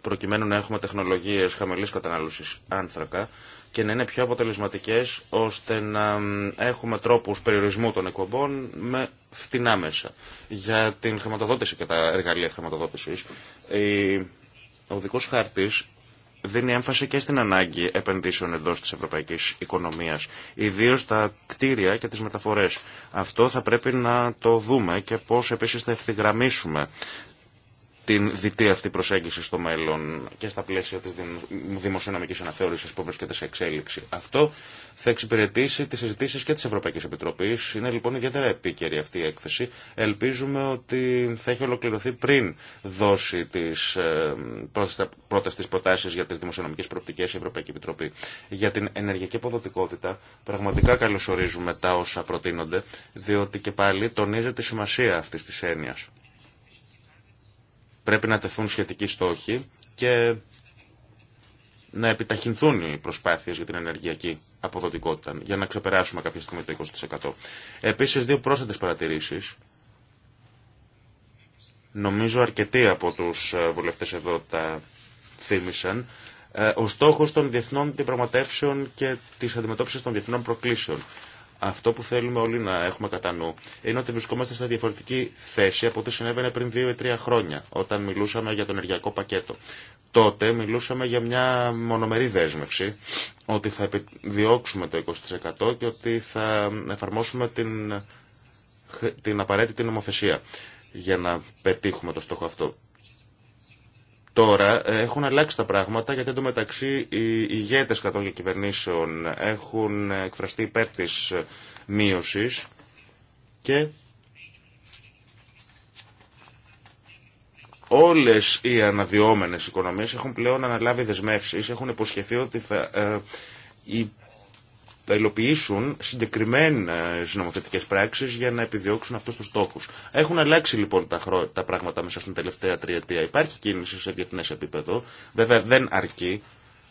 Speaker 3: προκειμένου να έχουμε τεχνολογίες χαμηλής κατανάλωσης άνθρακα και να είναι πιο αποτελεσματικές ώστε να έχουμε τρόπους περιορισμού των εκπομπών με φτηνά μέσα. Για την χρηματοδότηση και τα εργαλεία χρηματοδότησης, ο δικός χάρτης δίνει έμφαση και στην ανάγκη επενδύσεων εντό τη Ευρωπαϊκή οικονομίας, ιδίω στα κτίρια και τι μεταφορές. Αυτό θα πρέπει να το δούμε και πώς επίση θα ευθυγραμμίσουμε την διτή αυτή προσέγγιση στο μέλλον και στα πλαίσια της δημοσιονομικής αναθεώρησης που βρίσκεται σε εξέλιξη. Αυτό θα εξυπηρετήσει τις συζητήσει και της Ευρωπαϊκής Επιτροπής. Είναι λοιπόν ιδιαίτερα επίκαιρη αυτή η έκθεση. Ελπίζουμε ότι θα έχει ολοκληρωθεί πριν δώσει τις ε, πρώτες της προτάσεις για τις δημοσιονομικές προοπτικές η Ευρωπαϊκή Επιτροπή. Για την ενεργειακή αποδοτικότητα πραγματικά καλωσορίζουμε τα όσα προτείνονται, διότι και πάλι τονίζεται η σημασία αυτής της έννοιας. Πρέπει να τεθούν σχετικοί στόχοι και να επιταχυνθούν οι προσπάθειες για την ενεργειακή αποδοτικότητα, για να ξεπεράσουμε κάποια στιγμή το 20%. Επίσης, δύο πρόσθετες παρατηρήσεις. Νομίζω αρκετοί από τους ε, βουλευτές εδώ τα θύμισαν. Ε, ο στόχος των διεθνών διαπραγματεύσεων και της αντιμετώπισης των διεθνών προκλήσεων. Αυτό που θέλουμε όλοι να έχουμε κατά νου είναι ότι βρισκόμαστε σε διαφορετική θέση από ό,τι συνέβαινε πριν δύο ή τρία χρόνια, όταν μιλούσαμε για το ενεργειακό πακέτο. Τότε μιλούσαμε για μια μονομερή δέσμευση, ότι θα επιδιώξουμε το 20% και ότι θα εφαρμόσουμε την, την απαραίτητη νομοθεσία για να πετύχουμε το στόχο αυτό. Τώρα ε, έχουν αλλάξει τα πράγματα γιατί εντωμεταξύ οι ηγέτες κατών κυβερνήσεων έχουν εκφραστεί υπέρ της ε, μείωσης και όλες οι αναδυόμενες οικονομίες έχουν πλέον αναλάβει δεσμεύσεις, έχουν υποσχεθεί ότι θα ε, θα υλοποιήσουν συγκεκριμένε νομοθετικέ πράξει για να επιδιώξουν αυτού του στόχου. Έχουν αλλάξει λοιπόν τα, τα πράγματα μέσα στην τελευταία τριετία. Υπάρχει κίνηση σε διεθνέ επίπεδο. Βέβαια δεν αρκεί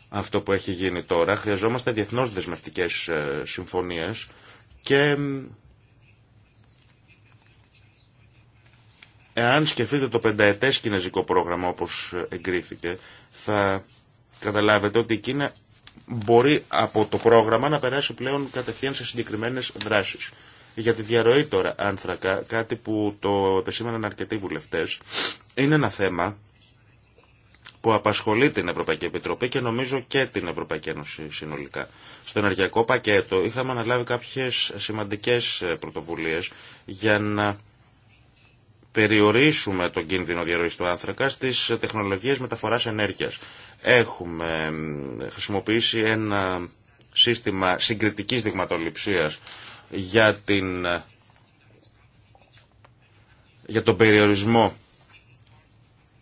Speaker 3: αυτό που έχει γίνει τώρα. Χρειαζόμαστε διεθνώ δεσμευτικέ ε, συμφωνίε και εάν σκεφτείτε το πενταετές κινέζικο πρόγραμμα όπως εγκρίθηκε θα καταλάβετε ότι η Κίνα μπορεί από το πρόγραμμα να περάσει πλέον κατευθείαν σε συγκεκριμένες δράσεις. Για τη διαρροή τώρα άνθρακα, κάτι που το επεσήμαναν αρκετοί βουλευτές, είναι ένα θέμα που απασχολεί την Ευρωπαϊκή Επιτροπή και νομίζω και την Ευρωπαϊκή Ένωση συνολικά. Στο ενεργειακό πακέτο είχαμε αναλάβει κάποιες σημαντικές ε, πρωτοβουλίες για να περιορίσουμε τον κίνδυνο διαρροής του άνθρακα στις τεχνολογίες μεταφοράς ενέργειας. Έχουμε χρησιμοποιήσει ένα σύστημα συγκριτικής δειγματοληψίας για, την, για τον περιορισμό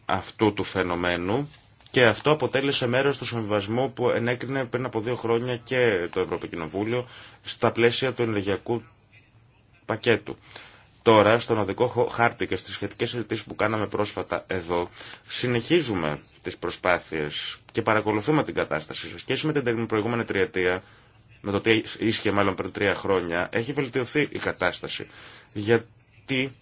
Speaker 3: αυτού του φαινομένου και αυτό αποτέλεσε μέρος του συμβιβασμού που ενέκρινε πριν από δύο χρόνια και το Ευρωπαϊκό Κοινοβούλιο στα πλαίσια του ενεργειακού πακέτου. Τώρα, στον οδικό χάρτη και στις σχετικές συζητήσεις που κάναμε πρόσφατα εδώ, συνεχίζουμε τις προσπάθειες και παρακολουθούμε την κατάσταση. Σε σχέση με την προηγούμενη τριετία, με το τι ίσχυε μάλλον πριν τρία χρόνια, έχει βελτιωθεί η κατάσταση. Γιατί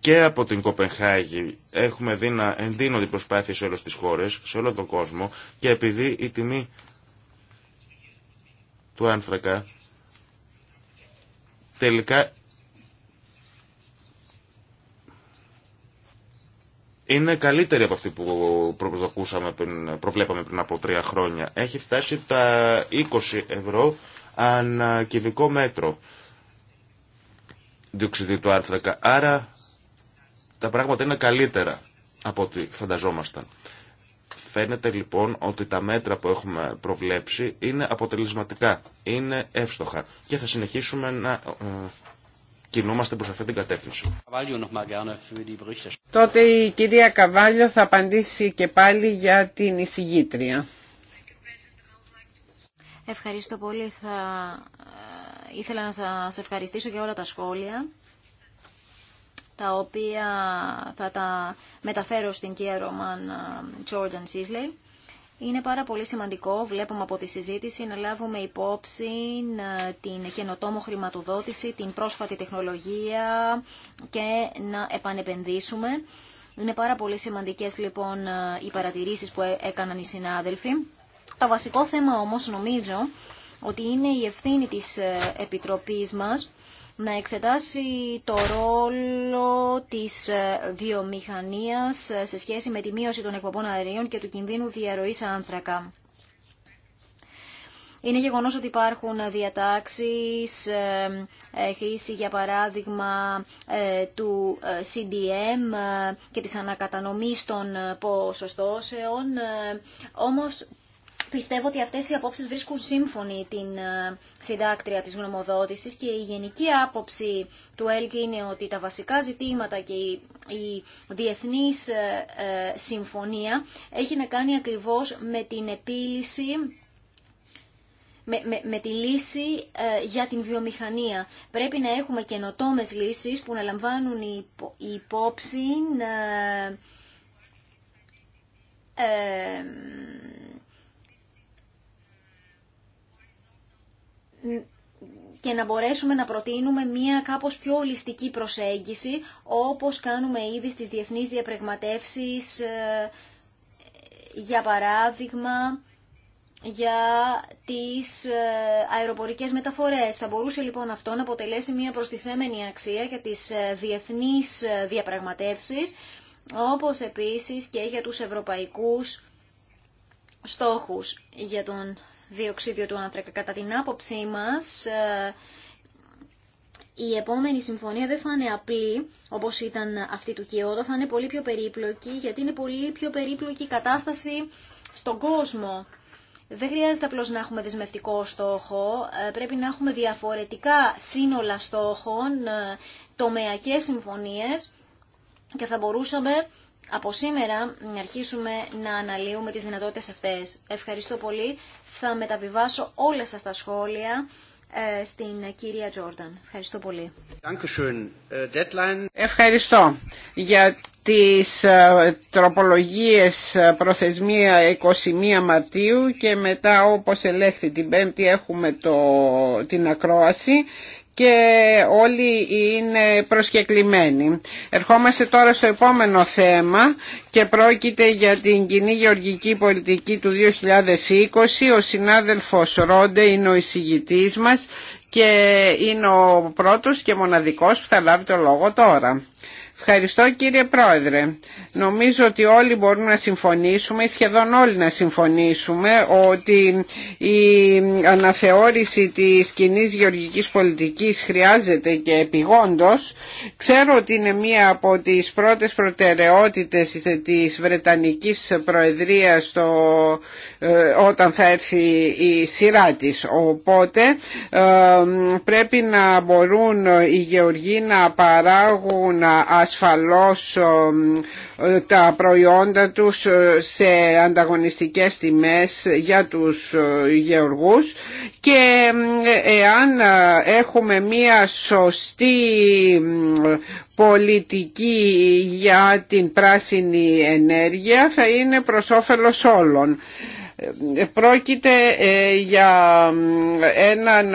Speaker 3: και από την Κοπενχάγη έχουμε δει να εντείνονται προσπάθειες σε όλες τις χώρες, σε όλο τον κόσμο και επειδή η τιμή του άνθρακα τελικά είναι καλύτερη από αυτή που πριν, προβλέπαμε πριν από τρία χρόνια. Έχει φτάσει τα 20 ευρώ ανά κυβικό μέτρο διοξιδί του άνθρακα. Άρα τα πράγματα είναι καλύτερα από ό,τι φανταζόμασταν. Φαίνεται λοιπόν ότι τα μέτρα που έχουμε προβλέψει είναι αποτελεσματικά, είναι εύστοχα και θα συνεχίσουμε να ε, κινούμαστε προς αυτή την κατεύθυνση.
Speaker 1: Τότε η κυρία Καβάλιο θα απαντήσει και πάλι για την εισηγήτρια.
Speaker 2: Ευχαριστώ πολύ. Θα... Ε, ήθελα να σας ευχαριστήσω για όλα τα σχόλια τα οποία θα τα μεταφέρω στην κυρία Ρωμάν Τζόρνταν Σίσλεϊ. Είναι πάρα πολύ σημαντικό, βλέπουμε από τη συζήτηση, να λάβουμε υπόψη την καινοτόμο χρηματοδότηση, την πρόσφατη τεχνολογία και να επανεπενδύσουμε. Είναι πάρα πολύ σημαντικές λοιπόν οι παρατηρήσεις που ε, έκαναν οι συνάδελφοι. Το βασικό θέμα όμως νομίζω ότι είναι η ευθύνη της ε, Επιτροπής μας να εξετάσει το ρόλο της ε, βιομηχανίας ε, σε σχέση με τη μείωση των εκπομπών αερίων και του κινδύνου διαρροής άνθρακα. Είναι γεγονός ότι υπάρχουν διατάξεις, ε, χρήση για παράδειγμα του CDM και της ανακατανομής των ποσοστώσεων, όμως Πιστεύω ότι αυτές οι απόψεις βρίσκουν σύμφωνη την ε, συντάκτρια της γνωμοδότησης και η γενική άποψη του ΕΛΚ είναι ότι τα βασικά ζητήματα και η διεθνής ε, ε, συμφωνία έχει να κάνει ακριβώς με την επίλυση με, τη λύση για την βιομηχανία. Πρέπει να έχουμε καινοτόμε λύσεις που να λαμβάνουν υπο, υπόψη και να μπορέσουμε να προτείνουμε μία κάπως πιο ολιστική προσέγγιση, όπως κάνουμε ήδη στις διεθνείς διαπραγματεύσεις, ε, για παράδειγμα, για τις ε, αεροπορικές μεταφορές. Θα μπορούσε λοιπόν αυτό να αποτελέσει μία προστιθέμενη αξία για τις ε, διεθνείς διαπραγματεύσεις, όπως επίσης και για τους ευρωπαϊκούς στόχους για τον διοξίδιο του άνθρακα. Κατά την άποψή μας, ε, η επόμενη συμφωνία δεν θα είναι απλή όπως ήταν αυτή του Κιώτο, θα είναι πολύ πιο περίπλοκη γιατί είναι πολύ πιο περίπλοκη η κατάσταση στον κόσμο. Δεν χρειάζεται απλώς να έχουμε δεσμευτικό στόχο, ε, πρέπει να έχουμε διαφορετικά σύνολα στόχων, ε, τομεακές συμφωνίες και θα μπορούσαμε από σήμερα να αρχίσουμε να αναλύουμε τις δυνατότητες αυτές. Ευχαριστώ πολύ. Θα μεταβιβάσω όλα σας τα σχόλια ε, στην κυρία Τζόρνταν. Ευχαριστώ πολύ.
Speaker 1: Ε, Ευχαριστώ για τις ε, τροπολογίες προθεσμία 21 Μαρτίου και μετά όπως ελέγχθη την Πέμπτη έχουμε το, την ακρόαση και όλοι είναι προσκεκλημένοι. Ερχόμαστε τώρα στο επόμενο θέμα και πρόκειται για την κοινή γεωργική πολιτική του 2020. Ο συνάδελφος Ρόντε είναι ο εισηγητής μας και είναι ο πρώτος και μοναδικός που θα λάβει το λόγο τώρα. Ευχαριστώ κύριε Πρόεδρε. Νομίζω ότι όλοι μπορούμε να συμφωνήσουμε, σχεδόν όλοι να συμφωνήσουμε, ότι η αναθεώρηση της κοινή γεωργικής πολιτικής χρειάζεται και επιγόντως. Ξέρω ότι είναι μία από τις πρώτες προτεραιότητες της Βρετανικής Προεδρίας στο ε, όταν θα έρθει η σειρά της. Οπότε ε, πρέπει να μπορούν οι γεωργοί να παράγουν ασφαλώς ε, τα προϊόντα τους σε ανταγωνιστικές τιμές για τους γεωργούς και εάν έχουμε μία σωστή πολιτική για την πράσινη ενέργεια θα είναι προς όφελος όλων πρόκειται ε, για έναν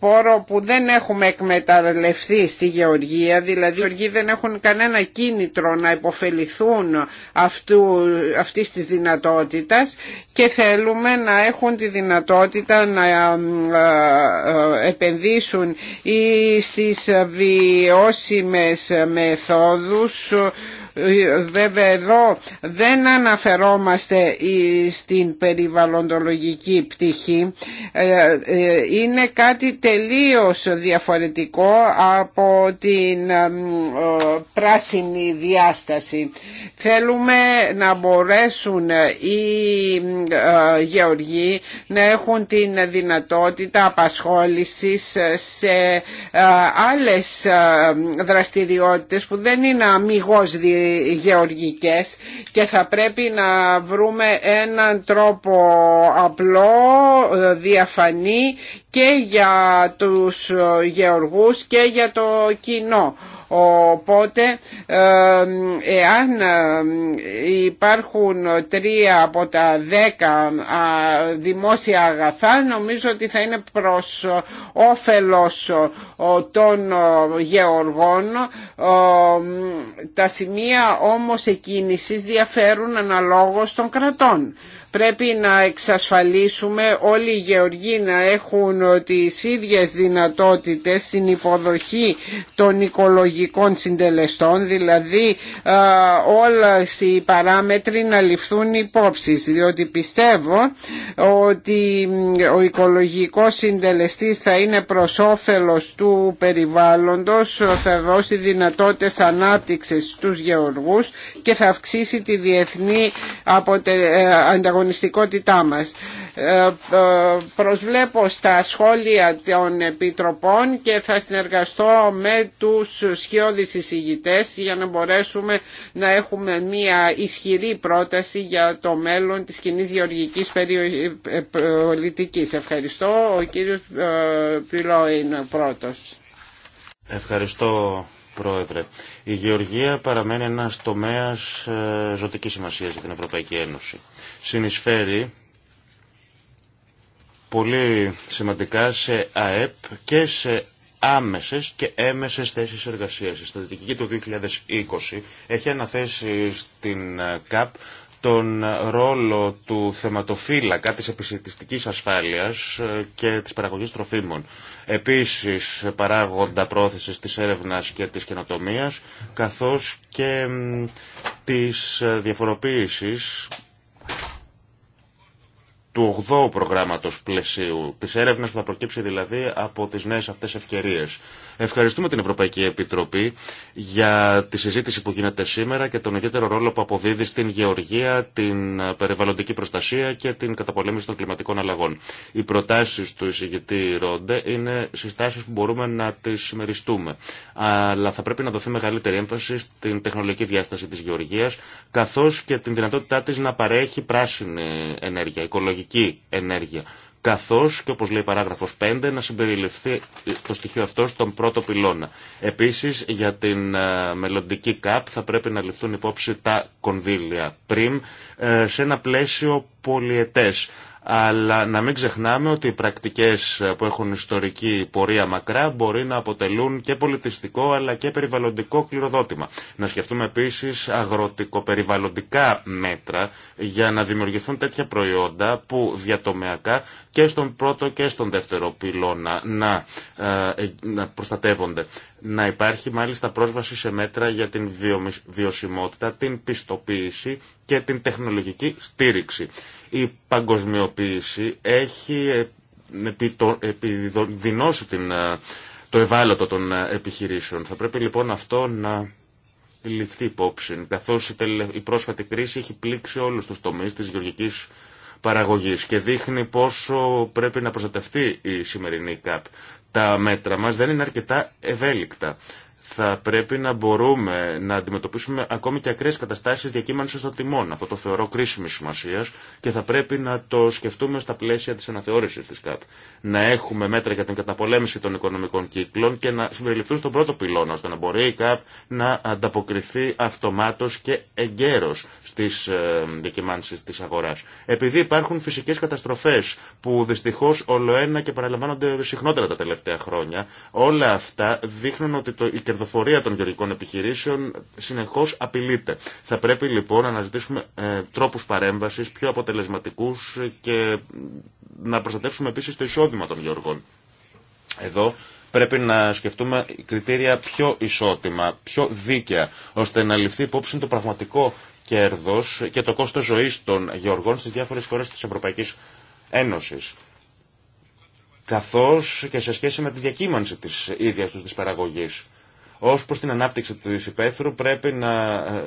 Speaker 1: πόρο που δεν έχουμε εκμεταλλευτεί στη Γεωργία, δηλαδή οι Γεωργοί δεν έχουν κανένα κίνητρο να υποφεληθούν αυτού, αυτής της δυνατότητας και θέλουμε να έχουν τη δυνατότητα να ε, ε, επενδύσουν ή στις βιώσιμες μεθόδους Βέβαια εδώ δεν αναφερόμαστε στην περιβαλλοντολογική πτυχή. Ε, ε, είναι κάτι τελείως διαφορετικό από την ε, πράσινη διάσταση. Θέλουμε να μπορέσουν οι γεωργοί να έχουν την δυνατότητα απασχόλησης σε άλλες δραστηριότητες που δεν είναι αμυγός διεθνής γεωργικές και θα πρέπει να βρούμε έναν τρόπο απλό, διαφανή και για τους ε, γεωργούς και για το κοινό. Οπότε ε, εάν ε, υπάρχουν τρία από τα δέκα δημόσια αγαθά νομίζω ότι θα είναι προς όφελος των γεωργών. Τα σημεία όμως εκκίνησης διαφέρουν αναλόγως των κρατών. Πρέπει να εξασφαλίσουμε όλοι οι γεωργοί να έχουν τις ίδιες δυνατότητες στην υποδοχή των οικολογικών συντελεστών, δηλαδή όλες οι παράμετροι να ληφθούν υπόψη, διότι πιστεύω ότι ο οικολογικός συντελεστής θα είναι προς όφελος του περιβάλλοντος, θα δώσει δυνατότητες ανάπτυξης στους γεωργούς και θα αυξήσει τη διεθνή ε, ανταγωνιστικότητα ανταγωνιστικότητά μας. Ε, ε, προσβλέπω στα σχόλια των Επιτροπών και θα συνεργαστώ με τους σχιώδεις εισηγητές για να μπορέσουμε να έχουμε μια ισχυρή πρόταση για το μέλλον της κοινή γεωργικής ε, πολιτικής. Ευχαριστώ. Ο κύριος Πυλό είναι ο πρώτος.
Speaker 3: Ευχαριστώ Πρόεδρε. Η γεωργία παραμένει ένας τομέας ζωτικής σημασίας για την Ευρωπαϊκή Ένωση συνεισφέρει πολύ σημαντικά σε ΑΕΠ και σε άμεσες και έμεσες θέσεις εργασίας. Η στρατηγική του 2020 έχει αναθέσει στην ΚΑΠ τον ρόλο του θεματοφύλακα της επισητιστικής ασφάλειας και της παραγωγής τροφίμων. Επίσης παράγοντα πρόθεσης της έρευνας και της καινοτομίας καθώς και της διαφοροποίησης του 8ου προγράμματος πλαισίου, της έρευνας που θα προκύψει δηλαδή από τις νέες αυτές ευκαιρίες. Ευχαριστούμε την Ευρωπαϊκή Επιτροπή για τη συζήτηση που γίνεται σήμερα και τον ιδιαίτερο ρόλο που αποδίδει στην γεωργία, την περιβαλλοντική προστασία και την καταπολέμηση των κλιματικών αλλαγών. Οι προτάσει του εισηγητή Ρόντε είναι συστάσει που μπορούμε να τι συμμεριστούμε. Αλλά θα πρέπει να δοθεί μεγαλύτερη έμφαση στην τεχνολογική διάσταση τη γεωργία, καθώ και την δυνατότητά τη να παρέχει πράσινη ενέργεια, οικολογική ενέργεια καθώς και όπως λέει παράγραφος 5 να συμπεριληφθεί το στοιχείο αυτό στον πρώτο πυλώνα. Επίσης για την ε, μελλοντική ΚΑΠ θα πρέπει να ληφθούν υπόψη τα κονδύλια πριν ε, σε ένα πλαίσιο πολιετές αλλά να μην ξεχνάμε ότι οι πρακτικές που έχουν ιστορική πορεία μακρά μπορεί να αποτελούν και πολιτιστικό αλλά και περιβαλλοντικό κληροδότημα. Να σκεφτούμε επίσης αγροτικοπεριβαλλοντικά μέτρα για να δημιουργηθούν τέτοια προϊόντα που διατομεακά και στον πρώτο και στον δεύτερο πυλώνα να, ε, να προστατεύονται. Να υπάρχει μάλιστα πρόσβαση σε μέτρα για την βιωσιμότητα, την πιστοποίηση και την τεχνολογική στήριξη. Η παγκοσμιοποίηση έχει ε, επιδεινώσει την, ε, το ευάλωτο των ε, επιχειρήσεων. Θα πρέπει λοιπόν αυτό να ληφθεί υπόψη, καθώς η πρόσφατη κρίση έχει πλήξει όλους τους τομείς της γεωργικής παραγωγής και δείχνει πόσο πρέπει να προστατευτεί η σημερινή ΚΑΠ. Τα μέτρα μας δεν είναι αρκετά ευέλικτα θα πρέπει να μπορούμε να αντιμετωπίσουμε ακόμη και ακραίε καταστάσει διακύμανση των τιμών. Αυτό το θεωρώ κρίσιμη σημασία και θα πρέπει να το σκεφτούμε στα πλαίσια τη αναθεώρηση τη ΚΑΠ. Να έχουμε μέτρα για την καταπολέμηση των οικονομικών κύκλων και να συμπεριληφθούν στον πρώτο πυλώνα, ώστε να μπορεί η ΚΑΠ να ανταποκριθεί αυτομάτω και εγκαίρω στι ε, διακυμάνσει τη αγορά. Επειδή υπάρχουν φυσικέ καταστροφέ που δυστυχώ ολοένα και παραλαμβάνονται συχνότερα τα τελευταία χρόνια, όλα αυτά δείχνουν ότι το, κερδοφορία των γεωργικών επιχειρήσεων συνεχώς απειλείται. Θα πρέπει λοιπόν να αναζητήσουμε ε, τρόπους παρέμβασης πιο αποτελεσματικούς και να προστατεύσουμε επίση το εισόδημα των γεωργών. Εδώ πρέπει να σκεφτούμε κριτήρια πιο ισότιμα, πιο δίκαια, ώστε να ληφθεί υπόψη το πραγματικό κέρδος και το κόστος ζωή των γεωργών στι διάφορε χώρε τη Ευρωπαϊκή Ένωση. καθώς και σε σχέση με τη διακύμανση της ίδιας τους της παραγωγής. Ω προ την ανάπτυξη του υπαίθρου πρέπει να ε,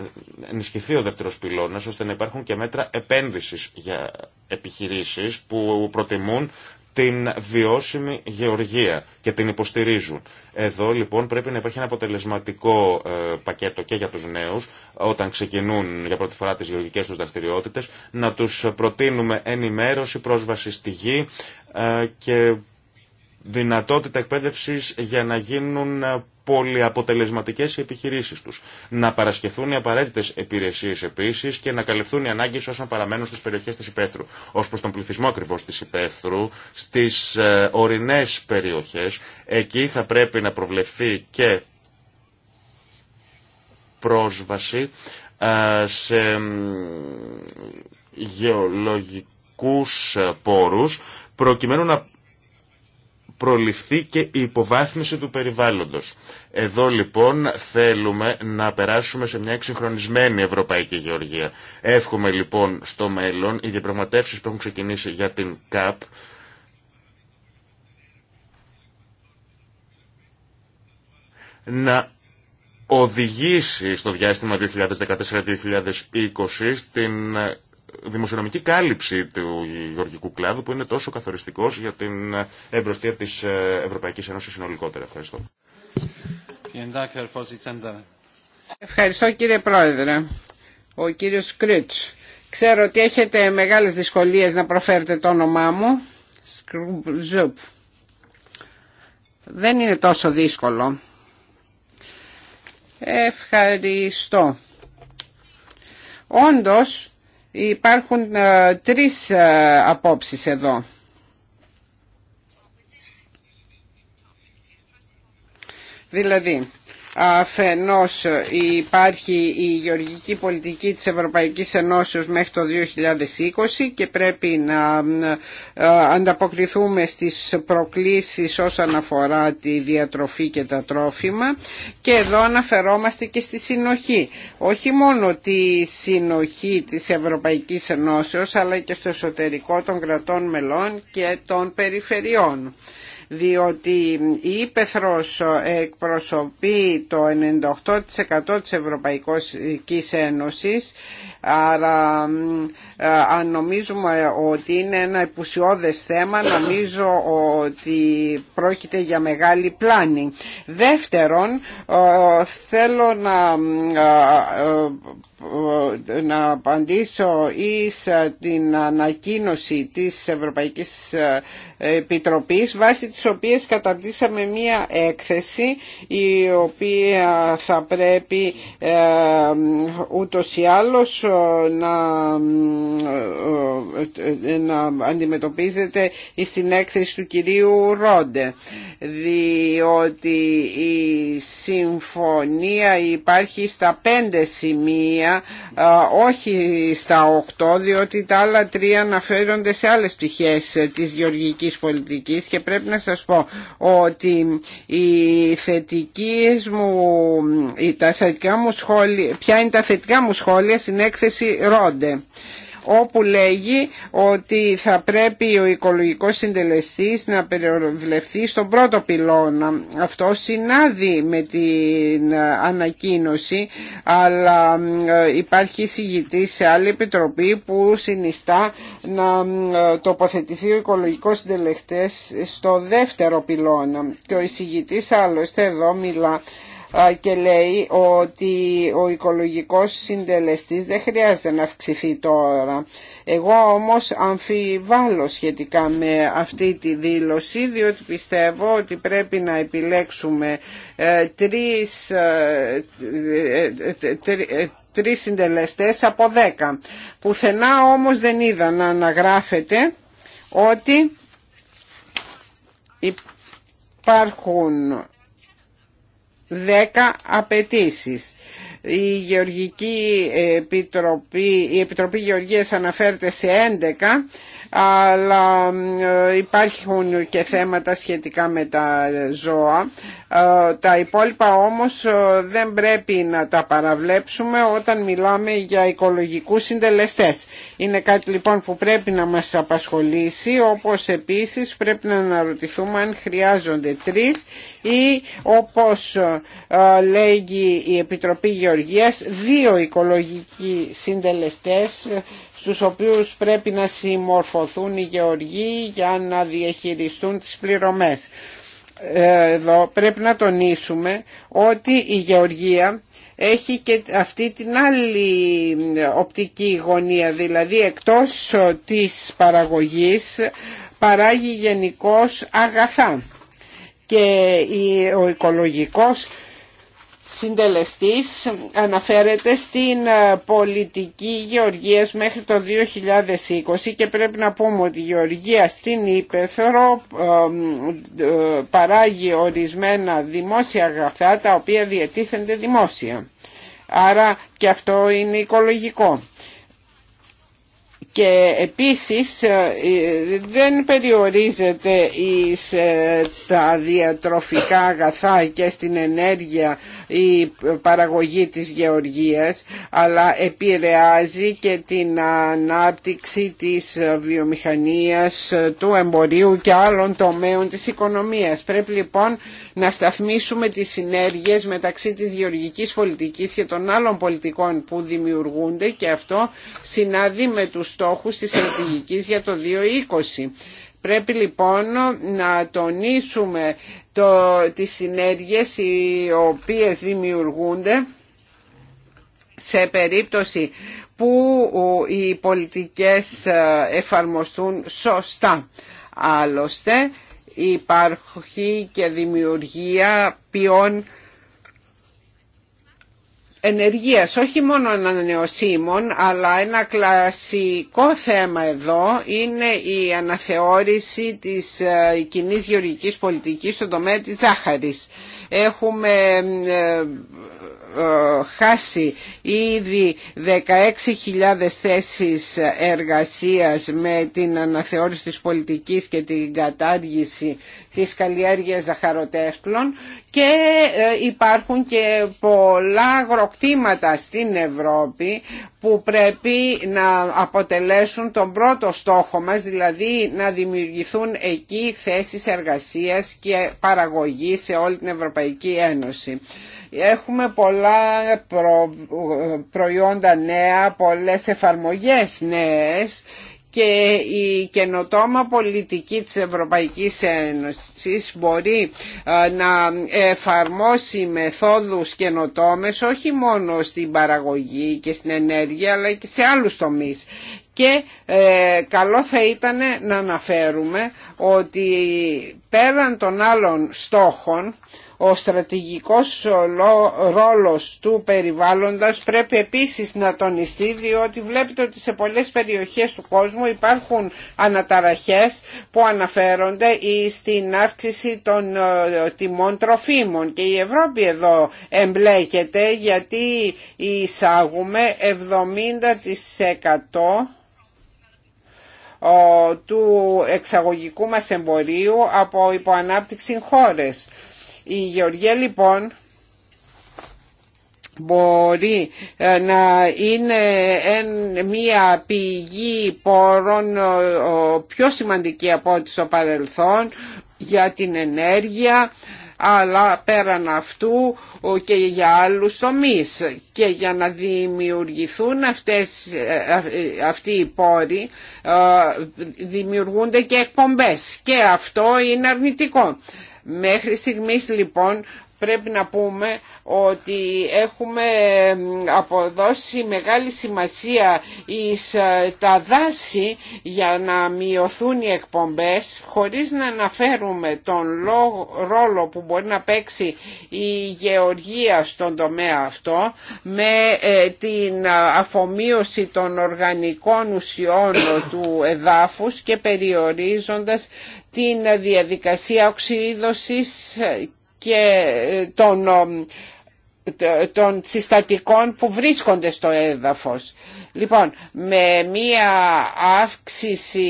Speaker 3: ενισχυθεί ο δεύτερο πυλώνα ώστε να υπάρχουν και μέτρα επένδυση για επιχειρήσει που προτιμούν την βιώσιμη γεωργία και την υποστηρίζουν. Εδώ λοιπόν πρέπει να υπάρχει ένα αποτελεσματικό ε, πακέτο και για τους νέους όταν ξεκινούν για πρώτη φορά τις γεωργικές τους δραστηριότητες να τους προτείνουμε ενημέρωση, πρόσβαση στη γη ε, και δυνατότητα εκπαίδευσης για να γίνουν πολυαποτελεσματικέ οι επιχειρήσει του. Να παρασκευθούν οι απαραίτητε υπηρεσίε επίση και να καλυφθούν οι ανάγκε όσων παραμένουν στι περιοχέ τη υπαίθρου. Ω προ τον πληθυσμό ακριβώ τη υπαίθρου, στι ε, ορεινέ περιοχέ, εκεί θα πρέπει να προβλεφθεί και πρόσβαση ε, σε γεωλογικούς ε, πόρους προκειμένου να προληφθεί και η υποβάθμιση του περιβάλλοντος. Εδώ λοιπόν θέλουμε να περάσουμε σε μια εξυγχρονισμένη ευρωπαϊκή γεωργία. Εύχομαι λοιπόν στο μέλλον οι διαπραγματεύσεις που έχουν ξεκινήσει για την ΚΑΠ να οδηγήσει στο διάστημα 2014-2020 στην δημοσιονομική κάλυψη του γεωργικού κλάδου που είναι τόσο καθοριστικός για την ευρωστία της ε, Ευρωπαϊκής Ένωσης συνολικότερα. Ευχαριστώ.
Speaker 1: Ευχαριστώ κύριε Πρόεδρε. Ο κύριος Κρίτς. Ξέρω ότι έχετε μεγάλες δυσκολίες να προφέρετε το όνομά μου. Σκρουμπζουπ. Δεν είναι τόσο δύσκολο. Ευχαριστώ. Όντως, Υπάρχουν ε, τρεις ε, απόψεις εδώ. Δηλαδή, αφενός υπάρχει η γεωργική πολιτική της Ευρωπαϊκής Ενώσεως μέχρι το 2020 και πρέπει να ε, ανταποκριθούμε στις προκλήσεις όσον αφορά τη διατροφή και τα τρόφιμα και εδώ αναφερόμαστε και στη συνοχή. Όχι μόνο τη συνοχή της Ευρωπαϊκής Ενώσεως αλλά και στο εσωτερικό των κρατών μελών και των περιφερειών διότι η Ήπεθρος εκπροσωπεί το 98% της Ευρωπαϊκής Ένωσης Άρα ε, αν νομίζουμε ότι είναι ένα επουσιώδες θέμα νομίζω ότι πρόκειται για μεγάλη πλάνη. Δεύτερον ε, θέλω να, ε, να απαντήσω εις την ανακοίνωση της Ευρωπαϊκής Επιτροπής βάσει της οποίας καταρτήσαμε μία έκθεση η οποία θα πρέπει ούτως ή άλλως να, ε, ε, ε, να αντιμετωπίζεται στην έκθεση του κυρίου Ρόντε διότι η συμφωνία υπάρχει στα πέντε σημεία όχι στα οκτώ διότι τα άλλα τρία αναφέρονται σε άλλες πτυχές της γεωργικής πολιτικής και πρέπει να σας πω ότι οι θετικές μου, τα θετικά μου σχόλια, ποια είναι τα θετικά μου σχόλια στην έκθεση Ρόντε όπου λέγει ότι θα πρέπει ο οικολογικός συντελεστής να περιοριστεί στον πρώτο πυλώνα. Αυτό συνάδει με την ανακοίνωση, αλλά υπάρχει συγγητή σε άλλη επιτροπή που συνιστά να τοποθετηθεί ο οικολογικός συντελεστής στο δεύτερο πυλώνα. Και ο εισηγητής άλλωστε εδώ μιλά και λέει ότι ο οικολογικός συντελεστής δεν χρειάζεται να αυξηθεί τώρα. Εγώ όμως αμφιβάλλω σχετικά με αυτή τη δήλωση διότι πιστεύω ότι πρέπει να επιλέξουμε ε, τρεις ε, ε, τρεις συντελεστές από δέκα. Πουθενά όμως δεν είδα να αναγράφεται ότι υπάρχουν 10 απαιτήσει. Η Γεωργική Επιτροπή, η Επιτροπή Γεωργίας αναφέρεται σε 11 αλλά ε, υπάρχουν και θέματα σχετικά με τα ζώα. Ε, τα υπόλοιπα όμως ε, δεν πρέπει να τα παραβλέψουμε όταν μιλάμε για οικολογικούς συντελεστές. Είναι κάτι λοιπόν που πρέπει να μας απασχολήσει, όπως επίσης πρέπει να αναρωτηθούμε αν χρειάζονται τρεις ή όπως λέγει η Επιτροπή Γεωργίας δύο οικολογικοί συντελεστές στους οποίους πρέπει να συμμορφωθούν οι γεωργοί για να διαχειριστούν τις πληρωμές. Ε, εδώ πρέπει να τονίσουμε ότι η γεωργία έχει και αυτή την άλλη οπτική γωνία, δηλαδή εκτός της παραγωγής παράγει γενικώς αγαθά και ο οικολογικός συντελεστής αναφέρεται στην ε, πολιτική γεωργίας μέχρι το 2020 και πρέπει να πούμε ότι η γεωργία στην Ήπεθρο ε, ε, παράγει ορισμένα δημόσια αγαθά τα οποία διατίθενται δημόσια. Άρα και αυτό είναι οικολογικό και επίσης ε, ε, δεν περιορίζεται εις ε, τα διατροφικά αγαθά και στην ενέργεια η παραγωγή της γεωργίας αλλά επηρεάζει και την ανάπτυξη της βιομηχανίας του εμπορίου και άλλων τομέων της οικονομίας. Πρέπει λοιπόν να σταθμίσουμε τις συνέργειες μεταξύ της γεωργικής πολιτικής και των άλλων πολιτικών που δημιουργούνται και αυτό συνάδει με τους στόχους της στρατηγικής για το 2020. Πρέπει λοιπόν να τονίσουμε το, τις συνέργειες οι οποίες δημιουργούνται σε περίπτωση που οι πολιτικές ε, εφαρμοστούν σωστά. Άλλωστε, υπάρχει και δημιουργία ποιών ενεργείας, όχι μόνο ανανεωσίμων, αλλά ένα κλασικό θέμα εδώ είναι η αναθεώρηση της ε, κοινή γεωργικής πολιτικής στον τομέα της ζάχαρης. Έχουμε ε, ε, χάσει ήδη 16.000 θέσεις εργασίας με την αναθεώρηση της πολιτικής και την κατάργηση της καλλιέργειας ζαχαροτέφλων και ε, υπάρχουν και πολλά αγροκτήματα στην Ευρώπη που πρέπει να αποτελέσουν τον πρώτο στόχο μας, δηλαδή να δημιουργηθούν εκεί θέσεις εργασίας και παραγωγή σε όλη την Ευρωπαϊκή Ένωση. Έχουμε πολλά ε, προϊόντα νέα, πολλές εφαρμογές νέες και η καινοτόμα πολιτική της Ευρωπαϊκής Ένωσης μπορεί να εφαρμόσει μεθόδους καινοτόμες όχι μόνο στην παραγωγή και στην ενέργεια αλλά και σε άλλους τομείς. Και ε, καλό θα ήταν να αναφέρουμε ότι πέραν των άλλων στόχων ο στρατηγικός ρόλος του περιβάλλοντας πρέπει επίσης να τονιστεί διότι βλέπετε ότι σε πολλές περιοχές του κόσμου υπάρχουν αναταραχές που αναφέρονται στην αύξηση των ε, τιμών τροφίμων και η Ευρώπη εδώ εμπλέκεται γιατί εισάγουμε 70% του εξαγωγικού μας εμπορίου από υποανάπτυξη χώρες. Η Γεωργία λοιπόν μπορεί ε, να είναι μια πηγή πόρων ε, πιο σημαντική από ό,τι στο παρελθόν για την ενέργεια αλλά πέραν αυτού και για άλλους τομείς και για να δημιουργηθούν αυτές, ε, αυτοί οι πόροι δημιουργούνται και εκπομπές και αυτό είναι αρνητικό. Μέχρι στιγμής λοιπόν πρέπει να πούμε ότι έχουμε αποδώσει μεγάλη σημασία εις ε, τα δάση για να μειωθούν οι εκπομπές χωρίς να αναφέρουμε τον ρόλο που μπορεί να παίξει η γεωργία στον τομέα αυτό με ε, την ε, αφομοίωση των οργανικών ουσιών του εδάφους και περιορίζοντας την διαδικασία οξυδωσης και ε, των, ε, των συστατικών που βρίσκονται στο έδαφος. Λοιπόν, με μία αύξηση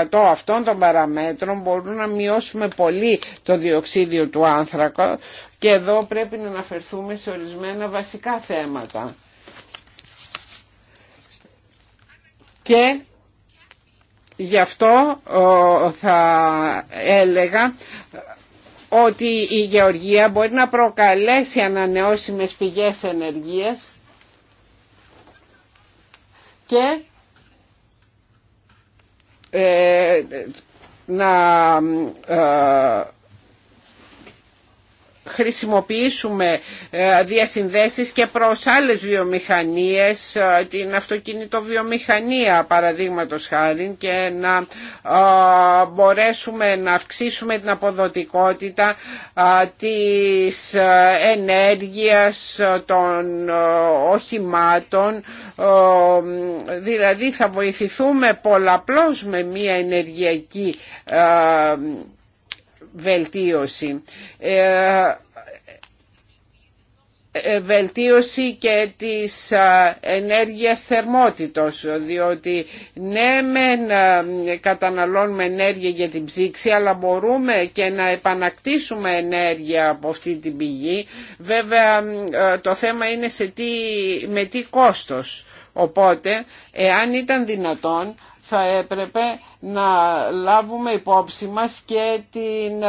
Speaker 1: 0,5% αυτών των παραμέτρων μπορούμε να μειώσουμε πολύ το διοξίδιο του άνθρακα και εδώ πρέπει να αναφερθούμε σε ορισμένα βασικά θέματα. Και Γι' αυτό θα έλεγα ότι η γεωργία μπορεί να προκαλέσει ανανεώσιμες πηγές ενεργείας και ε, να ε, χρησιμοποιήσουμε ε, διασυνδέσεις και προς άλλες βιομηχανίες, ε, την αυτοκινητοβιομηχανία παραδείγματος χάρη και να ε, μπορέσουμε να αυξήσουμε την αποδοτικότητα της ενέργειας των οχημάτων δηλαδή θα βοηθηθούμε πολλαπλώς με μια ενεργειακή βελτίωση ε, ε, βελτίωση και της ενέργειας θερμότητος διότι ναι μεν καταναλώνουμε ενέργεια για την ψήξη αλλά μπορούμε και να επανακτήσουμε ενέργεια από αυτή την πηγή βέβαια το θέμα είναι σε τι, με τι κόστος οπότε εάν ήταν δυνατόν θα έπρεπε να λάβουμε υπόψη μας και την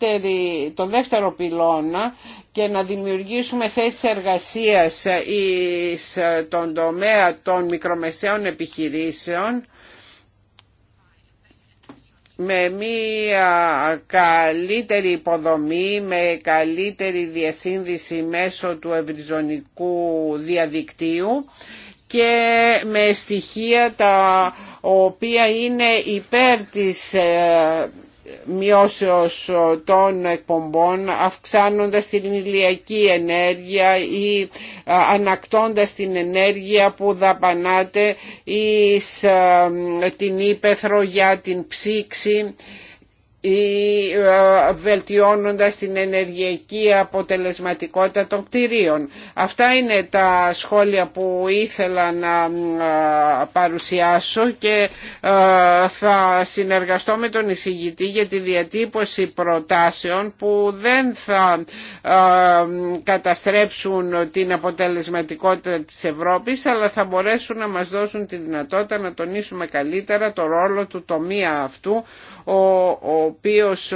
Speaker 1: ε, ε, τον δεύτερο πυλώνα και να δημιουργήσουμε θέσεις εργασίας στον ε, τομέα των μικρομεσαίων επιχειρήσεων με μία καλύτερη υποδομή, με καλύτερη διασύνδεση μέσω του ευρυζωνικού διαδικτύου και με στοιχεία τα οποία είναι υπέρ της ε, μειώσεως ε, των εκπομπών, αυξάνοντας την ηλιακή ενέργεια ή ε, ανακτώντας την ενέργεια που δαπανάται ή την ύπεθρο για την ψήξη ή ε, βελτιώνοντας την ενεργειακή αποτελεσματικότητα των κτηρίων. Αυτά είναι τα σχόλια που ήθελα να παρουσιάσω και ε, θα συνεργαστώ με τον εισηγητή για τη διατύπωση προτάσεων που δεν θα ε, καταστρέψουν την αποτελεσματικότητα της Ευρώπης αλλά θα μπορέσουν να μας δώσουν τη δυνατότητα να τονίσουμε καλύτερα το ρόλο του τομέα αυτού ο οποίος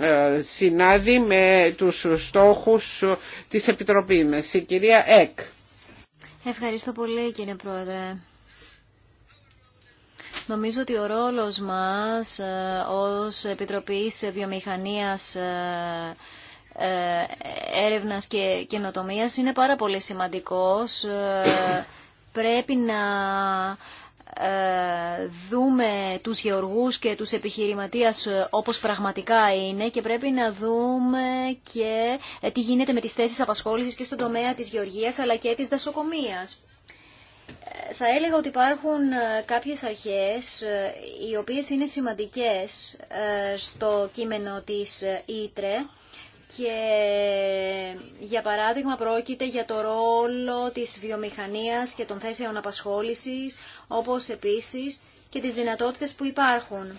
Speaker 1: ε, συνάδει με τους στόχους της Επιτροπής μας. Η κυρία Εκ.
Speaker 2: Ευχαριστώ πολύ κύριε Πρόεδρε. Νομίζω ότι ο ρόλος μας ε, ως Επιτροπής Βιομηχανίας ε, Έρευνας και Καινοτομίας είναι πάρα πολύ σημαντικός. Πρέπει να ε, δούμε τους γεωργούς και τους επιχειρηματίες όπως πραγματικά είναι και πρέπει να δούμε και ε, τι γίνεται με τις θέσεις απασχόλησης και στον τομέα της γεωργίας αλλά και της δασοκομείας. Ε, θα έλεγα ότι υπάρχουν κάποιες αρχές οι οποίες είναι σημαντικές στο κείμενο της Ήτρε και για παράδειγμα πρόκειται για το ρόλο της βιομηχανίας και των θέσεων απασχόλησης, όπως επίσης και τις δυνατότητες που υπάρχουν.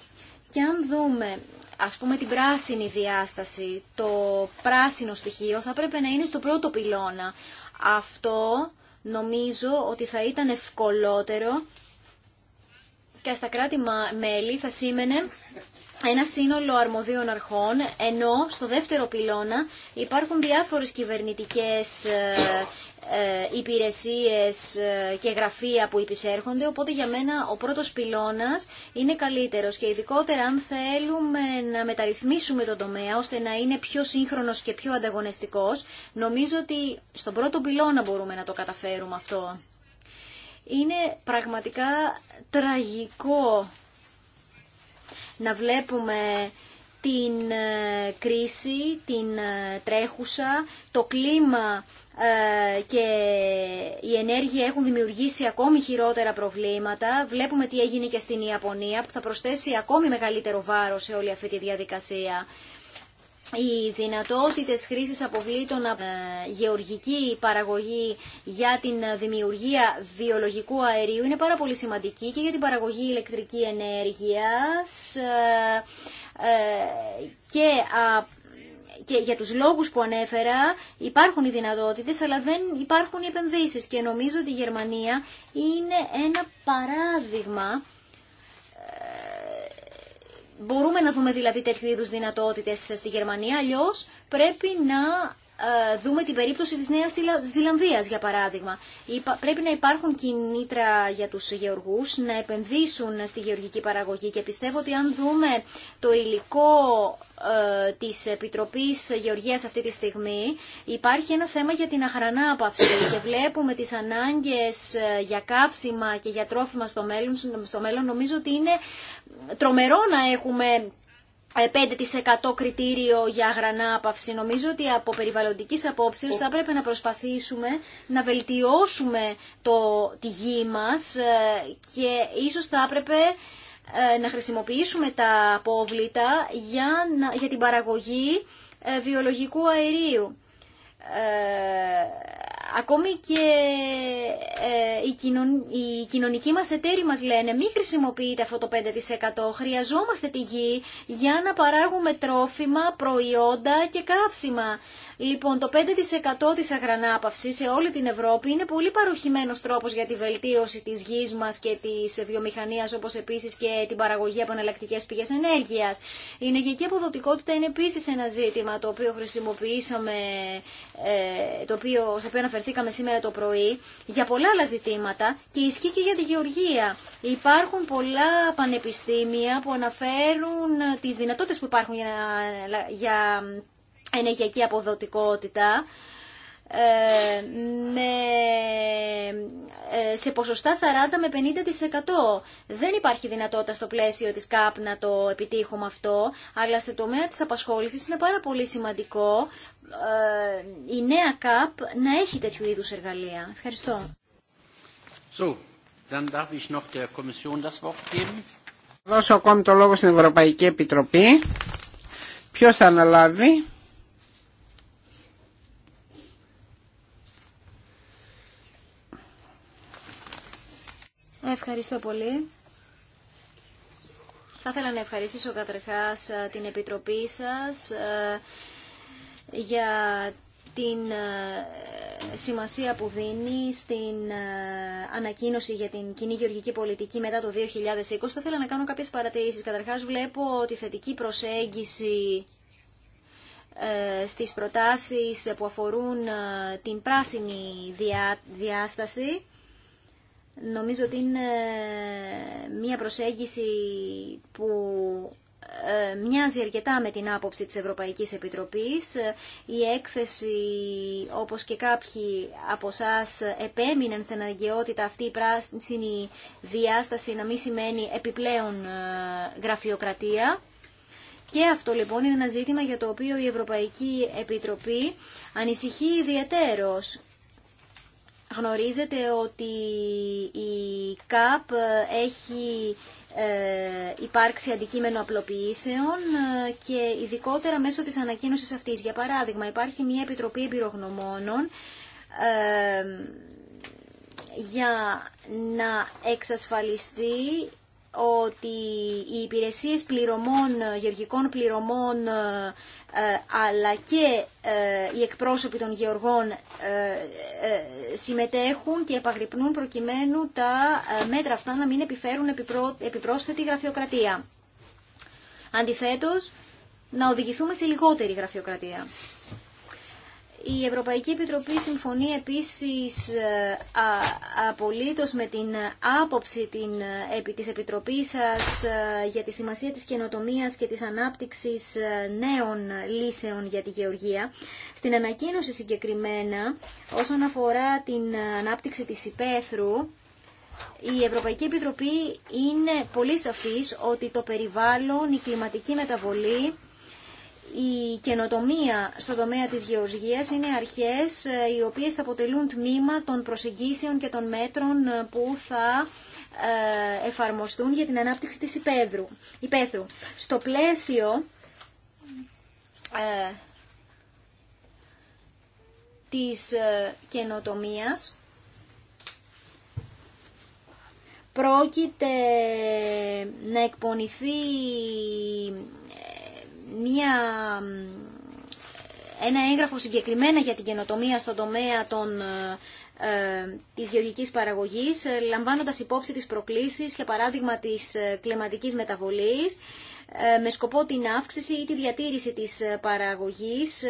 Speaker 2: Και αν δούμε, ας πούμε, την πράσινη διάσταση, το πράσινο στοιχείο θα πρέπει να είναι στο πρώτο πυλώνα. Αυτό νομίζω ότι θα ήταν ευκολότερο και στα κράτη-μέλη θα σήμαινε ένα σύνολο αρμοδίων αρχών, ενώ στο δεύτερο πυλώνα υπάρχουν διάφορες κυβερνητικές ε, ε, υπηρεσίες ε, και γραφεία που υπησέρχονται, οπότε για μένα ο πρώτος πυλώνας είναι καλύτερος και ειδικότερα αν θέλουμε να μεταρρυθμίσουμε τον τομέα ώστε να είναι πιο σύγχρονος και πιο ανταγωνιστικός, νομίζω ότι στον πρώτο πυλώνα μπορούμε να το καταφέρουμε αυτό. Είναι πραγματικά τραγικό να βλέπουμε την ε, κρίση, την ε, τρέχουσα, το κλίμα ε, και η ενέργεια έχουν δημιουργήσει ακόμη χειρότερα προβλήματα. Βλέπουμε τι έγινε και στην Ιαπωνία που θα προσθέσει ακόμη μεγαλύτερο βάρος σε όλη αυτή τη διαδικασία οι δυνατότητες χρήσης αποβλήτων από ε, γεωργική παραγωγή για την δημιουργία βιολογικού αερίου είναι πάρα πολύ σημαντική και για την παραγωγή ηλεκτρική ενέργειας ε, ε, και και για τους λόγους που ανέφερα υπάρχουν οι δυνατότητες αλλά δεν υπάρχουν οι επενδύσεις και νομίζω ότι η Γερμανία είναι ένα παράδειγμα μπορούμε να δούμε δηλαδή τέτοιου είδους δυνατότητες στη Γερμανία, Αλλιώ πρέπει να ε, δούμε την περίπτωση της Νέας Ζηλανδίας για παράδειγμα. Πρέπει να υπάρχουν κινήτρα για τους γεωργούς να επενδύσουν στη γεωργική παραγωγή και πιστεύω ότι αν δούμε το υλικό ε, της Επιτροπής Γεωργίας αυτή τη στιγμή υπάρχει ένα θέμα για την αχρανάπαυση και βλέπουμε τις ανάγκες ε, για κάψιμα και για τρόφιμα στο μέλλον, στο μέλλον νομίζω ότι είναι τρομερό να έχουμε 5% ε, κριτήριο για αγρανάπαυση. Νομίζω ότι από περιβαλλοντική απόψης θα πρέπει να προσπαθήσουμε να βελτιώσουμε το, τη γη μας και ίσως θα έπρεπε ε, να χρησιμοποιήσουμε τα απόβλητα για, να, για την παραγωγή ε, βιολογικού αερίου. Ε, ακόμη και ε, οι, κοινων, οι κοινωνικοί μας εταίροι μας λένε μην χρησιμοποιείτε αυτό το 5% χρειαζόμαστε τη γη για να παράγουμε τρόφιμα, προϊόντα και καύσιμα. Λοιπόν, το 5% της αγρανάπαυσης σε όλη την Ευρώπη είναι πολύ παροχημένος τρόπος για τη βελτίωση της γης μας και της βιομηχανίας, όπως επίσης και την παραγωγή από εναλλακτικές πηγές ενέργειας. Η ενεργειακή αποδοτικότητα είναι επίσης ένα ζήτημα το οποίο χρησιμοποιήσαμε, ε, το οποίο, οποίο αναφερθήκαμε σήμερα το πρωί, για πολλά άλλα ζητήματα και ισχύει και για τη γεωργία. Υπάρχουν πολλά πανεπιστήμια που αναφέρουν τις δυνατότητες που υπάρχουν για, για ενεργειακή αποδοτικότητα ε, με, ε, σε ποσοστά 40 με 50%. Δεν υπάρχει δυνατότητα στο πλαίσιο της ΚΑΠ να το επιτύχουμε αυτό, αλλά σε τομέα της απασχόλησης είναι πάρα πολύ σημαντικό ε, η νέα ΚΑΠ να έχει τέτοιου είδου εργαλεία. Ευχαριστώ.
Speaker 1: So, dann darf ich noch der Kommission das Wort geben. Δώσω ακόμη το λόγο στην Ευρωπαϊκή Επιτροπή. Ποιος θα αναλάβει.
Speaker 2: Ευχαριστώ πολύ. Θα ήθελα να ευχαριστήσω καταρχάς ε, την Επιτροπή σας ε, για την ε, σημασία που δίνει στην ανακοίνωση για την κοινή γεωργική πολιτική μετά το 2020. Θα ήθελα να κάνω κάποιες παρατηρήσεις. Καταρχάς βλέπω ότι θετική προσέγγιση στις προτάσεις που αφορούν την πράσινη διάσταση Νομίζω ότι είναι ε, μία προσέγγιση που ε, μοιάζει αρκετά με την άποψη της Ευρωπαϊκής Επιτροπής. Ε, η έκθεση, όπως και κάποιοι από εσά επέμειναν στην αναγκαιότητα αυτή η πράσινη διάσταση να μην σημαίνει επιπλέον γραφειοκρατία. Και αυτό λοιπόν είναι ένα ζήτημα για το οποίο η Ευρωπαϊκή Επιτροπή ανησυχεί ιδιαίτερος Γνωρίζετε ότι η ΚΑΠ έχει ε, υπάρξει αντικείμενο απλοποιήσεων ε, και ειδικότερα μέσω της ανακοίνωσης αυτής. Για παράδειγμα, υπάρχει μια Επιτροπή Εμπειρογνωμόνων ε, για να εξασφαλιστεί ότι οι υπηρεσίες πληρωμών, γεωργικών πληρωμών ε, αλλά και ε, οι εκπρόσωποι των γεωργών ε, συμμετέχουν και επαγρυπνούν προκειμένου τα μέτρα αυτά να μην επιφέρουν επιπρόσθετη γραφειοκρατία. Αντιθέτως, να οδηγηθούμε σε λιγότερη γραφειοκρατία. Η Ευρωπαϊκή Επιτροπή συμφωνεί επίσης ε, απολύτως με την άποψη την, ε, επί της Επιτροπής ε, για τη σημασία της καινοτομίας και της ανάπτυξης νέων λύσεων για τη γεωργία. Στην ανακοίνωση συγκεκριμένα όσον αφορά την ανάπτυξη της υπαίθρου, η Ευρωπαϊκή Επιτροπή είναι πολύ σαφής ότι το περιβάλλον, η κλιματική μεταβολή η καινοτομία στο τομέα της γεωργίας είναι αρχές ε, οι οποίες θα αποτελούν τμήμα των προσεγγίσεων και των μέτρων ε, που θα ε, εφαρμοστούν για την ανάπτυξη της υπέδρου, Στο πλαίσιο της καινοτομίας πρόκειται να εκπονηθεί μια, ένα έγγραφο συγκεκριμένα για την καινοτομία στον τομέα των, ε, ε, της γεωργικής παραγωγής, ε, λαμβάνοντας υπόψη τις προκλήσεις και παράδειγμα της κλιματικής μεταβολής, με σκοπό την αύξηση ή τη διατήρηση της παραγωγής,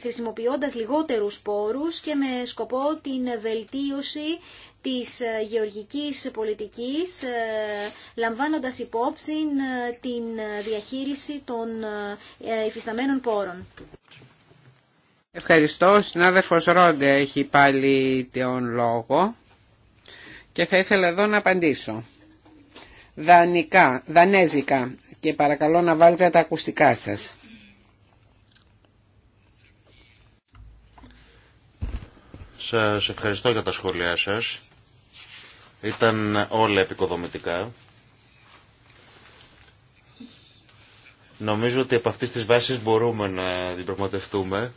Speaker 2: χρησιμοποιώντας λιγότερους πόρους και με σκοπό την βελτίωση της ε, γεωργικής πολιτικής ε, λαμβάνοντας υπόψη ε, την διαχείριση των υφισταμένων πόρων.
Speaker 1: Ευχαριστώ. Ο συνάδελφος Ρόντε έχει πάλι τον λόγο και θα ήθελα εδώ να απαντήσω. Δανικά, δανέζικα και παρακαλώ να βάλετε τα ακουστικά σας.
Speaker 3: Σας ευχαριστώ για τα σχόλιά σας. Ήταν όλα επικοδομητικά. Νομίζω ότι από αυτής της βάσης μπορούμε να διπραγματευτούμε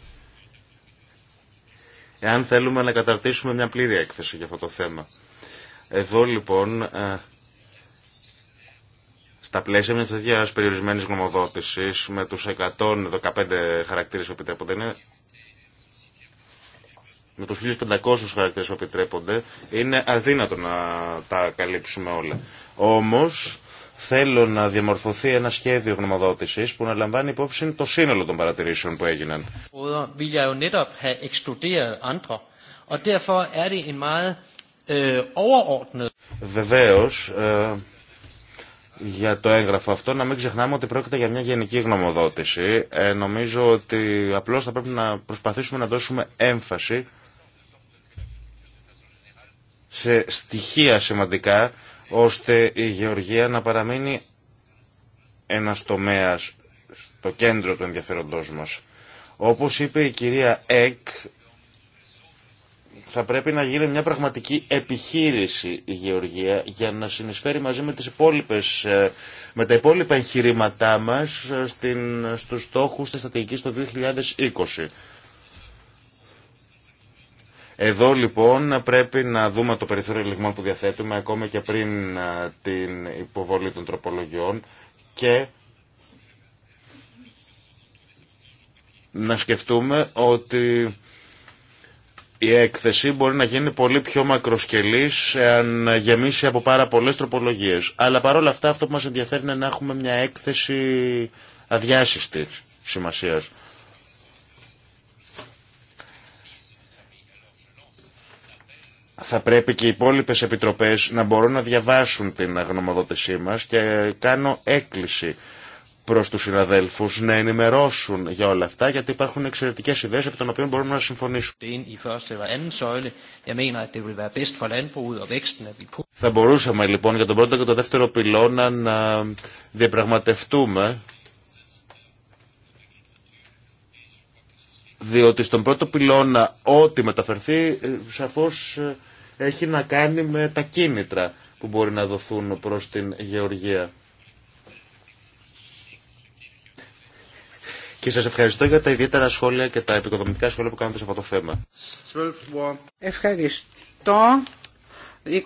Speaker 3: εάν θέλουμε να καταρτήσουμε μια πλήρη έκθεση για αυτό το θέμα. Εδώ λοιπόν, ε, στα πλαίσια μιας τέτοιας περιορισμένης γνωμοδότησης, με τους 115 χαρακτήρες που επιτρέπονται, είναι με τους 1500 χαρακτήρες που επιτρέπονται, είναι αδύνατο να τα καλύψουμε όλα. Όμως, θέλω να διαμορφωθεί ένα σχέδιο γνωμοδότησης που να λαμβάνει υπόψη το σύνολο των παρατηρήσεων που έγιναν.
Speaker 1: Er øh,
Speaker 3: Βεβαίω, ε, για το έγγραφο αυτό να μην ξεχνάμε ότι πρόκειται για μια γενική γνωμοδότηση. Ε, νομίζω ότι απλώς θα πρέπει να προσπαθήσουμε να δώσουμε έμφαση σε στοιχεία σημαντικά, ώστε η γεωργία να παραμείνει ένας τομέας στο κέντρο του ενδιαφέροντός μας. Όπως είπε η κυρία Εκ, θα πρέπει να γίνει μια πραγματική επιχείρηση η γεωργία για να συνεισφέρει μαζί με, τις υπόλοιπες, ε, με τα υπόλοιπα εγχειρήματά μας ε, στην, στους στόχους της στρατηγικής το 2020. Εδώ λοιπόν πρέπει να δούμε το περιθώριο λιγμών που διαθέτουμε ακόμα και πριν την υποβολή των τροπολογιών και να σκεφτούμε ότι η έκθεση μπορεί να γίνει πολύ πιο μακροσκελής αν γεμίσει από πάρα πολλές τροπολογίες. Αλλά παρόλα αυτά αυτό που μας ενδιαφέρει είναι να έχουμε μια έκθεση αδιάσυστη σημασίας. θα πρέπει και οι υπόλοιπες επιτροπές να μπορούν να διαβάσουν την γνωμοδότησή μας και κάνω έκκληση προς τους συναδέλφους να ενημερώσουν για όλα αυτά γιατί υπάρχουν εξαιρετικές ιδέες από τον οποία μπορούμε να συμφωνήσουμε. Er θα μπορούσαμε λοιπόν για τον πρώτο και τον δεύτερο πυλώνα να διαπραγματευτούμε διότι στον πρώτο πυλώνα ό,τι μεταφερθεί ε, σαφώς ε, έχει να κάνει με τα κίνητρα που μπορεί να δοθούν προς την γεωργία. Και σας ευχαριστώ για τα ιδιαίτερα σχόλια και τα επικοδομητικά σχόλια που κάνετε σε αυτό το θέμα.
Speaker 1: Ευχαριστώ. 22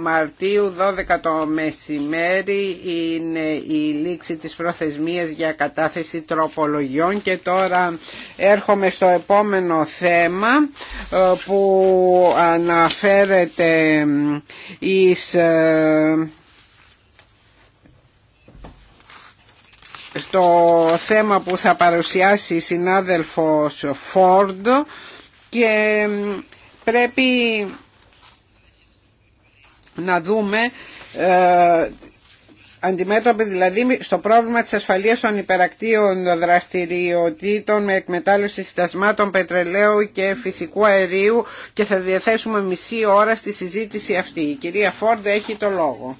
Speaker 1: Μαρτίου 12 το μεσημέρι είναι η λήξη της προθεσμίας για κατάθεση τροπολογιών και τώρα έρχομαι στο επόμενο θέμα ε, που αναφέρεται ε, εις ε, στο θέμα που θα παρουσιάσει η συνάδελφος Φόρντ και πρέπει να δούμε ε, αντιμέτωπη δηλαδή στο πρόβλημα της ασφαλείας των υπερακτήων δραστηριοτήτων με εκμετάλλευση συντασμάτων πετρελαίου και φυσικού αερίου και θα διαθέσουμε μισή ώρα στη συζήτηση αυτή. Η κυρία Φόρντ έχει το λόγο.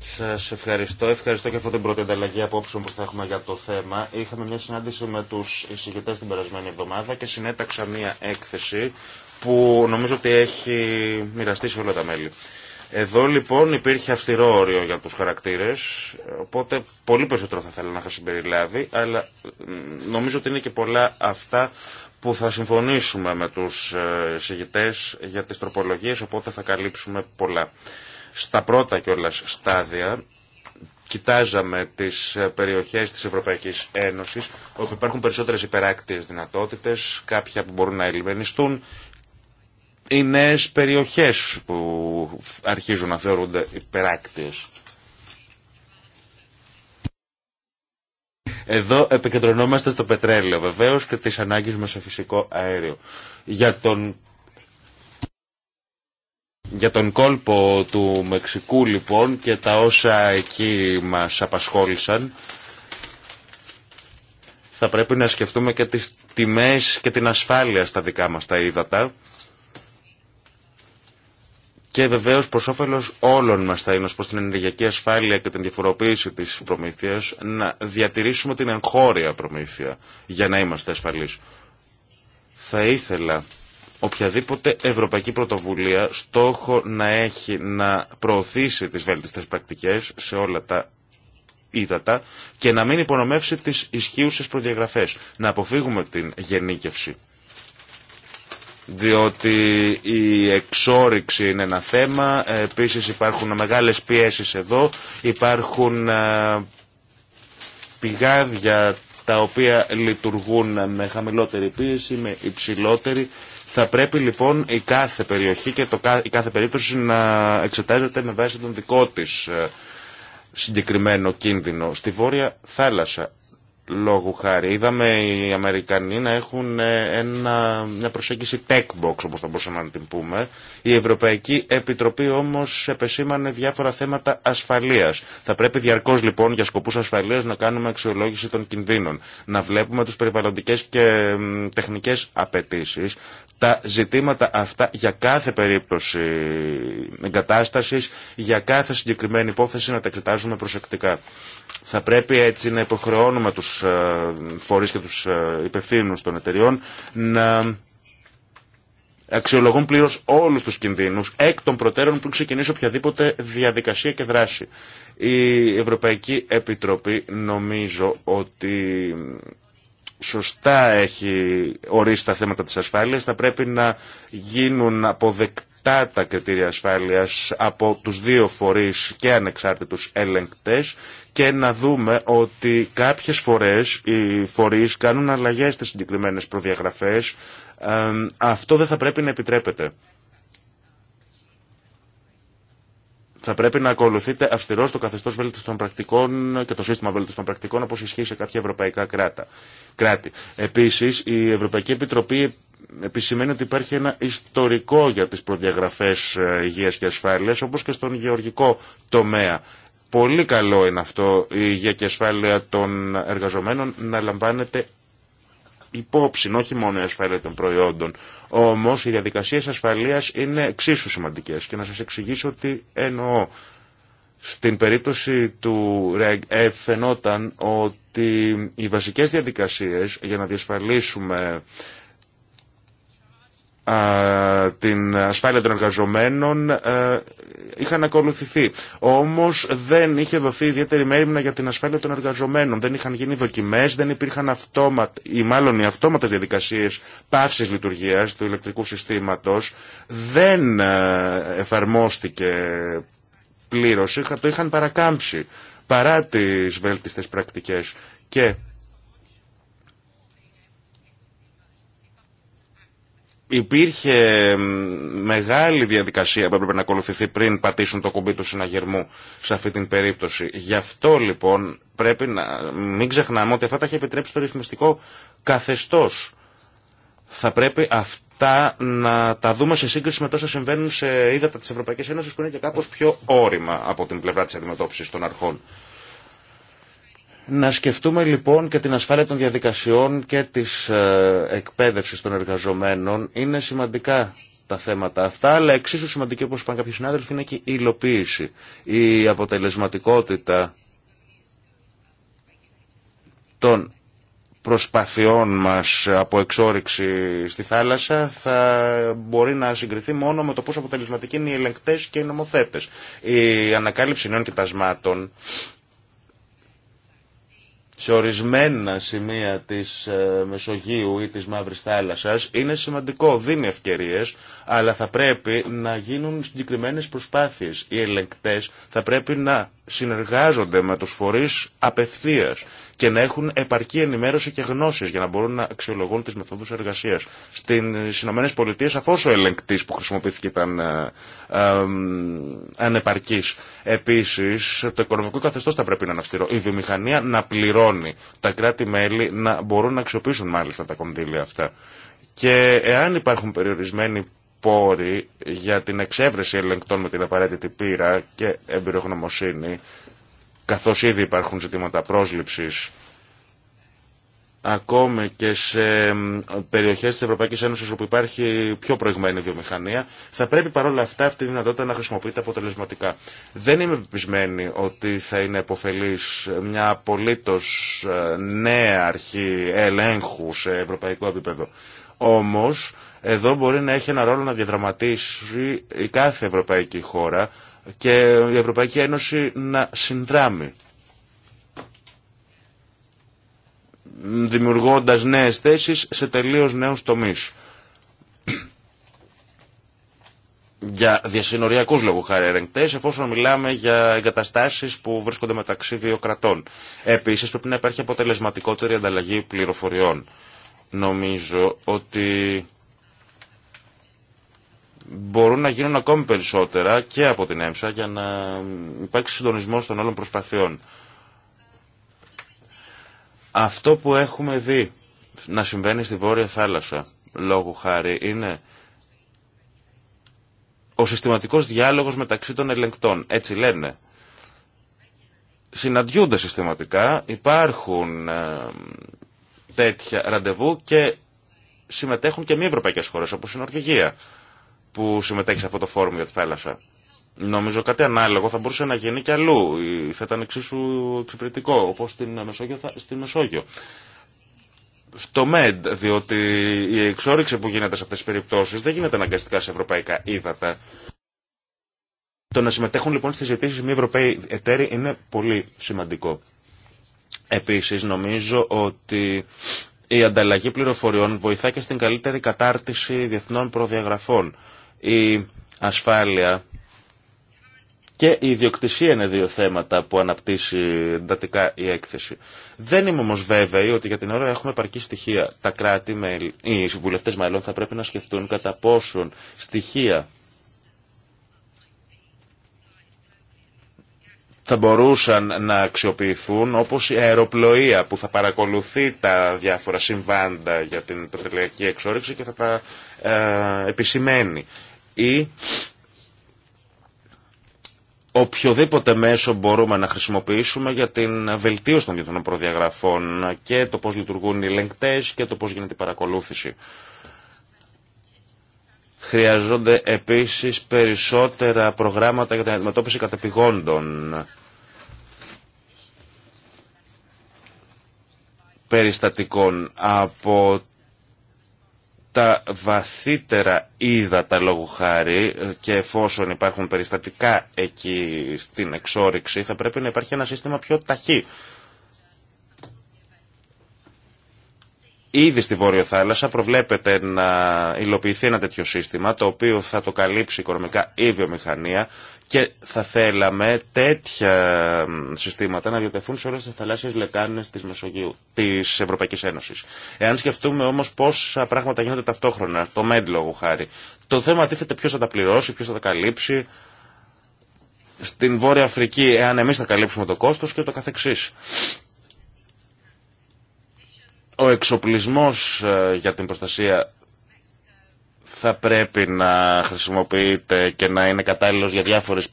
Speaker 3: Σας ευχαριστώ. Ευχαριστώ και αυτή την πρώτη ανταλλαγή απόψεων που θα έχουμε για το θέμα. Είχαμε μια συνάντηση με τους εισηγητές την περασμένη εβδομάδα και συνέταξα μια έκθεση που νομίζω ότι έχει μοιραστεί σε όλα τα μέλη. Εδώ λοιπόν υπήρχε αυστηρό όριο για τους χαρακτήρες, οπότε πολύ περισσότερο θα θέλω να είχα συμπεριλάβει, αλλά νομίζω ότι είναι και πολλά αυτά που θα συμφωνήσουμε με τους ε, συγητές για τις τροπολογίες, οπότε θα καλύψουμε πολλά. Στα πρώτα όλα στάδια κοιτάζαμε τις ε, περιοχές της Ευρωπαϊκής Ένωσης όπου υπάρχουν περισσότερες υπεράκτιες δυνατότητες, κάποια που μπορούν να ελιμενιστούν, οι νέε περιοχές που αρχίζουν να θεωρούνται υπεράκτιε. Εδώ επικεντρωνόμαστε στο πετρέλαιο βεβαίως και τις ανάγκες μας σε φυσικό αέριο. Για τον, για τον κόλπο του Μεξικού λοιπόν και τα όσα εκεί μας απασχόλησαν θα πρέπει να σκεφτούμε και τις τιμές και την ασφάλεια στα δικά μας τα ύδατα και βεβαίω προ όφελο όλων μας θα είναι ως προς την ενεργειακή ασφάλεια και την διαφοροποίηση της προμήθειας να διατηρήσουμε την εγχώρια προμήθεια για να είμαστε ασφαλείς. Θα ήθελα οποιαδήποτε ευρωπαϊκή πρωτοβουλία στόχο να έχει να προωθήσει τις βέλτιστες πρακτικές σε όλα τα ύδατα και να μην υπονομεύσει τις ισχύουσες προδιαγραφές. Να αποφύγουμε την γενίκευση διότι η εξόριξη είναι ένα θέμα, επίσης υπάρχουν μεγάλες πιέσεις εδώ, υπάρχουν ε, πηγάδια τα οποία λειτουργούν με χαμηλότερη πίεση, με υψηλότερη. Θα πρέπει λοιπόν η κάθε περιοχή και το, η κάθε περίπτωση να εξετάζεται με βάση τον δικό της ε, συγκεκριμένο κίνδυνο. Στη Βόρεια Θάλασσα Λόγου χάρη, είδαμε οι Αμερικανοί να έχουν ε, ένα, μια προσέγγιση tech box, όπως θα μπορούσαμε να την πούμε. Η Ευρωπαϊκή Επιτροπή όμως επεσήμανε διάφορα θέματα ασφαλείας. Θα πρέπει διαρκώς λοιπόν για σκοπούς ασφαλείας να κάνουμε αξιολόγηση των κινδύνων, να βλέπουμε τους περιβαλλοντικές και τεχνικές απαιτήσει τα ζητήματα αυτά για κάθε περίπτωση εγκατάστασης, για κάθε συγκεκριμένη υπόθεση να τα εξετάζουμε προσεκτικά. Θα πρέπει έτσι να υποχρεώνουμε τους ε, φορείς και τους ε, υπευθύνους των εταιριών να αξιολογούν πλήρως όλους τους κινδύνους εκ των προτέρων που ξεκινήσει οποιαδήποτε διαδικασία και δράση. Η Ευρωπαϊκή Επιτροπή νομίζω ότι σωστά έχει ορίσει τα θέματα της ασφάλειας, θα πρέπει να γίνουν αποδεκτά τα κριτήρια ασφάλειας από τους δύο φορείς και ανεξάρτητους έλεγκτες και να δούμε ότι κάποιες φορές οι φορείς κάνουν αλλαγές στις συγκεκριμένες προδιαγραφές. Ε, αυτό δεν θα πρέπει να επιτρέπεται. Θα πρέπει να ακολουθείτε αυστηρό το καθεστώ βέλτιστων πρακτικών και το σύστημα βέλτιστων πρακτικών όπω ισχύει σε κάποια ευρωπαϊκά κράτα. κράτη. Επίση, η Ευρωπαϊκή Επιτροπή επισημαίνει ότι υπάρχει ένα ιστορικό για τι προδιαγραφέ ε, υγεία και ασφάλεια όπω και στον γεωργικό τομέα. Πολύ καλό είναι αυτό η υγεία και ασφάλεια των εργαζομένων να λαμβάνεται υπόψη, όχι μόνο η ασφάλεια των προϊόντων. Όμως οι διαδικασίες ασφαλείας είναι εξίσου σημαντικές και να σας εξηγήσω ότι εννοώ. Στην περίπτωση του ΡΕΓ φαινόταν ότι οι βασικές διαδικασίες για να διασφαλίσουμε την ασφάλεια των εργαζομένων ε, είχαν ακολουθηθεί. όμως δεν είχε δοθεί ιδιαίτερη μέρημνα για την ασφάλεια των εργαζομένων. Δεν είχαν γίνει δοκιμές δεν υπήρχαν αυτόματα, ή μάλλον οι αυτόματες διαδικασίες πάυσης λειτουργίας του ηλεκτρικού συστήματος Δεν ε, εφαρμόστηκε πλήρωση Το είχαν παρακάμψει παρά τις βέλτιστες πρακτικές Και υπήρχε μεγάλη διαδικασία που έπρεπε να ακολουθηθεί πριν πατήσουν το κουμπί του συναγερμού σε αυτή την περίπτωση. Γι' αυτό λοιπόν πρέπει να μην ξεχνάμε ότι αυτά τα έχει επιτρέψει το ρυθμιστικό καθεστώς. Θα πρέπει αυτά να τα δούμε σε σύγκριση με τόσα συμβαίνουν σε είδατα της Ευρωπαϊκής Ένωσης που είναι και κάπως πιο όρημα από την πλευρά της αντιμετώπισης των αρχών. Να σκεφτούμε λοιπόν και την ασφάλεια των διαδικασιών και της ε, εκπαίδευσης των εργαζομένων. Είναι σημαντικά τα θέματα αυτά, αλλά εξίσου σημαντική, όπως είπαν κάποιοι συνάδελφοι, είναι και η υλοποίηση, η αποτελεσματικότητα των προσπαθειών μας από εξόριξη στη θάλασσα θα μπορεί να συγκριθεί μόνο με το πόσο αποτελεσματικοί είναι οι ελεγκτές και οι νομοθέτες. Η ανακάλυψη νέων κοιτασμάτων σε ορισμένα σημεία της ε, Μεσογείου ή της Μαύρης Θάλασσας είναι σημαντικό, δίνει ευκαιρίες, αλλά θα πρέπει να γίνουν συγκεκριμένες προσπάθειες. Οι ελεγκτές θα πρέπει να συνεργάζονται με τους φορείς απευθείας και να έχουν επαρκή ενημέρωση και γνώσεις για να μπορούν να αξιολογούν τις μεθόδους εργασίας. Στις Ηνωμένες Πολιτείες αφώς ο ελεγκτής που χρησιμοποιήθηκε ήταν ε, ε, ε, ανεπαρκής. Επίσης το οικονομικό καθεστώς θα πρέπει να είναι Η βιομηχανία να πληρώνει τα κράτη-μέλη να μπορούν να αξιοποιήσουν μάλιστα τα κονδύλια αυτά. Και εάν υπάρχουν περιορισμένοι πόροι για την εξέβρεση ελεγκτών με την απαραίτητη πείρα και εμπειρογνωμοσύνη, καθώς ήδη υπάρχουν ζητήματα πρόσληψης ακόμη και σε περιοχές της Ευρωπαϊκής Ένωσης όπου υπάρχει πιο προηγμένη βιομηχανία, θα πρέπει παρόλα αυτά αυτή η δυνατότητα να χρησιμοποιείται αποτελεσματικά. Δεν είμαι επιπισμένη ότι θα είναι επωφελής μια απολύτως ε, νέα αρχή ελέγχου σε ευρωπαϊκό επίπεδο. Όμως, εδώ μπορεί να έχει ένα ρόλο να διαδραματίσει η κάθε ευρωπαϊκή χώρα και η Ευρωπαϊκή Ένωση να συνδράμει. Δημιουργώντας νέες θέσεις σε τελείως νέους τομείς. Για διασυνοριακούς λόγου χάρη ερεγκτές, εφόσον μιλάμε για εγκαταστάσεις που βρίσκονται μεταξύ δύο κρατών. Επίσης πρέπει να υπάρχει αποτελεσματικότερη ανταλλαγή πληροφοριών νομίζω ότι μπορούν να γίνουν ακόμη περισσότερα και από την ΕΜΣΑ για να υπάρξει συντονισμός των όλων προσπαθειών. Αυτό που έχουμε δει να συμβαίνει στη Βόρεια Θάλασσα, λόγου χάρη, είναι ο συστηματικός διάλογος μεταξύ των ελεγκτών. Έτσι λένε. Συναντιούνται συστηματικά, υπάρχουν ε, τέτοια ραντεβού και συμμετέχουν και μη ευρωπαϊκέ χώρε όπω η Νορβηγία που συμμετέχει σε αυτό το φόρουμ για τη θάλασσα. Νομίζω κάτι ανάλογο θα μπορούσε να γίνει και αλλού. Θα ήταν εξίσου εξυπηρετικό όπω στην Μεσόγειο. Στην Μεσόγειο. Στο ΜΕΝΤ, διότι η εξόριξη που γίνεται σε αυτέ τι περιπτώσει δεν γίνεται αναγκαστικά σε ευρωπαϊκά ύδατα. Το να συμμετέχουν λοιπόν στι ζητήσει, μη ευρωπαίοι εταίροι είναι πολύ σημαντικό. Επίσης νομίζω ότι η ανταλλαγή πληροφοριών βοηθά και στην καλύτερη κατάρτιση διεθνών προδιαγραφών. Η ασφάλεια και η ιδιοκτησία είναι δύο θέματα που αναπτύσσει εντατικά η έκθεση. Δεν είμαι όμω βέβαιη ότι για την ώρα έχουμε επαρκή στοιχεία. Τα κράτη, οι συμβουλευτέ μάλλον, θα πρέπει να σκεφτούν κατά πόσον στοιχεία θα μπορούσαν να αξιοποιηθούν όπως η αεροπλοεία που θα παρακολουθεί τα διάφορα συμβάντα για την πετρελαϊκή εξόρυξη και θα τα ε, επισημαίνει. Ή οποιοδήποτε μέσο μπορούμε να χρησιμοποιήσουμε για την βελτίωση των διεθνών προδιαγραφών και το πώς λειτουργούν οι ελεγκτές και το πώς γίνεται η παρακολούθηση. Χρειαζόνται επίσης περισσότερα προγράμματα για την αντιμετώπιση κατεπηγόντων περιστατικών από τα βαθύτερα ύδατα λόγου χάρη και εφόσον υπάρχουν περιστατικά εκεί στην εξόριξη θα πρέπει να υπάρχει ένα σύστημα πιο ταχύ. Ήδη στη Βόρειο Θάλασσα προβλέπεται να υλοποιηθεί ένα τέτοιο σύστημα το οποίο θα το καλύψει οικονομικά η βιομηχανία και θα θέλαμε τέτοια συστήματα να διατεθούν σε όλε τι θαλάσσιε λεκάνε τη Μεσογείου, τη Ευρωπαϊκή Ένωση. Εάν σκεφτούμε όμω πόσα πράγματα γίνονται ταυτόχρονα, το ΜΕΝΤ χάρη, το θέμα τίθεται ποιο θα τα πληρώσει, ποιο θα τα καλύψει. Στην Βόρεια Αφρική, εάν εμεί θα καλύψουμε το κόστο και το καθεξή. Ο εξοπλισμό ε, για την προστασία θα πρέπει να χρησιμοποιείται και να είναι κατάλληλος για, διάφορες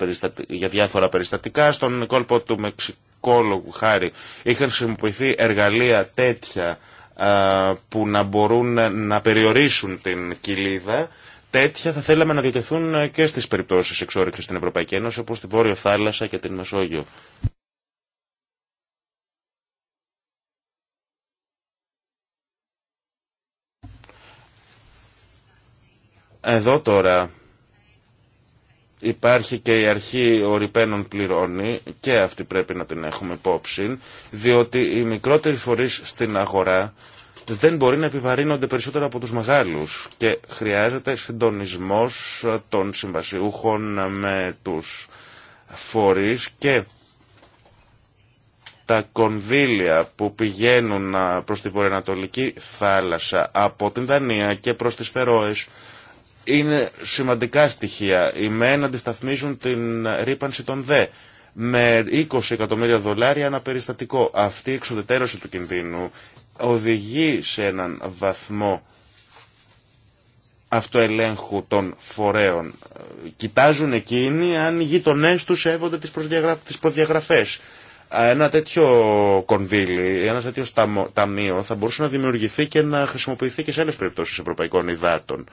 Speaker 3: για διάφορα περιστατικά. Στον κόλπο του Μεξικόλογου χάρη είχαν χρησιμοποιηθεί εργαλεία τέτοια που να μπορούν να περιορίσουν την κοιλίδα. Τέτοια θα θέλαμε να διατεθούν και στις περιπτώσεις εξόρυξης στην Ευρωπαϊκή Ένωση όπως στη Βόρειο Θάλασσα και την Μεσόγειο. Εδώ τώρα υπάρχει και η αρχή ο πληρώνει και αυτή πρέπει να την έχουμε υπόψη, διότι οι μικρότεροι φορείς στην αγορά δεν μπορεί να επιβαρύνονται περισσότερο από τους μεγάλους και χρειάζεται συντονισμός των συμβασιούχων με τους φορείς και τα κονδύλια που πηγαίνουν προς τη βορειοανατολική θάλασσα από την Δανία και προς τις Φερόες είναι σημαντικά στοιχεία. Οι ΜΕΝ αντισταθμίζουν την ρήπανση των ΔΕ με 20 εκατομμύρια δολάρια ένα περιστατικό. Αυτή η εξοδετερώση του κινδύνου οδηγεί σε έναν βαθμό αυτοελέγχου των φορέων. Κοιτάζουν εκείνοι αν οι γείτονέ του σέβονται τι προδιαγραφέ. Ένα τέτοιο κονδύλι, ένα τέτοιο ταμείο θα μπορούσε να δημιουργηθεί και να χρησιμοποιηθεί και σε άλλε περιπτώσει ευρωπαϊκών υδάτων.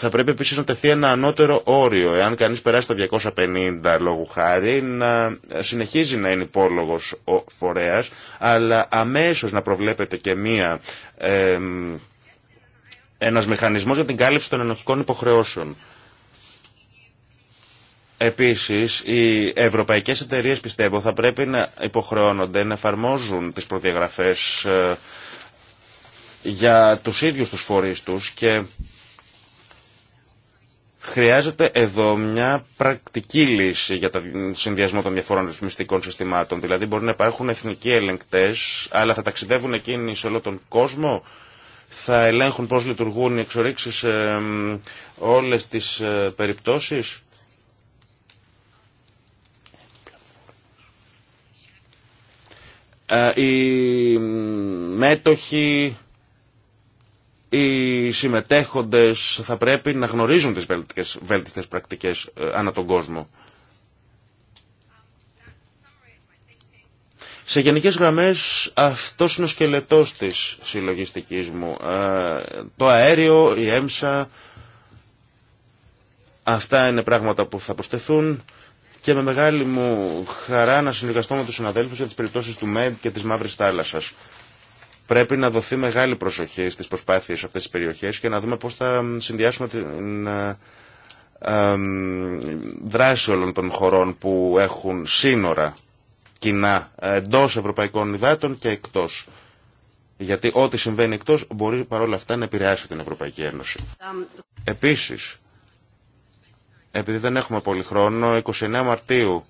Speaker 3: Θα πρέπει επίση να τεθεί ένα ανώτερο όριο. Εάν κανεί περάσει τα 250 λόγου χάρη, να συνεχίζει να είναι υπόλογο ο φορέα, αλλά αμέσω να προβλέπεται και μία. Ε, ένας μηχανισμός για την κάλυψη των ενοχικών υποχρεώσεων. Επίσης, οι ευρωπαϊκές εταιρείες πιστεύω θα πρέπει να υποχρεώνονται να εφαρμόζουν τις προδιαγραφές ε, για τους ίδιους τους φορείς τους και Χρειάζεται εδώ μια πρακτική λύση για τον συνδυασμό των διαφορών ρυθμιστικών συστημάτων. Δηλαδή μπορεί να υπάρχουν εθνικοί ελεγκτές, αλλά θα ταξιδεύουν εκείνοι σε όλο τον κόσμο, θα ελέγχουν πώς λειτουργούν οι εξορίξεις σε όλες τις ε, περιπτώσεις. Ε, οι μέτοχοι οι συμμετέχοντες θα πρέπει να γνωρίζουν τις βέλτιστες, πρακτικέ πρακτικές ε, ανά τον κόσμο. Σε γενικές γραμμές αυτός είναι ο σκελετός της συλλογιστικής μου. Ε, το αέριο, η έμσα, αυτά είναι πράγματα που θα προσθεθούν και με μεγάλη μου χαρά να συνεργαστώ με τους συναδέλφους για τις περιπτώσεις του ΜΕΔ και της Μαύρης Θάλασσας. Πρέπει να δοθεί μεγάλη προσοχή στις προσπάθειες αυτές τις περιοχές και να δούμε πώς θα συνδυάσουμε την ε, ε, δράση όλων των χωρών που έχουν σύνορα κοινά εντό ευρωπαϊκών υδάτων και εκτός. Γιατί ό,τι συμβαίνει εκτός μπορεί παρόλα αυτά να επηρεάσει την Ευρωπαϊκή Ένωση. Επίσης, επειδή δεν έχουμε πολύ χρόνο, 29 Μαρτίου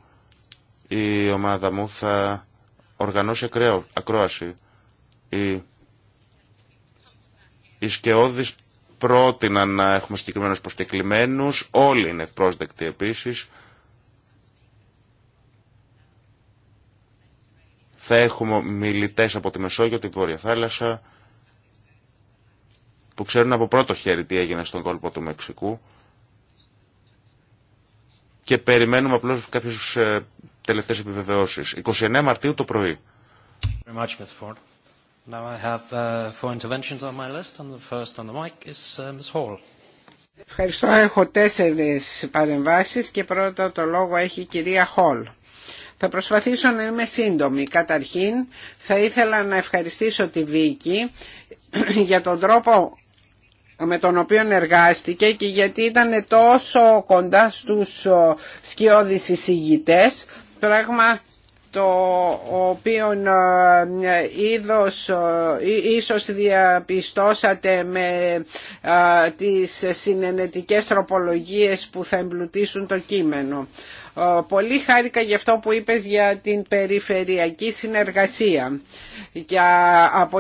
Speaker 3: η ομάδα μου θα οργανώσει ακρόαση οι, οι σκεώδεις πρότειναν να έχουμε συγκεκριμένου προσκεκλημένους, όλοι είναι ευπρόσδεκτοι επίσης. Θα έχουμε μιλητές από τη Μεσόγειο, τη Βόρεια Θάλασσα, που ξέρουν από πρώτο χέρι τι έγινε στον κόλπο του Μεξικού και περιμένουμε απλώς κάποιες ε, τελευταίες επιβεβαιώσεις. 29 Μαρτίου το πρωί.
Speaker 2: Very Now I have four
Speaker 1: Ευχαριστώ. Έχω τέσσερις παρεμβάσεις και πρώτα το λόγο έχει η κυρία Χολ. Θα προσπαθήσω να είμαι σύντομη. Καταρχήν θα ήθελα να ευχαριστήσω τη Βίκη για τον τρόπο με τον οποίο εργάστηκε και γιατί ήταν τόσο κοντά στους σκιώδεις εισηγητές πράγμα το οποίο ε, είδος, ε, ίσως διαπιστώσατε με ε, τις συνενετικές τροπολογίες που θα εμπλουτίσουν το κείμενο. Πολύ χάρηκα γι' αυτό που είπες για την περιφερειακή συνεργασία για από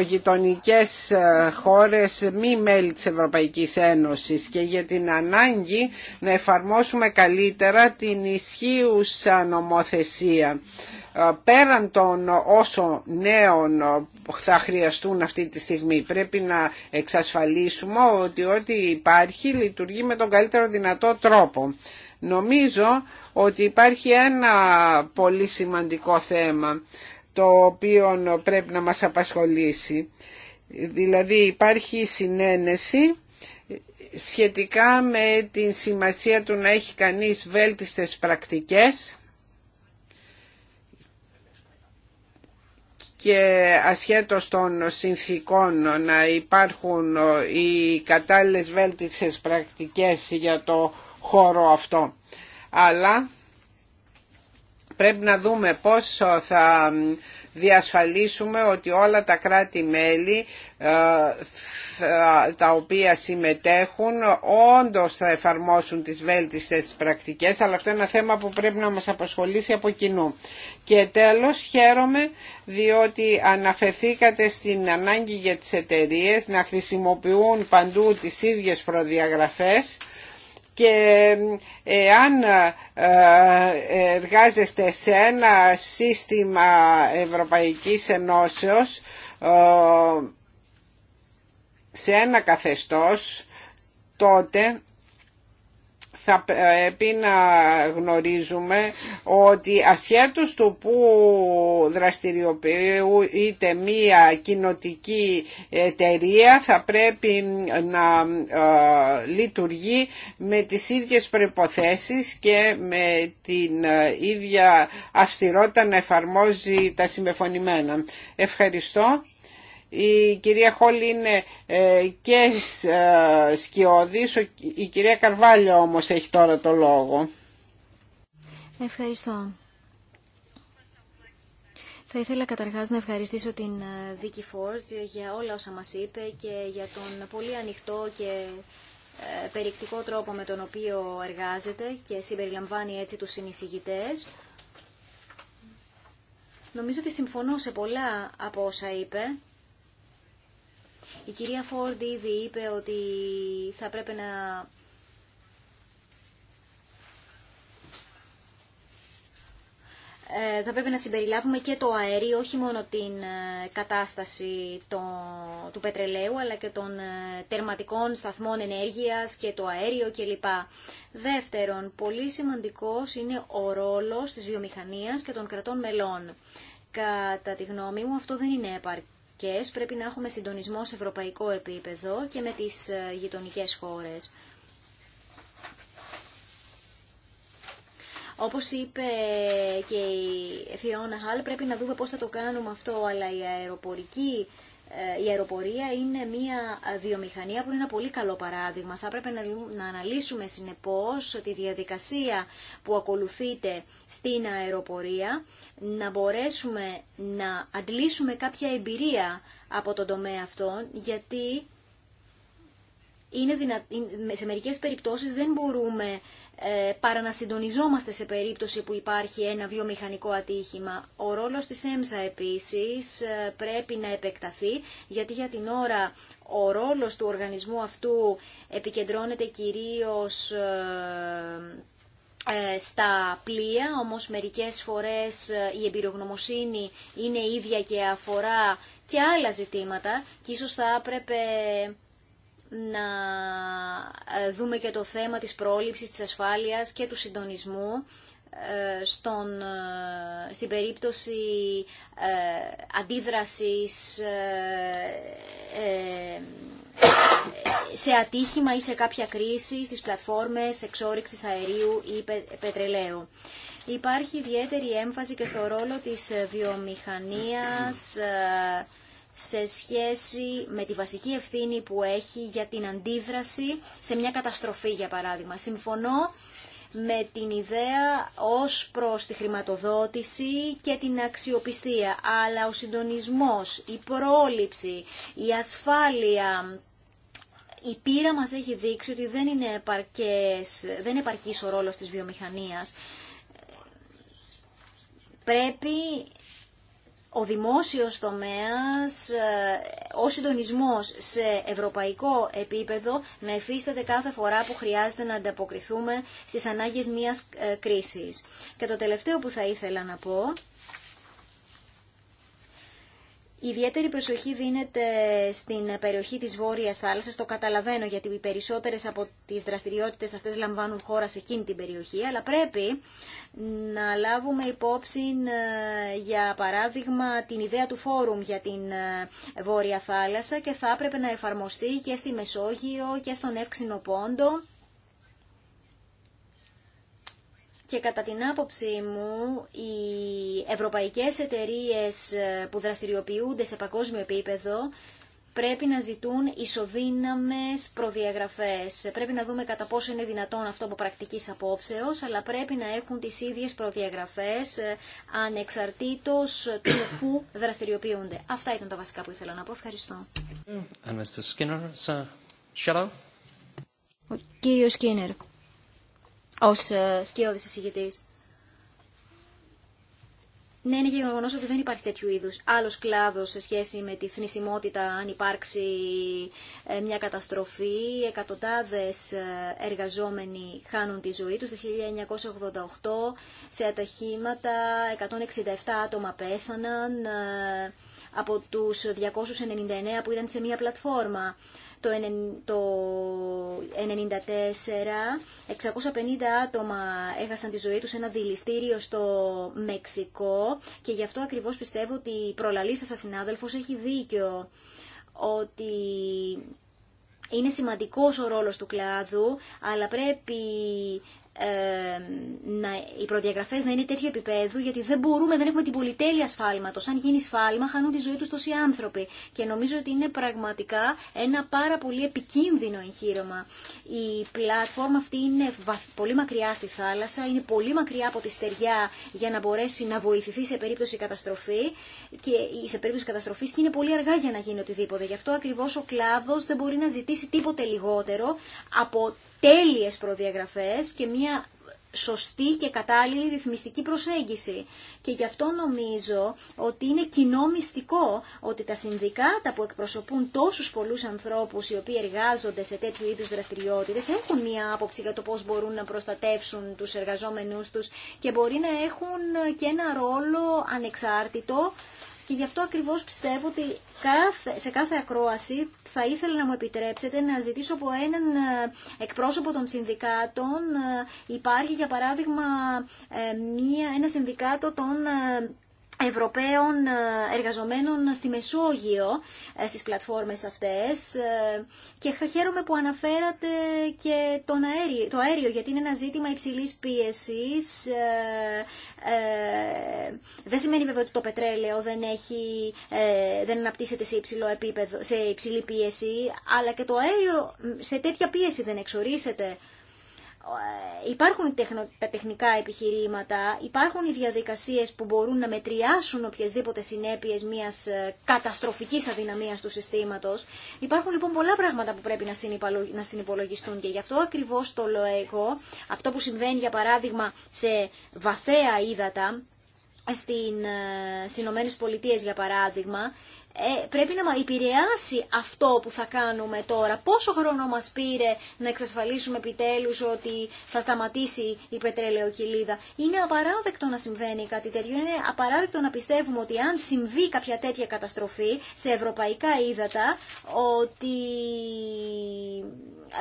Speaker 1: χώρες μη μέλη της Ευρωπαϊκής Ένωσης και για την ανάγκη να εφαρμόσουμε καλύτερα την ισχύουσα νομοθεσία. Ε, πέραν των όσων νέων ε, θα χρειαστούν αυτή τη στιγμή. Πρέπει να εξασφαλίσουμε ότι ό,τι υπάρχει λειτουργεί με τον καλύτερο δυνατό τρόπο. Νομίζω ότι υπάρχει ένα πολύ σημαντικό θέμα το οποίο πρέπει να μας απασχολήσει. Δηλαδή υπάρχει συνένεση σχετικά με την σημασία του να έχει κανείς βέλτιστες πρακτικές και ασχέτως των συνθήκων να υπάρχουν οι κατάλληλες βέλτιστες πρακτικές για το χώρο αυτό. Αλλά πρέπει να δούμε πώς θα διασφαλίσουμε ότι όλα τα κράτη-μέλη ε, τα οποία συμμετέχουν όντως θα εφαρμόσουν τις βέλτιστες πρακτικές αλλά αυτό είναι ένα θέμα που πρέπει να μας απασχολήσει από κοινού. Και τέλος χαίρομαι διότι αναφερθήκατε στην ανάγκη για τις εταιρείε να χρησιμοποιούν παντού τις ίδιες προδιαγραφές και εάν ε, εργάζεστε σε ένα σύστημα Ευρωπαϊκής Ενώσεως ε, σε ένα καθεστώς, τότε θα πρέπει ε, να γνωρίζουμε ότι ασχέτως του που δραστηριοποιείται είτε μία κοινοτική εταιρεία θα πρέπει να ε, λειτουργεί με τις ίδιες προϋποθέσεις και με την ε, ίδια αυστηρότητα να εφαρμόζει τα συμπεφωνημένα. Ευχαριστώ η κυρία Χόλη είναι ε, και ε, σκιώδης, η κυρία Καρβάλια όμως έχει τώρα το λόγο.
Speaker 2: Ευχαριστώ. Θα ήθελα καταρχάς να ευχαριστήσω την Βίκη ε, Φόρτ για όλα όσα μας είπε και για τον πολύ ανοιχτό και περιεκτικό τρόπο με τον οποίο εργάζεται και συμπεριλαμβάνει έτσι τους συνεισηγητές. Νομίζω ότι συμφωνώ σε πολλά από όσα είπε η κυρία Φόρντ ήδη είπε ότι θα πρέπει να ε, θα πρέπει να συμπεριλάβουμε και το αέριο, όχι μόνο την ε, κατάσταση του πετρελαίου, αλλά και των ε, τερματικών σταθμών ενέργειας και το αέριο κλπ. Δεύτερον, πολύ σημαντικός είναι ο ρόλος της βιομηχανίας και των κρατών μελών. Κατά τη γνώμη μου αυτό δεν είναι επαρκή πρέπει να έχουμε συντονισμό σε ευρωπαϊκό επίπεδο και με τις ε, γειτονικές χώρες. Όπως είπε και η Φιώνα Χάλ, πρέπει να δούμε πώς θα το κάνουμε αυτό, αλλά η αεροπορική ε, η αεροπορία είναι μια βιομηχανία που είναι ένα πολύ καλό παράδειγμα. Θα έπρεπε να αναλύσουμε συνεπώς τη διαδικασία που ακολουθείται στην αεροπορία, να μπορέσουμε να αντλήσουμε κάποια εμπειρία από τον τομέα αυτόν, γιατί είναι δυνα... Ε, σε μερικές περιπτώσεις δεν μπορούμε ε, παρά να συντονιζόμαστε σε περίπτωση που υπάρχει ένα βιομηχανικό ατύχημα. Ο ρόλος της ΕΜΣΑ επίσης ε, πρέπει να επεκταθεί, γιατί για την ώρα ο ρόλος του οργανισμού αυτού επικεντρώνεται κυρίως ε, στα πλοία, όμως μερικές φορές η εμπειρογνωμοσύνη είναι ίδια και αφορά και άλλα ζητήματα και ίσως θα έπρεπε να ε, δούμε και το θέμα της πρόληψης, της ασφάλειας και του συντονισμού ε, στον, ε, στην περίπτωση αντίδρασης σε ατύχημα ή σε κάποια κρίση στις πλατφόρμες εξόριξης αερίου ή πετρελαίου. Υπάρχει ιδιαίτερη έμφαση και στο ρόλο της βιομηχανίας σε σχέση με τη βασική ευθύνη που έχει για την αντίδραση σε μια καταστροφή, για παράδειγμα. Συμφωνώ με την ιδέα ως προς τη χρηματοδότηση και την αξιοπιστία, αλλά ο συντονισμός, η πρόληψη, η ασφάλεια, η πείρα μας έχει δείξει ότι δεν είναι επαρκές, δεν επαρκής ο ρόλος της βιομηχανίας. Πρέπει ο δημόσιος τομέας ε, ο συντονισμός σε ευρωπαϊκό επίπεδο να εφίσταται κάθε φορά που χρειάζεται να ανταποκριθούμε στις ανάγκες μιας ε, κρίσης. Και το τελευταίο που θα ήθελα να πω Ιδιαίτερη προσοχή δίνεται στην περιοχή της Βόρειας Θάλασσας, το καταλαβαίνω γιατί οι περισσότερες από τις δραστηριότητες αυτές λαμβάνουν χώρα σε εκείνη την περιοχή, αλλά πρέπει να λάβουμε υπόψη ε, για παράδειγμα την ιδέα του φόρουμ για την ε, Βόρεια Θάλασσα και θα έπρεπε να εφαρμοστεί και στη Μεσόγειο και στον Εύξηνο Πόντο και κατά την άποψή μου οι ευρωπαϊκές εταιρείες που δραστηριοποιούνται σε παγκόσμιο επίπεδο πρέπει να ζητούν ισοδύναμες προδιαγραφές. Πρέπει να δούμε κατά πόσο είναι δυνατόν αυτό από πρακτικής απόψεως, αλλά πρέπει να έχουν τις ίδιες προδιαγραφές ανεξαρτήτως του που δραστηριοποιούνται. Αυτά ήταν τα βασικά που ήθελα να πω. Ευχαριστώ. Ο κύριος Σκίνερ ως ε, σκιώδης εισηγητής. Ναι, είναι γεγονό ότι δεν υπάρχει τέτοιου είδου άλλο κλάδο σε σχέση με τη θνησιμότητα αν υπάρξει ε, μια καταστροφή. Εκατοντάδε ε, εργαζόμενοι χάνουν τη ζωή του. Το 1988 σε αταχήματα 167 άτομα πέθαναν από τους 299 που ήταν σε μια πλατφόρμα το 1994 650 άτομα έχασαν τη ζωή τους σε ένα δηληστήριο στο Μεξικό και γι' αυτό ακριβώς πιστεύω ότι η προλαλή σας συνάδελφος έχει δίκιο ότι είναι σημαντικός ο ρόλος του κλάδου, αλλά πρέπει ε, να, οι προδιαγραφέ να είναι τέτοιου επίπεδου, γιατί δεν μπορούμε, δεν έχουμε την πολυτέλεια σφάλματο. Αν γίνει σφάλμα, χάνουν τη ζωή του τόσοι άνθρωποι. Και νομίζω ότι είναι πραγματικά ένα πάρα πολύ επικίνδυνο εγχείρημα. Η πλατφόρμα αυτή είναι πολύ μακριά στη θάλασσα, είναι πολύ μακριά από τη στεριά για να μπορέσει να βοηθηθεί σε περίπτωση καταστροφή και, σε περίπτωση καταστροφής και είναι πολύ αργά για να γίνει οτιδήποτε. Γι' αυτό ακριβώ ο κλάδο δεν μπορεί να ζητήσει τίποτε λιγότερο από τέλειες προδιαγραφές και μια σωστή και κατάλληλη ρυθμιστική προσέγγιση. Και γι' αυτό νομίζω ότι είναι κοινό μυστικό ότι τα συνδικάτα που εκπροσωπούν τόσους πολλούς ανθρώπους οι οποίοι εργάζονται σε τέτοιου είδους δραστηριότητες έχουν μία άποψη για το πώς μπορούν να προστατεύσουν τους εργαζόμενούς τους και μπορεί να έχουν και ένα ρόλο ανεξάρτητο και γι' αυτό ακριβώς πιστεύω ότι σε κάθε ακρόαση θα ήθελα να μου επιτρέψετε να ζητήσω από έναν ε, εκπρόσωπο των συνδικάτων. Ε, υπάρχει για παράδειγμα ε, μία, ένα συνδικάτο των Ευρωπαίων ε, εργαζομένων στη Μεσόγειο ε, στις πλατφόρμες αυτές ε, και χαίρομαι που αναφέρατε και τον αέριο, το αέριο γιατί είναι ένα ζήτημα υψηλής πίεσης ε, δεν σημαίνει βέβαια ότι το πετρέλαιο δεν, έχει, δεν αναπτύσσεται σε, υψηλό επίπεδο, σε υψηλή πίεση αλλά και το αέριο σε τέτοια πίεση δεν εξορίσεται ε, υπάρχουν τα τεχνικά επιχειρήματα, υπάρχουν οι διαδικασίες που μπορούν να μετριάσουν οποιασδήποτε συνέπειες μιας ε, καταστροφικής αδυναμίας του συστήματος. Υπάρχουν λοιπόν πολλά πράγματα που πρέπει να συνυπολογιστούν και γι' αυτό ακριβώς το λέω εγώ, αυτό που συμβαίνει για παράδειγμα σε βαθαία ύδατα, ε, στις για παράδειγμα, ε, πρέπει να επηρεάσει αυτό που θα κάνουμε τώρα. Πόσο χρόνο μας πήρε να εξασφαλίσουμε επιτέλους ότι θα σταματήσει η κοιλίδα. Είναι απαράδεκτο να συμβαίνει κάτι τέτοιο. Είναι απαράδεκτο να πιστεύουμε ότι αν συμβεί κάποια τέτοια καταστροφή σε ευρωπαϊκά ύδατα, ότι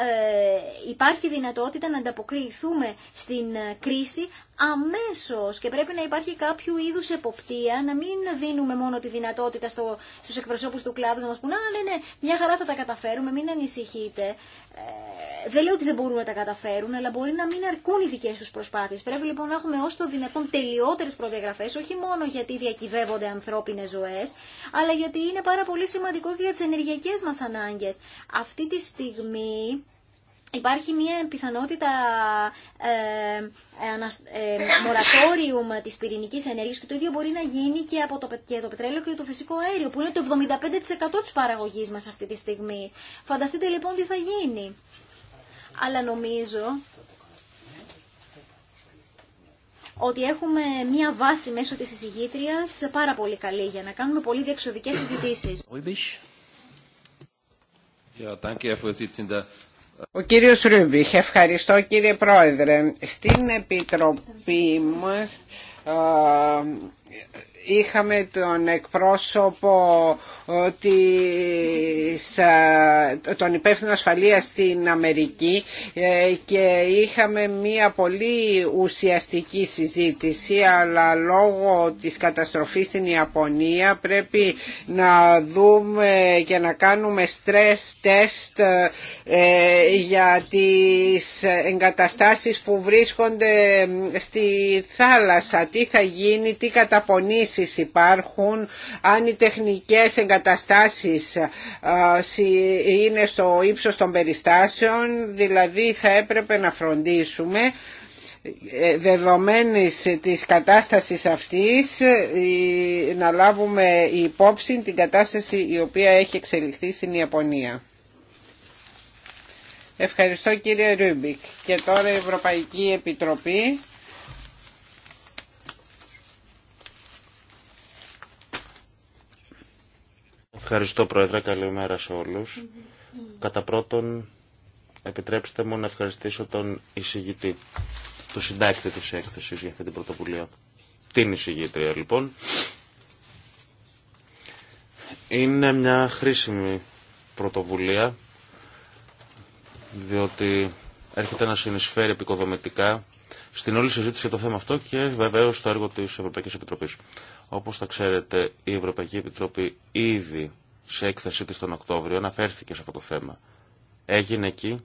Speaker 2: ε, υπάρχει δυνατότητα να ανταποκριθούμε στην ε, κρίση αμέσως και πρέπει να υπάρχει κάποιο είδους εποπτεία, να μην δίνουμε μόνο τη δυνατότητα στο, στους εκπροσώπους του κλάδου να μας πούν «Α, ναι, ναι, μια χαρά θα τα καταφέρουμε, μην ανησυχείτε». Ε, δεν λέω ότι δεν μπορούν να τα καταφέρουν, αλλά μπορεί να μην αρκούν οι δικέ του προσπάθειε. Πρέπει λοιπόν να έχουμε ω το δυνατόν τελειότερε προδιαγραφέ, όχι μόνο γιατί διακυβεύονται ανθρώπινε ζωέ, αλλά γιατί είναι πάρα πολύ σημαντικό και για τι ενεργειακέ μα ανάγκε. Αυτή τη στιγμή Υπάρχει μια πιθανότητα ε, ε, ε μορατόριου της πυρηνικής ενέργειας και το ίδιο μπορεί να γίνει και από το, και πετρέλαιο και το φυσικό αέριο που είναι το 75% της παραγωγής μας αυτή τη στιγμή. Φανταστείτε λοιπόν τι θα γίνει. Αλλά νομίζω ότι έχουμε μια βάση μέσω της εισηγήτριας πάρα πολύ καλή για να κάνουμε πολύ διεξοδικές συζητήσεις.
Speaker 1: Ο κύριος Ρούμπιχ, ευχαριστώ κύριε Πρόεδρε. Στην Επιτροπή μας είχαμε τον εκπρόσωπο ε, της, ε, τον υπεύθυνο ασφαλείας στην Αμερική ε, και είχαμε μία πολύ ουσιαστική συζήτηση αλλά λόγω της καταστροφής στην Ιαπωνία πρέπει να δούμε και να κάνουμε stress test για τις εγκαταστάσεις που βρίσκονται στη θάλασσα τι θα γίνει, τι καταπονήσει υπάρχουν, αν οι τεχνικές εγκαταστάσεις είναι στο ύψος των περιστάσεων, δηλαδή θα έπρεπε να φροντίσουμε ε, δεδομένης της κατάστασης αυτής ε, να λάβουμε υπόψη την κατάσταση η οποία έχει εξελιχθεί στην Ιαπωνία. Ευχαριστώ κύριε Ρούμπικ. Και τώρα η Ευρωπαϊκή Επιτροπή.
Speaker 3: Ευχαριστώ Πρόεδρε, καλημέρα σε όλους. Κατά πρώτον, επιτρέψτε μου να ευχαριστήσω τον εισηγητή, του συντάκτη της έκθεσης για αυτή την πρωτοβουλία. Την εισηγήτρια λοιπόν. Είναι μια χρήσιμη πρωτοβουλία, διότι έρχεται να συνεισφέρει επικοδομητικά στην όλη συζήτηση για το θέμα αυτό και βεβαίω στο έργο τη Ευρωπαϊκή Επιτροπή. Όπω θα ξέρετε, η Ευρωπαϊκή Επιτροπή ήδη σε έκθεσή τη τον Οκτώβριο αναφέρθηκε σε αυτό το θέμα. Έγινε εκεί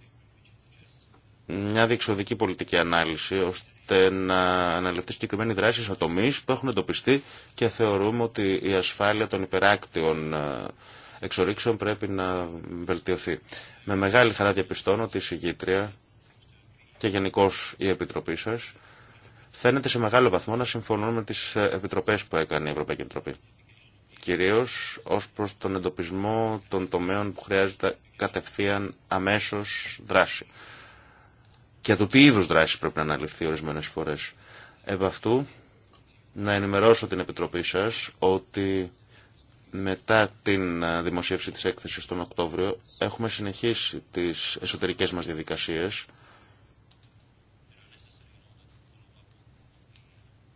Speaker 3: μια διεξοδική πολιτική ανάλυση ώστε να αναλυθεί συγκεκριμένη δράση σε τομεί που έχουν εντοπιστεί και θεωρούμε ότι η ασφάλεια των υπεράκτιων ε, εξορίξεων πρέπει να βελτιωθεί. Με μεγάλη χαρά διαπιστώνω ότι η συγγήτρια και γενικώ η Επιτροπή σας, φαίνεται σε μεγάλο βαθμό να συμφωνούν με τι επιτροπές που έκανε η Ευρωπαϊκή Επιτροπή. Κυρίως ως προς τον εντοπισμό των τομέων που χρειάζεται κατευθείαν αμέσως δράση. Και του τι είδους δράση πρέπει να αναλυθεί ορισμένε φορές. Επ' αυτού, να ενημερώσω την Επιτροπή σας ότι μετά την δημοσίευση της έκθεσης τον Οκτώβριο έχουμε συνεχίσει τις εσωτερικές μας διαδικασίες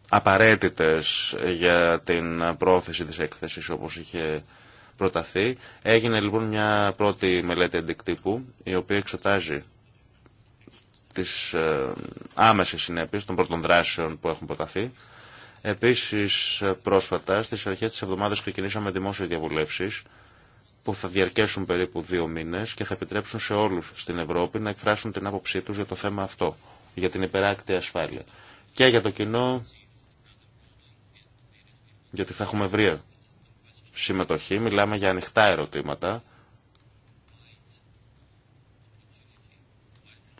Speaker 3: απαραίτητες για την πρόθεση της έκθεσης όπως είχε προταθεί. Έγινε λοιπόν μια πρώτη μελέτη αντικτύπου η οποία εξετάζει τις ε, άμεσες συνέπειες των πρώτων δράσεων που έχουν προταθεί. Επίσης ε, πρόσφατα στις αρχές της εβδομάδας ξεκινήσαμε δημόσιες διαβουλεύσεις που θα διαρκέσουν περίπου δύο μήνες και θα επιτρέψουν σε όλους στην Ευρώπη να εκφράσουν την άποψή τους για το θέμα αυτό, για την υπεράκτη ασφάλεια. Και για το κοινό γιατί θα έχουμε ευρεία συμμετοχή, μιλάμε για ανοιχτά ερωτήματα.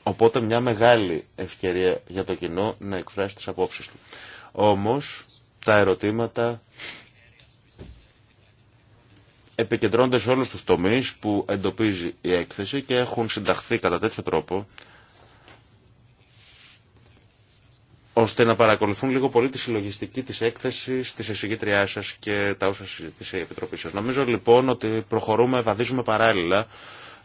Speaker 3: Οπότε μια μεγάλη ευκαιρία για το κοινό να εκφράσει τις απόψεις του. Όμως τα ερωτήματα επικεντρώνονται σε όλους τους τομείς που εντοπίζει η έκθεση και έχουν συνταχθεί κατά τέτοιο τρόπο ώστε να παρακολουθούν λίγο πολύ τη συλλογιστική της έκθεσης, της εισηγήτριά σας και τα όσα συζήτησε η Επιτροπή σας. Νομίζω λοιπόν ότι προχωρούμε, βαδίζουμε παράλληλα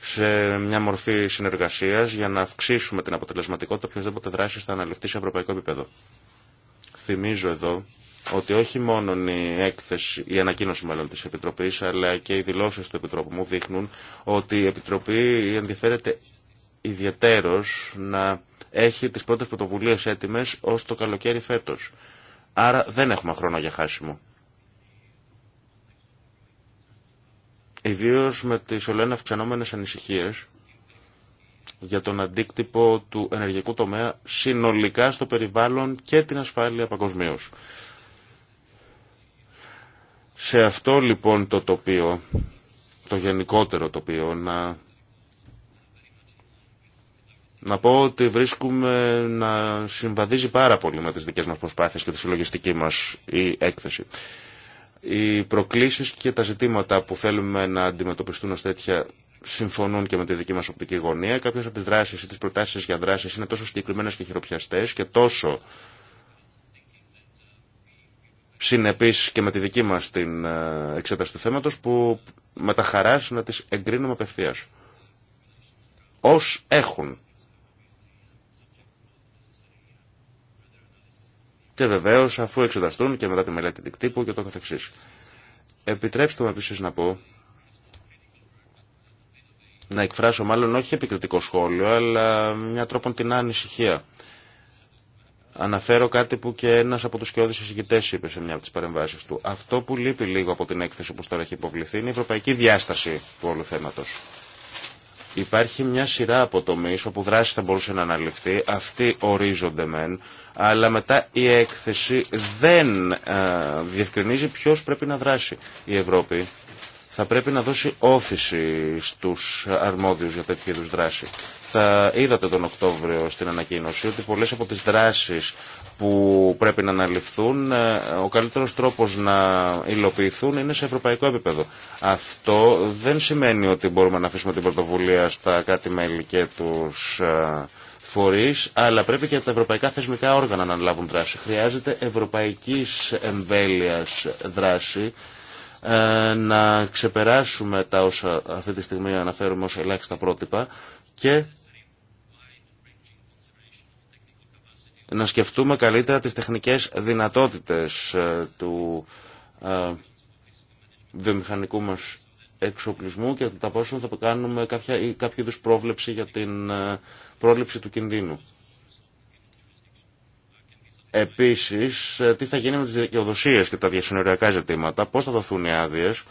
Speaker 3: σε μια μορφή συνεργασίας για να αυξήσουμε την αποτελεσματικότητα οποιασδήποτε δράση θα αναλυφθεί σε ευρωπαϊκό επίπεδο. Θυμίζω εδώ ότι όχι μόνο η έκθεση, η ανακοίνωση μάλλον της Επιτροπής, αλλά και οι δηλώσεις του Επιτρόπου μου δείχνουν ότι η Επιτροπή ενδιαφέρεται ιδιαίτερος να έχει τις πρώτες πρωτοβουλίες έτοιμες ως το καλοκαίρι φέτος. Άρα δεν έχουμε χρόνο για χάσιμο. Ιδίω με τις ολένα αυξανόμενε ανησυχίες για τον αντίκτυπο του ενεργειακού τομέα συνολικά στο περιβάλλον και την ασφάλεια παγκοσμίω. Σε αυτό λοιπόν το τοπίο, το γενικότερο τοπίο, να να πω ότι βρίσκουμε να συμβαδίζει πάρα πολύ με τις δικές μας προσπάθειες και τη συλλογιστική μας η έκθεση. Οι προκλήσεις και τα ζητήματα που θέλουμε να αντιμετωπιστούν ως τέτοια συμφωνούν και με τη δική μας οπτική γωνία. Κάποιες από τις δράσεις ή τις προτάσεις για δράσεις είναι τόσο συγκεκριμένες και χειροπιαστές και τόσο συνεπείς και με τη δική μας την ε, εξέταση του θέματος που με τα χαράς να τις εγκρίνουμε απευθείας. Ως έχουν και βεβαίω αφού εξεταστούν και μετά τη μελέτη δικτύπου και το καθεξή. Επιτρέψτε μου επίση να πω να εκφράσω μάλλον όχι επικριτικό σχόλιο, αλλά μια τρόπον την ανησυχία. Αναφέρω κάτι που και ένα από του κοιόδη εισηγητέ είπε σε μια από τι παρεμβάσει του. Αυτό που λείπει λίγο από την έκθεση που τώρα έχει υποβληθεί είναι η ευρωπαϊκή διάσταση του όλου θέματο. Υπάρχει μια σειρά από όπου δράση θα μπορούσε να αναλυφθεί. Αυτοί ορίζονται μεν, αλλά μετά η έκθεση δεν ε, διευκρινίζει ποιος πρέπει να δράσει η Ευρώπη. Θα πρέπει να δώσει όθηση στους αρμόδιους για τέτοιου είδους δράση. Θα είδατε τον Οκτώβριο στην ανακοίνωση ότι πολλές από τις δράσεις που πρέπει να αναλυφθούν, ε, ο καλύτερος τρόπος να υλοποιηθούν είναι σε ευρωπαϊκό επίπεδο. Αυτό δεν σημαίνει ότι μπορούμε να αφήσουμε την πρωτοβουλία στα κάτι μέλη και ε, αλλά πρέπει και τα ευρωπαϊκά θεσμικά όργανα να λάβουν δράση. Χρειάζεται ευρωπαϊκή εμβέλεια δράση, ε, να ξεπεράσουμε τα όσα αυτή τη στιγμή αναφέρουμε ως ελάχιστα πρότυπα και να σκεφτούμε καλύτερα τις τεχνικές δυνατότητες ε, του ε, βιομηχανικού μας εξοπλισμού και τα πόσο θα κάνουμε κάποια, ή πρόβλεψη για την πρόληψη του κινδύνου. Επίσης, τι θα γίνει με τις δικαιοδοσίε και τα διασυνοριακά ζητήματα, πώ θα δοθούν οι άδειες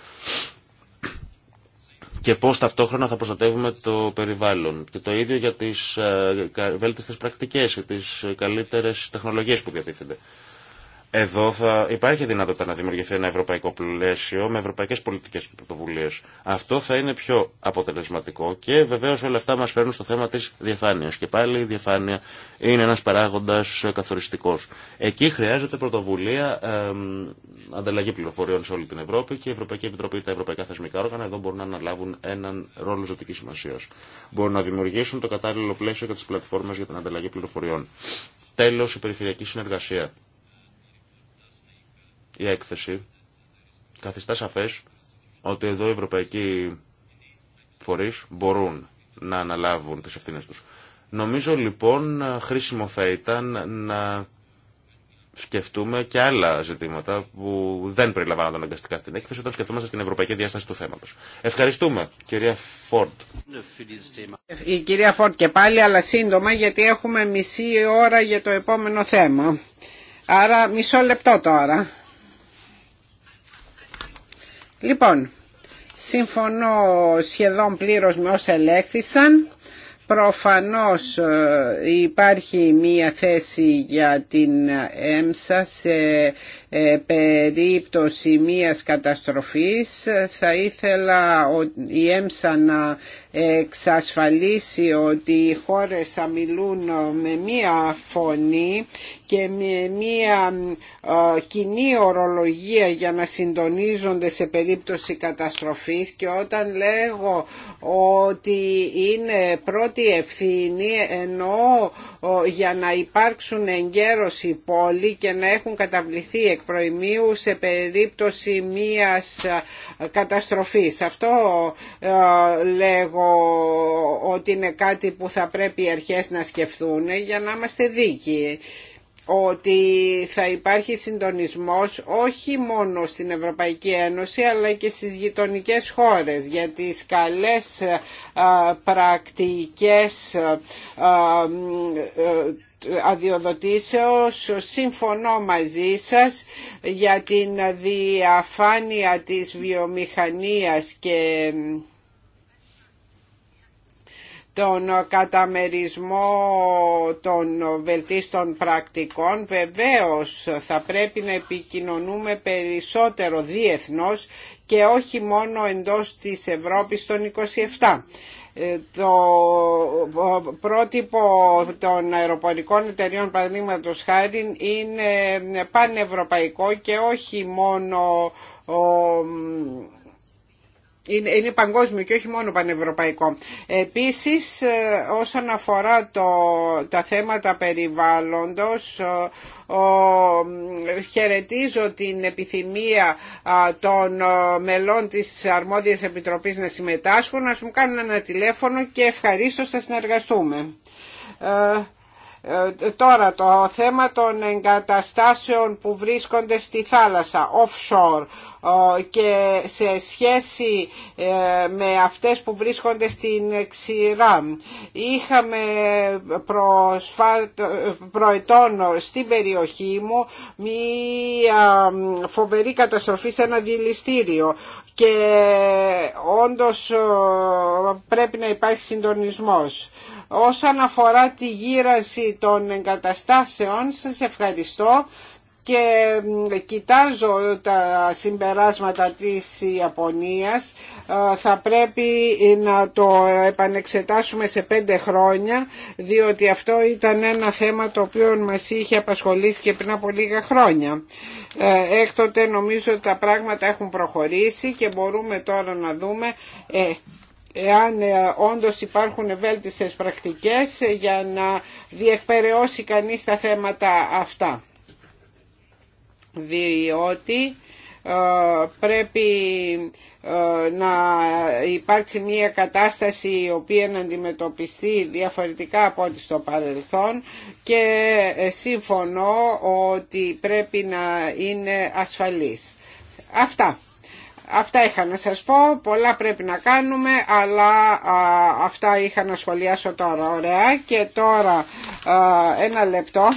Speaker 3: και πώ ταυτόχρονα θα προστατεύουμε το περιβάλλον. Και το ίδιο για τις ε, βέλτιστες πρακτικές και τις ε, καλύτερες τεχνολογίες που διατίθενται. Εδώ θα υπάρχει δυνατότητα να δημιουργηθεί ένα ευρωπαϊκό πλαίσιο με ευρωπαϊκέ πολιτικέ και πρωτοβουλίε. Αυτό θα είναι πιο αποτελεσματικό και βεβαίω όλα αυτά μα φέρνουν στο θέμα τη διαφάνεια. Και πάλι η διαφάνεια είναι ένα παράγοντα καθοριστικό. Εκεί χρειάζεται πρωτοβουλία, ε, ανταλλαγή πληροφοριών σε όλη την Ευρώπη και η Ευρωπαϊκή Επιτροπή, τα ευρωπαϊκά θεσμικά όργανα εδώ μπορούν να αναλάβουν έναν ρόλο ζωτική σημασία. Μπορούν να δημιουργήσουν το κατάλληλο πλαίσιο για τι πλατφόρμε για την ανταλλαγή πληροφοριών. Τέλο, η περιφερειακή συνεργασία η έκθεση καθιστά σαφές ότι εδώ οι ευρωπαϊκοί φορείς μπορούν να αναλάβουν τις ευθύνες τους. Νομίζω λοιπόν χρήσιμο θα ήταν να σκεφτούμε και άλλα ζητήματα που δεν περιλαμβάνονται αναγκαστικά στην έκθεση όταν σκεφτόμαστε στην ευρωπαϊκή διάσταση του θέματος. Ευχαριστούμε κυρία Φόρτ.
Speaker 1: Η κυρία Φόρτ και πάλι αλλά σύντομα γιατί έχουμε μισή ώρα για το επόμενο θέμα. Άρα μισό λεπτό τώρα. Λοιπόν, συμφωνώ σχεδόν πλήρως με όσα ελέγχθησαν. Προφανώς ε, υπάρχει μία θέση για την ΕΜΣΑ σε ε, περίπτωση μίας καταστροφής θα ήθελα η ΕΜΣΑ να εξασφαλίσει ότι οι χώρες θα μιλούν με μία φωνή και με μία ε, κοινή ορολογία για να συντονίζονται σε περίπτωση καταστροφής και όταν λέγω ότι είναι πρώτη ευθύνη εννοώ για να υπάρξουν εγκαίρως οι και να έχουν καταβληθεί εκ προημίου σε περίπτωση μίας καταστροφής. Αυτό λέγω ότι είναι κάτι που θα πρέπει οι αρχές να σκεφτούν για να είμαστε δίκοι ότι θα υπάρχει συντονισμός όχι μόνο στην Ευρωπαϊκή Ένωση αλλά και στις γειτονικές χώρες για τις καλές πρακτικές ε, αδειοδοτήσεως συμφωνώ μαζί σας για την διαφάνεια της βιομηχανίας και τον καταμερισμό των βελτίστων πρακτικών βεβαίως θα πρέπει να επικοινωνούμε περισσότερο διεθνώς και όχι μόνο εντός της Ευρώπης των 27 ε, το πρότυπο των αεροπορικών εταιριών παραδείγματο χάρη είναι πανευρωπαϊκό και όχι μόνο είναι, παγκόσμιο και όχι μόνο πανευρωπαϊκό. Επίσης ε, όσον αφορά το, τα θέματα περιβάλλοντος χαιρετίζω την επιθυμία των μελών της Αρμόδιας Επιτροπής να συμμετάσχουν, να μου κάνουν ένα τηλέφωνο και ευχαρίστως θα συνεργαστούμε. Ε, ε, τώρα το θέμα των εγκαταστάσεων που βρίσκονται στη θάλασσα, offshore, και σε σχέση ε, με αυτές που βρίσκονται στην ξηρά. Είχαμε προσφα... προετών στην περιοχή μου μία φοβερή καταστροφή σε ένα δηληστήριο και όντως πρέπει να υπάρχει συντονισμός. Όσον αφορά τη γύραση των εγκαταστάσεων, σας ευχαριστώ και κοιτάζω τα συμπεράσματα της Ιαπωνίας ε, θα πρέπει να το επανεξετάσουμε σε πέντε χρόνια διότι αυτό ήταν ένα θέμα το οποίο μας είχε απασχολήσει και πριν από λίγα χρόνια ε, έκτοτε νομίζω ότι τα πράγματα έχουν προχωρήσει και μπορούμε τώρα να δούμε ε, εάν ε, όντως υπάρχουν ευέλτιστες πρακτικές για να διεκπαιρεώσει κανείς τα θέματα αυτά. Διότι ε, πρέπει ε, να υπάρξει μια κατάσταση η οποία να αντιμετωπιστεί διαφορετικά από ό,τι στο παρελθόν και σύμφωνο ότι πρέπει να είναι ασφαλής. Αυτά. Αυτά είχα να σας πω, πολλά πρέπει να κάνουμε, αλλά αυτά είχα να σχολιάσω τώρα. Ωραία, και τώρα ένα λεπτό.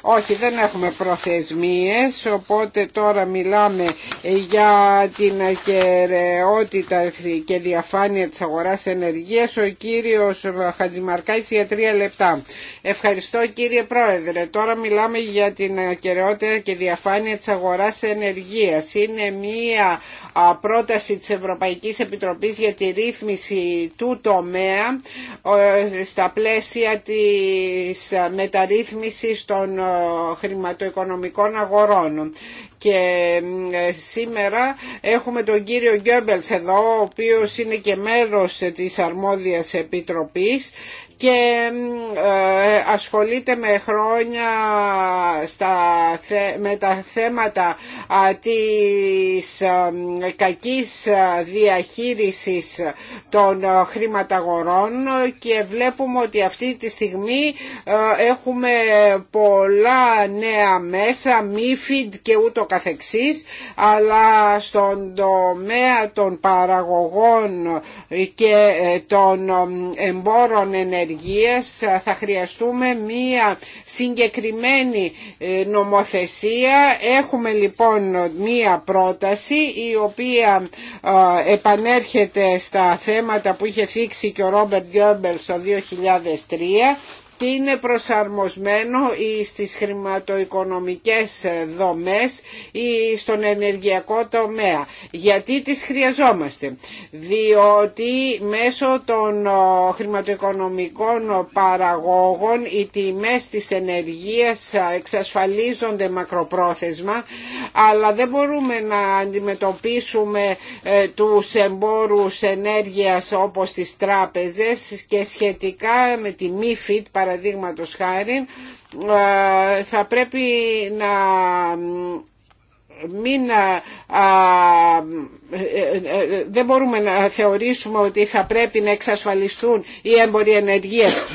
Speaker 1: Όχι, δεν έχουμε προθεσμίες, οπότε τώρα μιλάμε για την ακεραιότητα και διαφάνεια της αγοράς ενεργείας. Ο κύριος Χατζημαρκάκης για τρία λεπτά. Ευχαριστώ κύριε Πρόεδρε. Τώρα μιλάμε για την ακεραιότητα και διαφάνεια της αγοράς ενεργείας. Είναι μία πρόταση της Ευρωπαϊκής Επιτροπής για τη ρύθμιση του τομέα στα πλαίσια της μεταρρύθμισης των χρηματοοικονομικών αγορών. Και ε, σήμερα έχουμε τον κύριο Γκέμπελς εδώ, ο οποίος είναι και μέρος της αρμόδιας επιτροπής και ε, ασχολείται με χρόνια στα, με τα θέματα της ε, κακής διαχείρισης των ε, χρηματαγορών και βλέπουμε ότι αυτή τη στιγμή έχουμε πολλά νέα μέσα, φιντ και ούτω καθεξής αλλά στον τομέα των παραγωγών και των εμπόρων ενεργειών θα χρειαστούμε μία συγκεκριμένη ε, νομοθεσία. Έχουμε λοιπόν μία πρόταση η οποία ε, επανέρχεται στα θέματα που είχε θίξει και ο Ρόμπερτ Γκέμπερ στο 2003 είναι προσαρμοσμένο στις χρηματοοικονομικές δομές ή στον ενεργειακό τομέα. Γιατί τις χρειαζόμαστε. Διότι μέσω των ε, χρηματοοικονομικών παραγόγων οι τιμές της ενεργείας εξασφαλίζονται μακροπρόθεσμα αλλά δεν μπορούμε να αντιμετωπίσουμε ε, τους εμπόρους ενέργειας όπως τις τράπεζες και σχετικά με τη MIFID παραδείγματος χάρη θα πρέπει να μην, δεν μπορούμε να θεωρήσουμε ότι θα πρέπει να εξασφαλιστούν οι έμποροι ενεργείες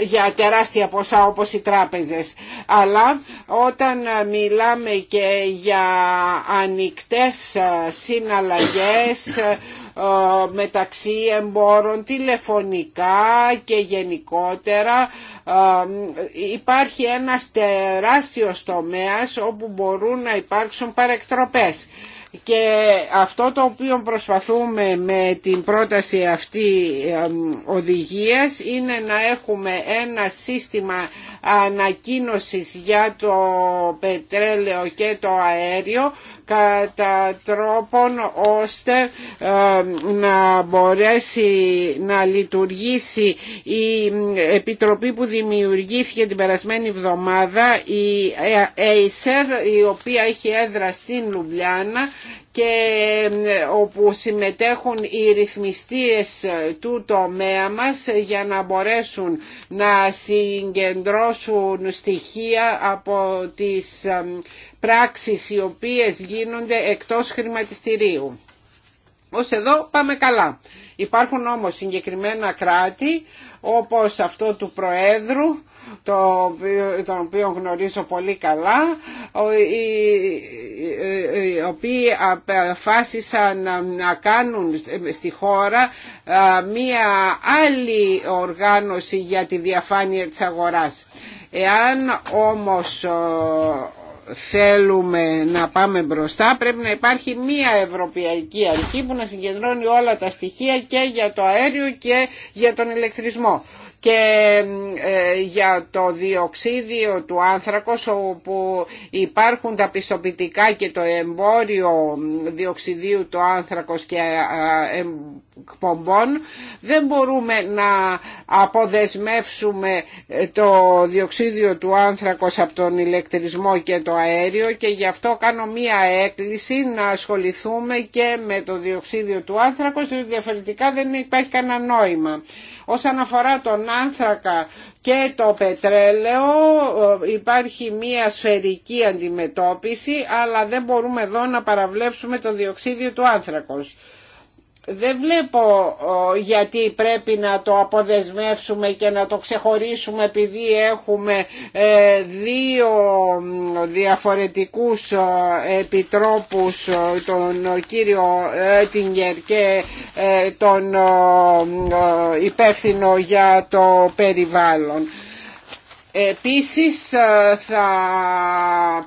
Speaker 1: για τεράστια ποσά όπως οι τράπεζες. Αλλά όταν μιλάμε και για ανοιχτές συναλλαγές ε, μεταξύ εμπόρων τηλεφωνικά και γενικότερα ε, υπάρχει ένας τεράστιος τομέας όπου μπορούν να υπάρξουν παρεκτροπές. Και αυτό το οποίο προσπαθούμε με την πρόταση αυτή ε, οδηγίας είναι να έχουμε ένα σύστημα ανακοίνωσης για το πετρέλαιο και το αέριο κατά τρόπον ώστε ε, να μπορέσει να λειτουργήσει η επιτροπή που δημιουργήθηκε την περασμένη εβδομάδα η Acer η οποία έχει έδρα στην Λουμπλιάνα και ε, όπου συμμετέχουν οι ρυθμιστίες του τομέα μας για να μπορέσουν να συγκεντρώσουν στοιχεία από τις ε, πράξεις οι οποίες γίνονται εκτός χρηματιστηρίου. Ως εδώ πάμε καλά. Υπάρχουν όμως συγκεκριμένα κράτη όπως αυτό του Προέδρου το οποίο, τον οποίο γνωρίζω πολύ καλά, οι οποίοι αποφάσισαν να κάνουν στη χώρα μία άλλη οργάνωση για τη διαφάνεια της αγοράς. Εάν όμως θέλουμε να πάμε μπροστά πρέπει να υπάρχει μία ευρωπαϊκή αρχή που να συγκεντρώνει όλα τα στοιχεία και για το αέριο και για τον ηλεκτρισμό και ε, για το διοξίδιο του άνθρακος όπου υπάρχουν τα πιστοποιητικά και το εμπόριο διοξιδίου του άνθρακος και ε, ε, δεν μπορούμε να αποδεσμεύσουμε το διοξίδιο του άνθρακος από τον ηλεκτρισμό και το αέριο και γι' αυτό κάνω μία έκκληση να ασχοληθούμε και με το διοξίδιο του άνθρακος διότι διαφορετικά δεν υπάρχει κανένα νόημα. Όσον αφορά τον άνθρακα και το πετρέλαιο ε, υπάρχει μία σφαιρική αντιμετώπιση αλλά δεν μπορούμε εδώ να παραβλέψουμε το διοξίδιο του άνθρακος δεν βλέπω γιατί πρέπει να το αποδεσμεύσουμε και να το ξεχωρίσουμε επειδή έχουμε ε, δύο διαφορετικούς ε, επιτρόπους ε, τον κύριο Έτιγκερ και τον υπεύθυνο για το περιβάλλον. Επίσης θα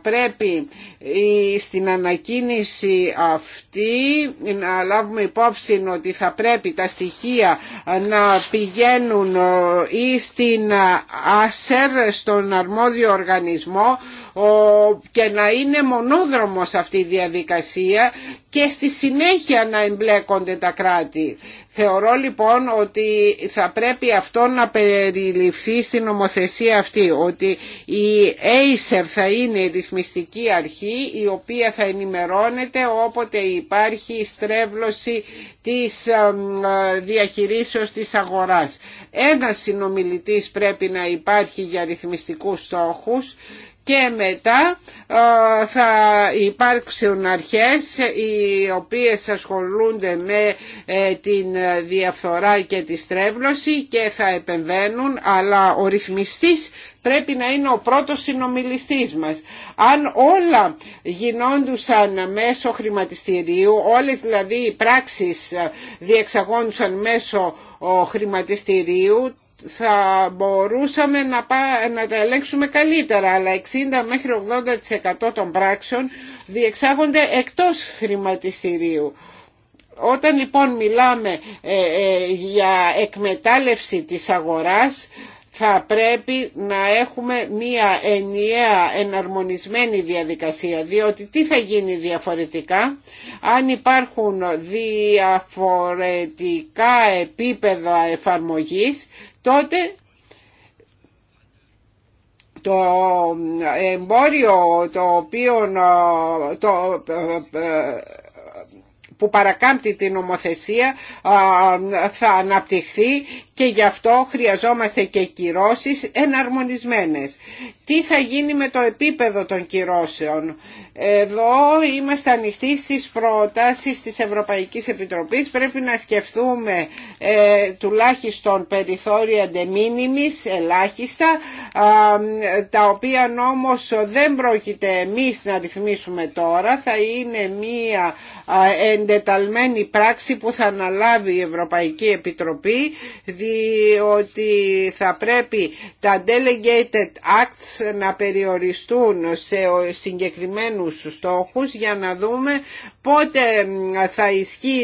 Speaker 1: πρέπει στην ανακοίνηση αυτή να λάβουμε υπόψη ότι θα πρέπει τα στοιχεία ε, να πηγαίνουν ε, ή στην ε, ΑΣΕΡ στον αρμόδιο οργανισμό και να είναι μονόδρομος αυτή η διαδικασία και στη συνέχεια να εμπλέκονται τα κράτη. Θεωρώ λοιπόν ότι θα πρέπει αυτό να περιληφθεί στην νομοθεσία αυτή, ότι η Acer θα είναι η ρυθμιστική αρχή η οποία θα ενημερώνεται όποτε υπάρχει στρέβλωση της διαχειρήσεως της αγοράς. Ένας συνομιλητής πρέπει να υπάρχει για ρυθμιστικούς στόχους και μετά θα υπάρξουν αρχές οι οποίες ασχολούνται με ε, την διαφθορά και τη στρέβλωση και θα επεμβαίνουν αλλά ο ρυθμιστής πρέπει να είναι ο πρώτος συνομιλιστής μας. Αν όλα γινόντουσαν μέσω χρηματιστηρίου, όλες δηλαδή οι πράξεις διεξαγόντουσαν μέσω χρηματιστηρίου, θα μπορούσαμε να, πά, να τα ελέγξουμε καλύτερα, αλλά 60 μέχρι 80% των πράξεων διεξάγονται εκτός χρηματιστηρίου. Όταν λοιπόν μιλάμε ε, ε, για εκμετάλλευση της αγοράς, θα πρέπει να έχουμε μία ενιαία εναρμονισμένη διαδικασία διότι τι θα γίνει διαφορετικά αν υπάρχουν διαφορετικά επίπεδα εφαρμογής τότε το εμπόριο το οποίο που παρακάμπτει την ομοθεσία θα αναπτυχθεί και γι' αυτό χρειαζόμαστε και κυρώσεις εναρμονισμένες. Τι θα γίνει με το επίπεδο των κυρώσεων. Εδώ είμαστε ανοιχτοί στις προτάσεις της Ευρωπαϊκής Επιτροπής. Πρέπει να σκεφτούμε ε, τουλάχιστον περιθώρια de ελάχιστα, τα οποία όμως δεν πρόκειται εμείς να ρυθμίσουμε τώρα. Θα είναι μία εντεταλμένη πράξη που θα αναλάβει η Ευρωπαϊκή Επιτροπή, ότι θα πρέπει τα delegated acts να περιοριστούν σε συγκεκριμένους στόχους για να δούμε πότε θα ισχύει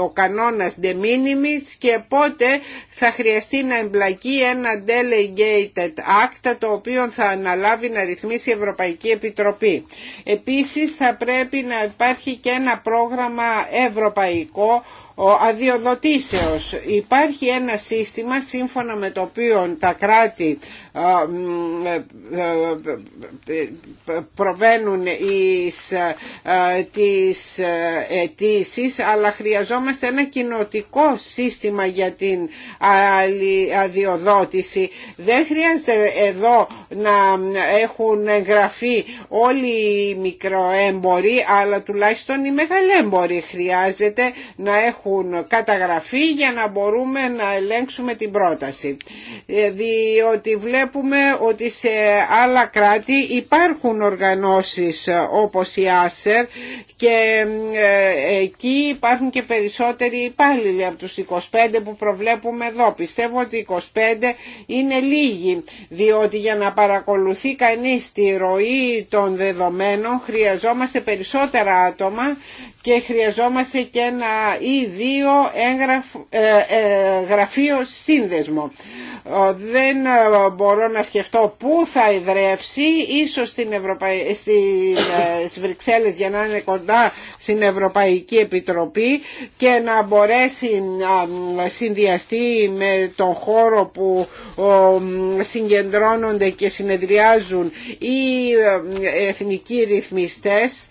Speaker 1: ο κανόνας de minimis και πότε θα χρειαστεί να εμπλακεί ένα delegated act το οποίο θα αναλάβει να ρυθμίσει η Ευρωπαϊκή Επιτροπή. Επίσης θα πρέπει να υπάρχει και ένα πρόγραμμα ευρωπαϊκό ο αδειοδοτήσεως. Υπάρχει ένα σύστημα σύμφωνα με το οποίο τα κράτη ε, ε, ε, προβαίνουν εις τις αιτήσει, αλλά χρειαζόμαστε ένα κοινοτικό σύστημα για την αδειοδότηση. Δεν χρειάζεται εδώ να έχουν εγγραφεί όλοι οι μικροέμποροι, αλλά τουλάχιστον οι μεγαλέμποροι χρειάζεται να έχουν έχουν καταγραφεί για να μπορούμε να ελέγξουμε την πρόταση. Ε, διότι βλέπουμε ότι σε άλλα κράτη υπάρχουν οργανώσεις όπως η Άσερ και ε, εκεί υπάρχουν και περισσότεροι υπάλληλοι από τους 25 που προβλέπουμε εδώ. Πιστεύω ότι 25 είναι λίγοι διότι για να παρακολουθεί κανείς τη ροή των δεδομένων χρειαζόμαστε περισσότερα άτομα και χρειαζόμαστε και ένα ή δύο ε, ε, γραφείο σύνδεσμο. Δεν ε, μπορώ να σκεφτώ πού θα ιδρεύσει, ίσως στην Ευρωπαϊ... στις Βρυξέλλες για να είναι κοντά στην Ευρωπαϊκή Επιτροπή και να μπορέσει να συνδυαστεί με τον χώρο που συγκεντρώνονται και συνεδριάζουν οι εθνικοί ρυθμιστές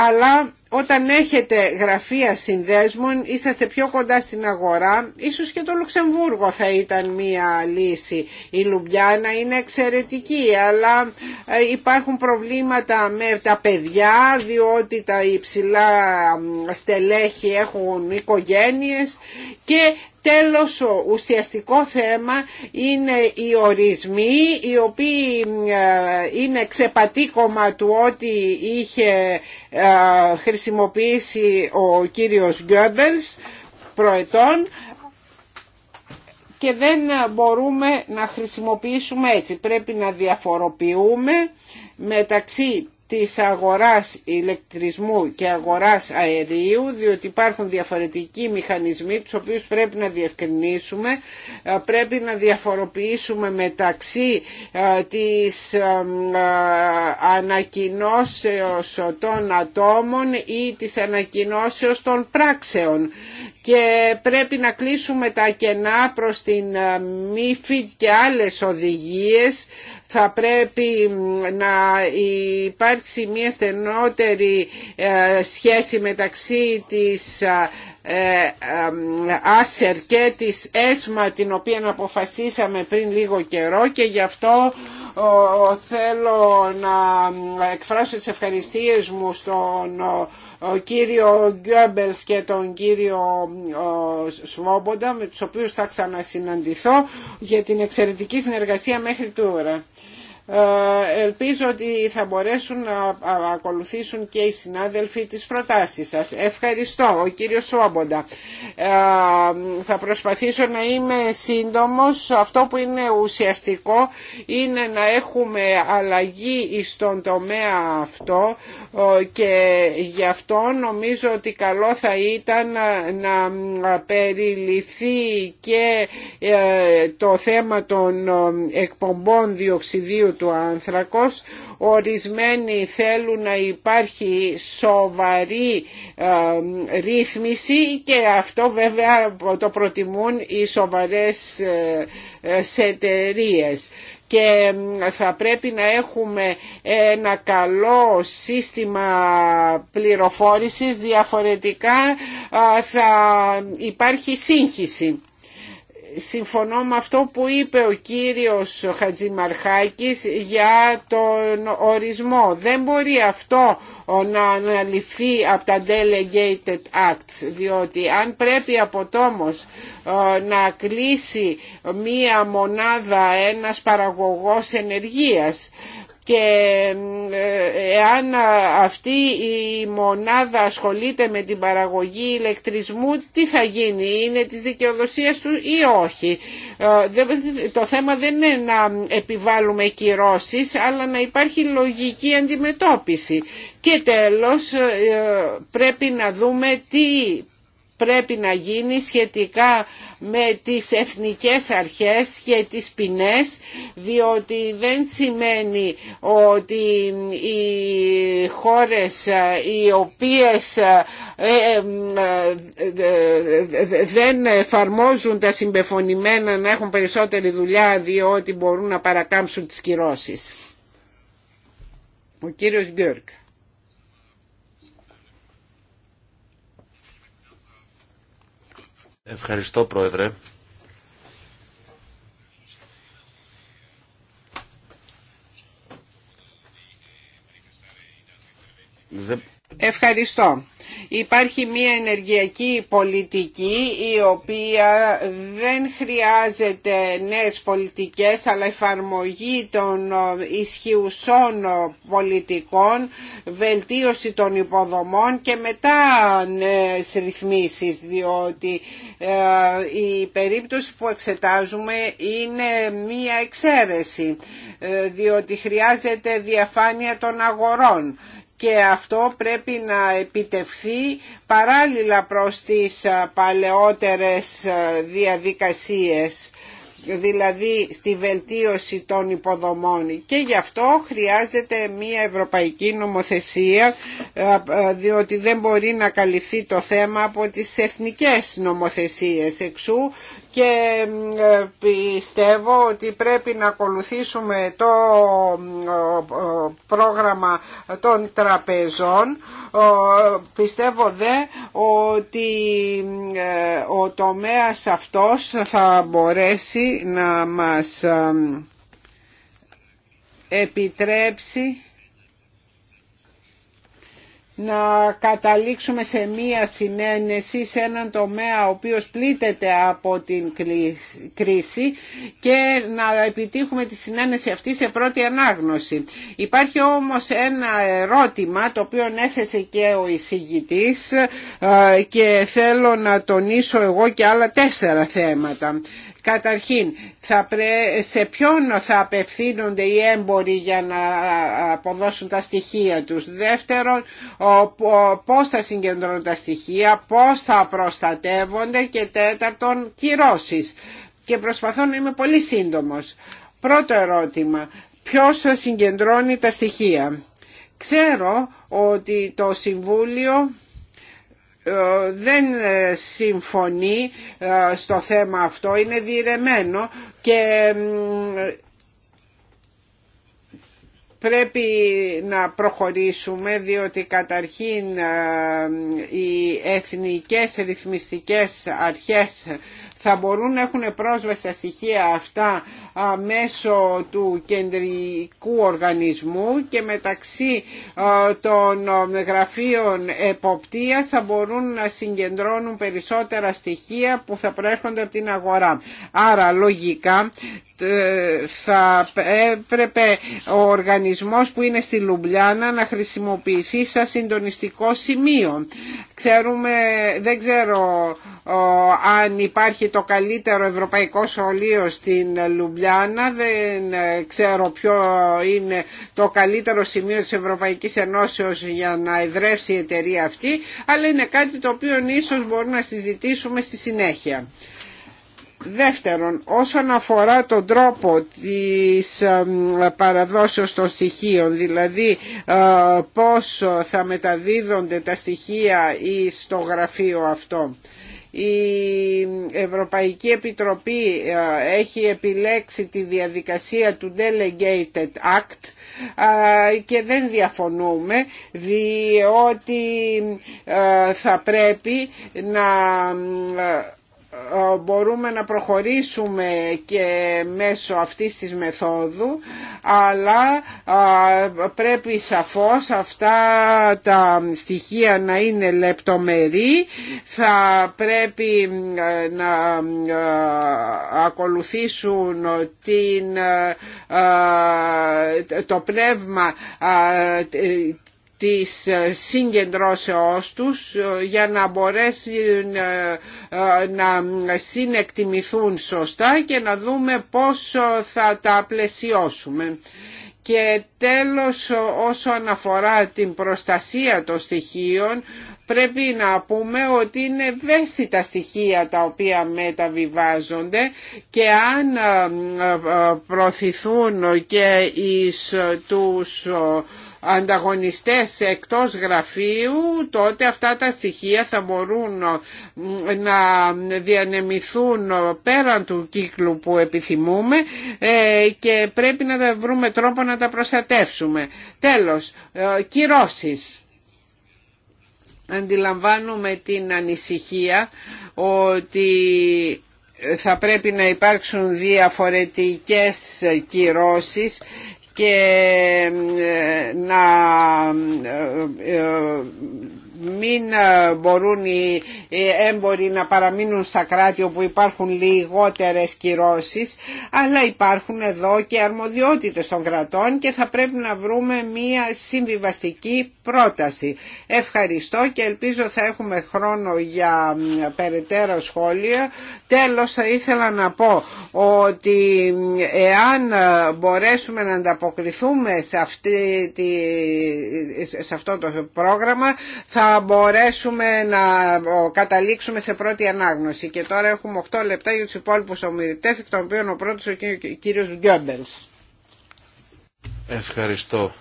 Speaker 1: αλλά όταν έχετε γραφεία συνδέσμων είσαστε πιο κοντά στην αγορά ίσως και το Λουξεμβούργο θα ήταν μία λύση η Λουμπιάνα είναι εξαιρετική αλλά ε, υπάρχουν προβλήματα με τα παιδιά διότι τα υψηλά στελέχη έχουν οικογένειες και Τέλος, ουσιαστικό θέμα είναι οι ορισμοί, οι οποίοι ε, είναι ξεπατήκωμα του ότι είχε ε, χρησιμοποιήσει ο κύριος Γκέμπελς προετών και δεν μπορούμε να χρησιμοποιήσουμε έτσι. Πρέπει να διαφοροποιούμε μεταξύ της αγοράς ηλεκτρισμού και αγοράς αερίου διότι υπάρχουν διαφορετικοί μηχανισμοί τους οποίους πρέπει να διευκρινίσουμε ε, πρέπει να διαφοροποιήσουμε μεταξύ ε, της ε, ανακοινώσεως των ατόμων ή της ανακοινώσεως των πράξεων και πρέπει να κλείσουμε τα κενά προς την ΜΥΦΙΤ ε, και άλλες οδηγίες. Θα πρέπει να υπάρξει μια στενότερη ε, σχέση μεταξύ της ε, Άσερ και της ΕΣΜΑ την οποία αποφασίσαμε πριν λίγο καιρό και γι' αυτό θέλω να εκφράσω τις ευχαριστίες μου στον ο κύριο Γκέμπελς και τον κύριο Σβόμποντα με τους οποίους θα ξανασυναντηθώ για την εξαιρετική συνεργασία μέχρι τώρα. Ε, ελπίζω ότι θα μπορέσουν να ακολουθήσουν και οι συνάδελφοι τις προτάσεις σας. Ευχαριστώ, ο κύριος Σουάμποντα. Ε, θα προσπαθήσω να είμαι σύντομος. Αυτό που είναι ουσιαστικό είναι να έχουμε αλλαγή στον τομέα αυτό ε, και γι' αυτό νομίζω ότι καλό θα ήταν να περιληφθεί και το θέμα των εκπομπών διοξιδίου του άνθρακος. Ορισμένοι θέλουν να υπάρχει σοβαρή ε, ρύθμιση και αυτό βέβαια το προτιμούν οι σοβαρές ε, εταιρείε και θα πρέπει να έχουμε ένα καλό σύστημα πληροφόρησης διαφορετικά θα υπάρχει σύγχυση συμφωνώ με αυτό που είπε ο κύριος Χατζημαρχάκης για τον ορισμό. Δεν μπορεί αυτό να αναλυφθεί από τα Delegated Acts, διότι αν πρέπει από τόμος ε, να κλείσει μία μονάδα ένας παραγωγός ενεργείας, και ε, εάν αυτή η μονάδα ασχολείται με την παραγωγή ηλεκτρισμού τι θα γίνει, είναι της δικαιοδοσίας του ή όχι. Ε, το θέμα δεν είναι να επιβάλλουμε κυρώσεις αλλά να υπάρχει λογική αντιμετώπιση. Και τέλος ε, πρέπει να δούμε τι πρέπει να γίνει σχετικά με τις εθνικές αρχές και τις ποινές διότι δεν σημαίνει ότι οι χώρες οι οποίες ε, ε, ε, δεν εφαρμόζουν τα συμπεφωνημένα να έχουν περισσότερη δουλειά διότι μπορούν να παρακάμψουν τις κυρώσεις. Ο κύριος Γκέρκ.
Speaker 3: Ευχαριστώ, Πρόεδρε. Δεν
Speaker 1: Ευχαριστώ. Υπάρχει μια ενεργειακή πολιτική η οποία δεν χρειάζεται νέες πολιτικές αλλά εφαρμογή των ισχυουσών πολιτικών, βελτίωση των υποδομών και μετά νέες ρυθμίσεις διότι ε, η περίπτωση που εξετάζουμε είναι μια εξαίρεση ε, διότι χρειάζεται διαφάνεια των αγορών και αυτό πρέπει να επιτευχθεί παράλληλα προς τις παλαιότερες διαδικασίες δηλαδή στη βελτίωση των υποδομών και γι' αυτό χρειάζεται μια ευρωπαϊκή νομοθεσία διότι δεν μπορεί να καλυφθεί το θέμα από τις εθνικές νομοθεσίες εξού και ε, πιστεύω ότι πρέπει να ακολουθήσουμε το ε, πρόγραμμα των τραπεζών. Ε, πιστεύω δε ότι ο τομέας αυτός θα μπορέσει να μας επιτρέψει να καταλήξουμε σε μία συνένεση σε έναν τομέα ο οποίος πλήττεται από την κρίση και να επιτύχουμε τη συνένεση αυτή σε πρώτη ανάγνωση. Υπάρχει όμως ένα ερώτημα το οποίο έθεσε και ο εισηγητής ε, και θέλω να τονίσω εγώ και άλλα τέσσερα θέματα. Καταρχήν, θα σε ποιον θα απευθύνονται οι έμποροι για να αποδώσουν τα στοιχεία τους. Δεύτερον, πώς θα συγκεντρώνουν τα στοιχεία, πώς θα προστατεύονται και τέταρτον, κυρώσεις. Και προσπαθώ να είμαι πολύ σύντομος. Πρώτο ερώτημα, ποιος θα συγκεντρώνει τα στοιχεία. Ξέρω ότι το Συμβούλιο ε, δεν ε, συμφωνεί ε, στο θέμα αυτό, είναι διηρεμένο και πρέπει να προχωρήσουμε διότι καταρχήν οι εθνικές ρυθμιστικές αρχές θα μπορούν να έχουν πρόσβαση στα στοιχεία αυτά μέσω του κεντρικού οργανισμού και μεταξύ των γραφείων εποπτείας θα μπορούν να συγκεντρώνουν περισσότερα στοιχεία που θα προέρχονται από την αγορά. Άρα λογικά ε, θα έπρεπε ο οργανισμός που είναι στη Λουμπλιάνα να χρησιμοποιηθεί σαν συντονιστικό σημείο. Ξέρουμε, δεν ξέρω αν υπάρχει το καλύτερο ευρωπαϊκό σχολείο στην Λουμπλιάνα, δεν ε, ξέρω ποιο είναι το καλύτερο σημείο της Ευρωπαϊκής Ενώσεως για να εδρεύσει η εταιρεία αυτή, αλλά είναι κάτι το οποίο ίσως μπορούμε να συζητήσουμε στη συνέχεια. Δεύτερον, όσον αφορά τον τρόπο της ε, παραδόσεως των στοιχείων, δηλαδή ε, πώς θα μεταδίδονται τα στοιχεία ή στο γραφείο αυτό. Η Ευρωπαϊκή Επιτροπή ε, έχει επιλέξει τη διαδικασία του Delegated Act και δεν διαφωνούμε διότι θα πρέπει να ε, μπορούμε να προχωρήσουμε και μέσω αυτής της μεθόδου αλλά πρέπει σαφώς αυτά τα στοιχεία να είναι λεπτομερή θα πρέπει ε, να ε, ακολουθήσουν την, το πνεύμα της ε, συγκεντρώσεώς τους ε, για να μπορέσουν ε, να συνεκτιμηθούν σωστά και να δούμε πώς θα τα πλαισιώσουμε. Και τέλος όσο αναφορά την προστασία των στοιχείων πρέπει να πούμε ότι είναι ευαίσθητα στοιχεία τα οποία μεταβιβάζονται και αν προωθηθούν και εις τους ανταγωνιστές εκτός γραφείου τότε αυτά τα στοιχεία θα μπορούν ε, να διανεμηθούν πέραν του κύκλου που επιθυμούμε ε, και πρέπει να βρούμε τρόπο να τα προστατεύσουμε. Τέλος, ε, κυρώσεις. Αντιλαμβάνουμε την ανησυχία ότι θα πρέπει να υπάρξουν διαφορετικές κυρώσεις και ε, να ε, ε, μην ε, μπορούν οι έμποροι να παραμείνουν στα κράτη όπου υπάρχουν λιγότερες κυρώσεις αλλά υπάρχουν εδώ και αρμοδιότητες των κρατών και θα πρέπει να βρούμε μία συμβιβαστική πρόταση. Ευχαριστώ και ελπίζω θα έχουμε χρόνο για περαιτέρω σχόλια. Τέλος θα ήθελα να πω ότι εάν μπορέσουμε να ανταποκριθούμε σε, αυτή τη, σε αυτό το πρόγραμμα θα μπορέσουμε να καταλήξουμε σε πρώτη ανάγνωση. Και τώρα έχουμε 8 λεπτά για του υπόλοιπου ομιλητέ εκ των οποίων ο πρώτο ο κύριο Γκέμπελ.
Speaker 3: Ευχαριστώ,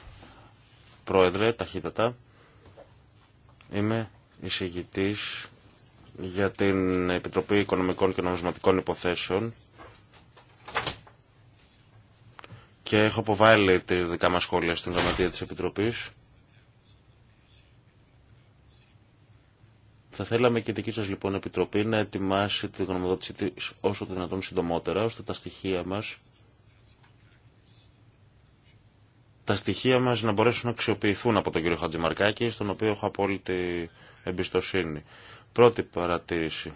Speaker 3: Πρόεδρε, ταχύτατα. Είμαι εισηγητή για την Επιτροπή Οικονομικών και Νομισματικών Υποθέσεων και έχω αποβάλει τη δικά μας σχόλια στην γραμματεία της Επιτροπής. Θα θέλαμε και η δική σας λοιπόν επιτροπή να ετοιμάσει τη γνωμοδότησή όσο το δυνατόν συντομότερα, ώστε τα στοιχεία μας τα στοιχεία μας να μπορέσουν να αξιοποιηθούν από τον κύριο Χατζημαρκάκη, στον οποίο έχω απόλυτη εμπιστοσύνη. Πρώτη παρατήρηση.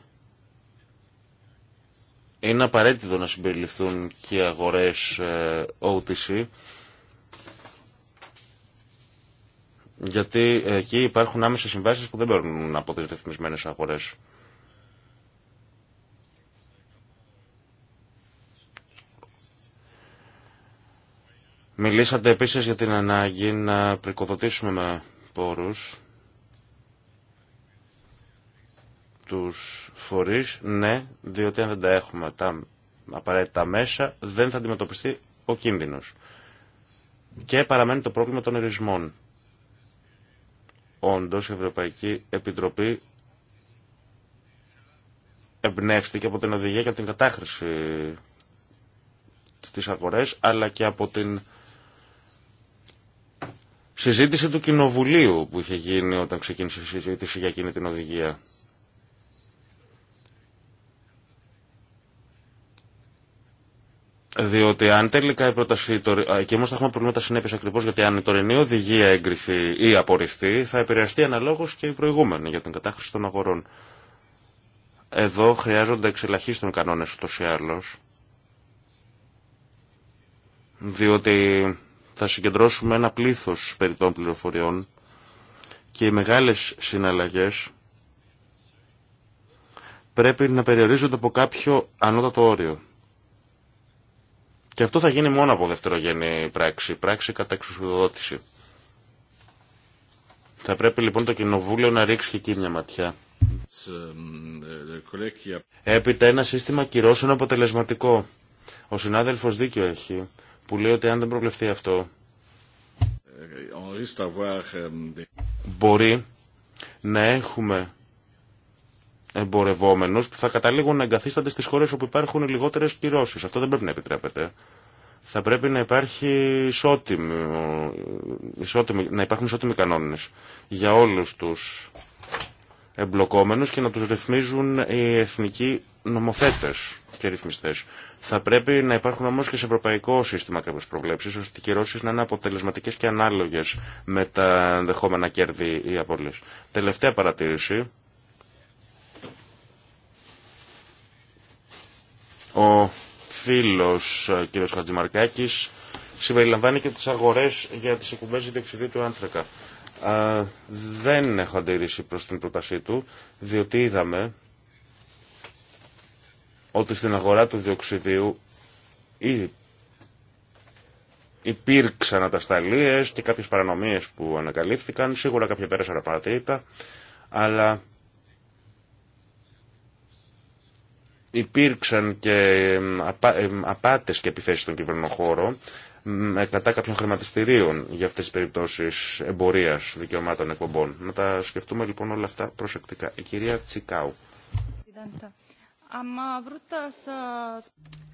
Speaker 3: Είναι απαραίτητο να συμπεριληφθούν και αγορές ε, OTC, γιατί εκεί υπάρχουν άμεσες συμβάσεις που δεν παίρνουν από τι ρυθμισμένε αγορές. Μιλήσατε επίσης για την ανάγκη να πρικοδοτήσουμε με πόρους τους φορείς, ναι, διότι αν δεν τα έχουμε τα απαραίτητα μέσα, δεν θα αντιμετωπιστεί ο κίνδυνος. Και παραμένει το πρόβλημα των ερισμών. Όντως η Ευρωπαϊκή Επιτροπή εμπνεύστηκε από την οδηγία για την κατάχρηση στις αγορές, αλλά και από την συζήτηση του Κοινοβουλίου που είχε γίνει όταν ξεκίνησε η συζήτηση για εκείνη την οδηγία. Διότι αν τελικά η πρόταση. και όμω θα έχουμε προβλήματα συνέπειε ακριβώ γιατί αν η τωρινή οδηγία έγκριθει ή απορριφθεί, θα επηρεαστεί αναλόγω και η προηγούμενη για την κατάχρηση των αγορών. Εδώ χρειάζονται εξελαχίστων κανόνε ούτω ή άλλω. Διότι θα συγκεντρώσουμε ένα πλήθο περιττών πληροφοριών και οι μεγάλε συναλλαγέ πρέπει να περιορίζονται από κάποιο ανώτατο όριο. Και αυτό θα γίνει μόνο από δευτερογενή πράξη, πράξη κατά εξουσιοδότηση. Θα πρέπει λοιπόν το Κοινοβούλιο να ρίξει και εκεί μια ματιά. Έπειτα ένα σύστημα κυρώσεων αποτελεσματικό. Ο συνάδελφος δίκιο έχει, που λέει ότι αν δεν προβλεφθεί αυτό, euh, μπορεί να έχουμε εμπορευόμενου που θα καταλήγουν να εγκαθίστανται στι χώρε όπου υπάρχουν λιγότερε κυρώσεις. Αυτό δεν πρέπει να επιτρέπεται. Θα πρέπει να, υπάρχει ισότιμη, ισότιμη, να υπάρχουν ισότιμοι κανόνε για όλου του εμπλοκόμενου και να του ρυθμίζουν οι εθνικοί νομοθέτε και ρυθμιστέ. Θα πρέπει να υπάρχουν όμω και σε ευρωπαϊκό σύστημα κάποιε προβλέψει ώστε οι κυρώσει να είναι αποτελεσματικέ και ανάλογε με τα ενδεχόμενα κέρδη ή απώλειες. Τελευταία παρατήρηση Ο φίλος ε, κ. Χατζημαρκάκης συμπεριλαμβάνει και τις αγορές για τις εκπομπές διοξιδίου του άνθρακα. δεν έχω αντιρρήσει προς την πρότασή του, διότι είδαμε ότι στην αγορά του διοξιδίου υπήρξαν ατασταλίες και κάποιες παρανομίες που ανακαλύφθηκαν, σίγουρα κάποια πέρασαν απαρατήρητα, αλλά υπήρξαν και απάτες και επιθέσεις στον κυβερνοχώρο ε, κατά κάποιων χρηματιστηρίων για αυτές τις περιπτώσεις εμπορίας δικαιωμάτων εκπομπών. Να τα σκεφτούμε λοιπόν όλα αυτά προσεκτικά. Η κυρία Τσικάου.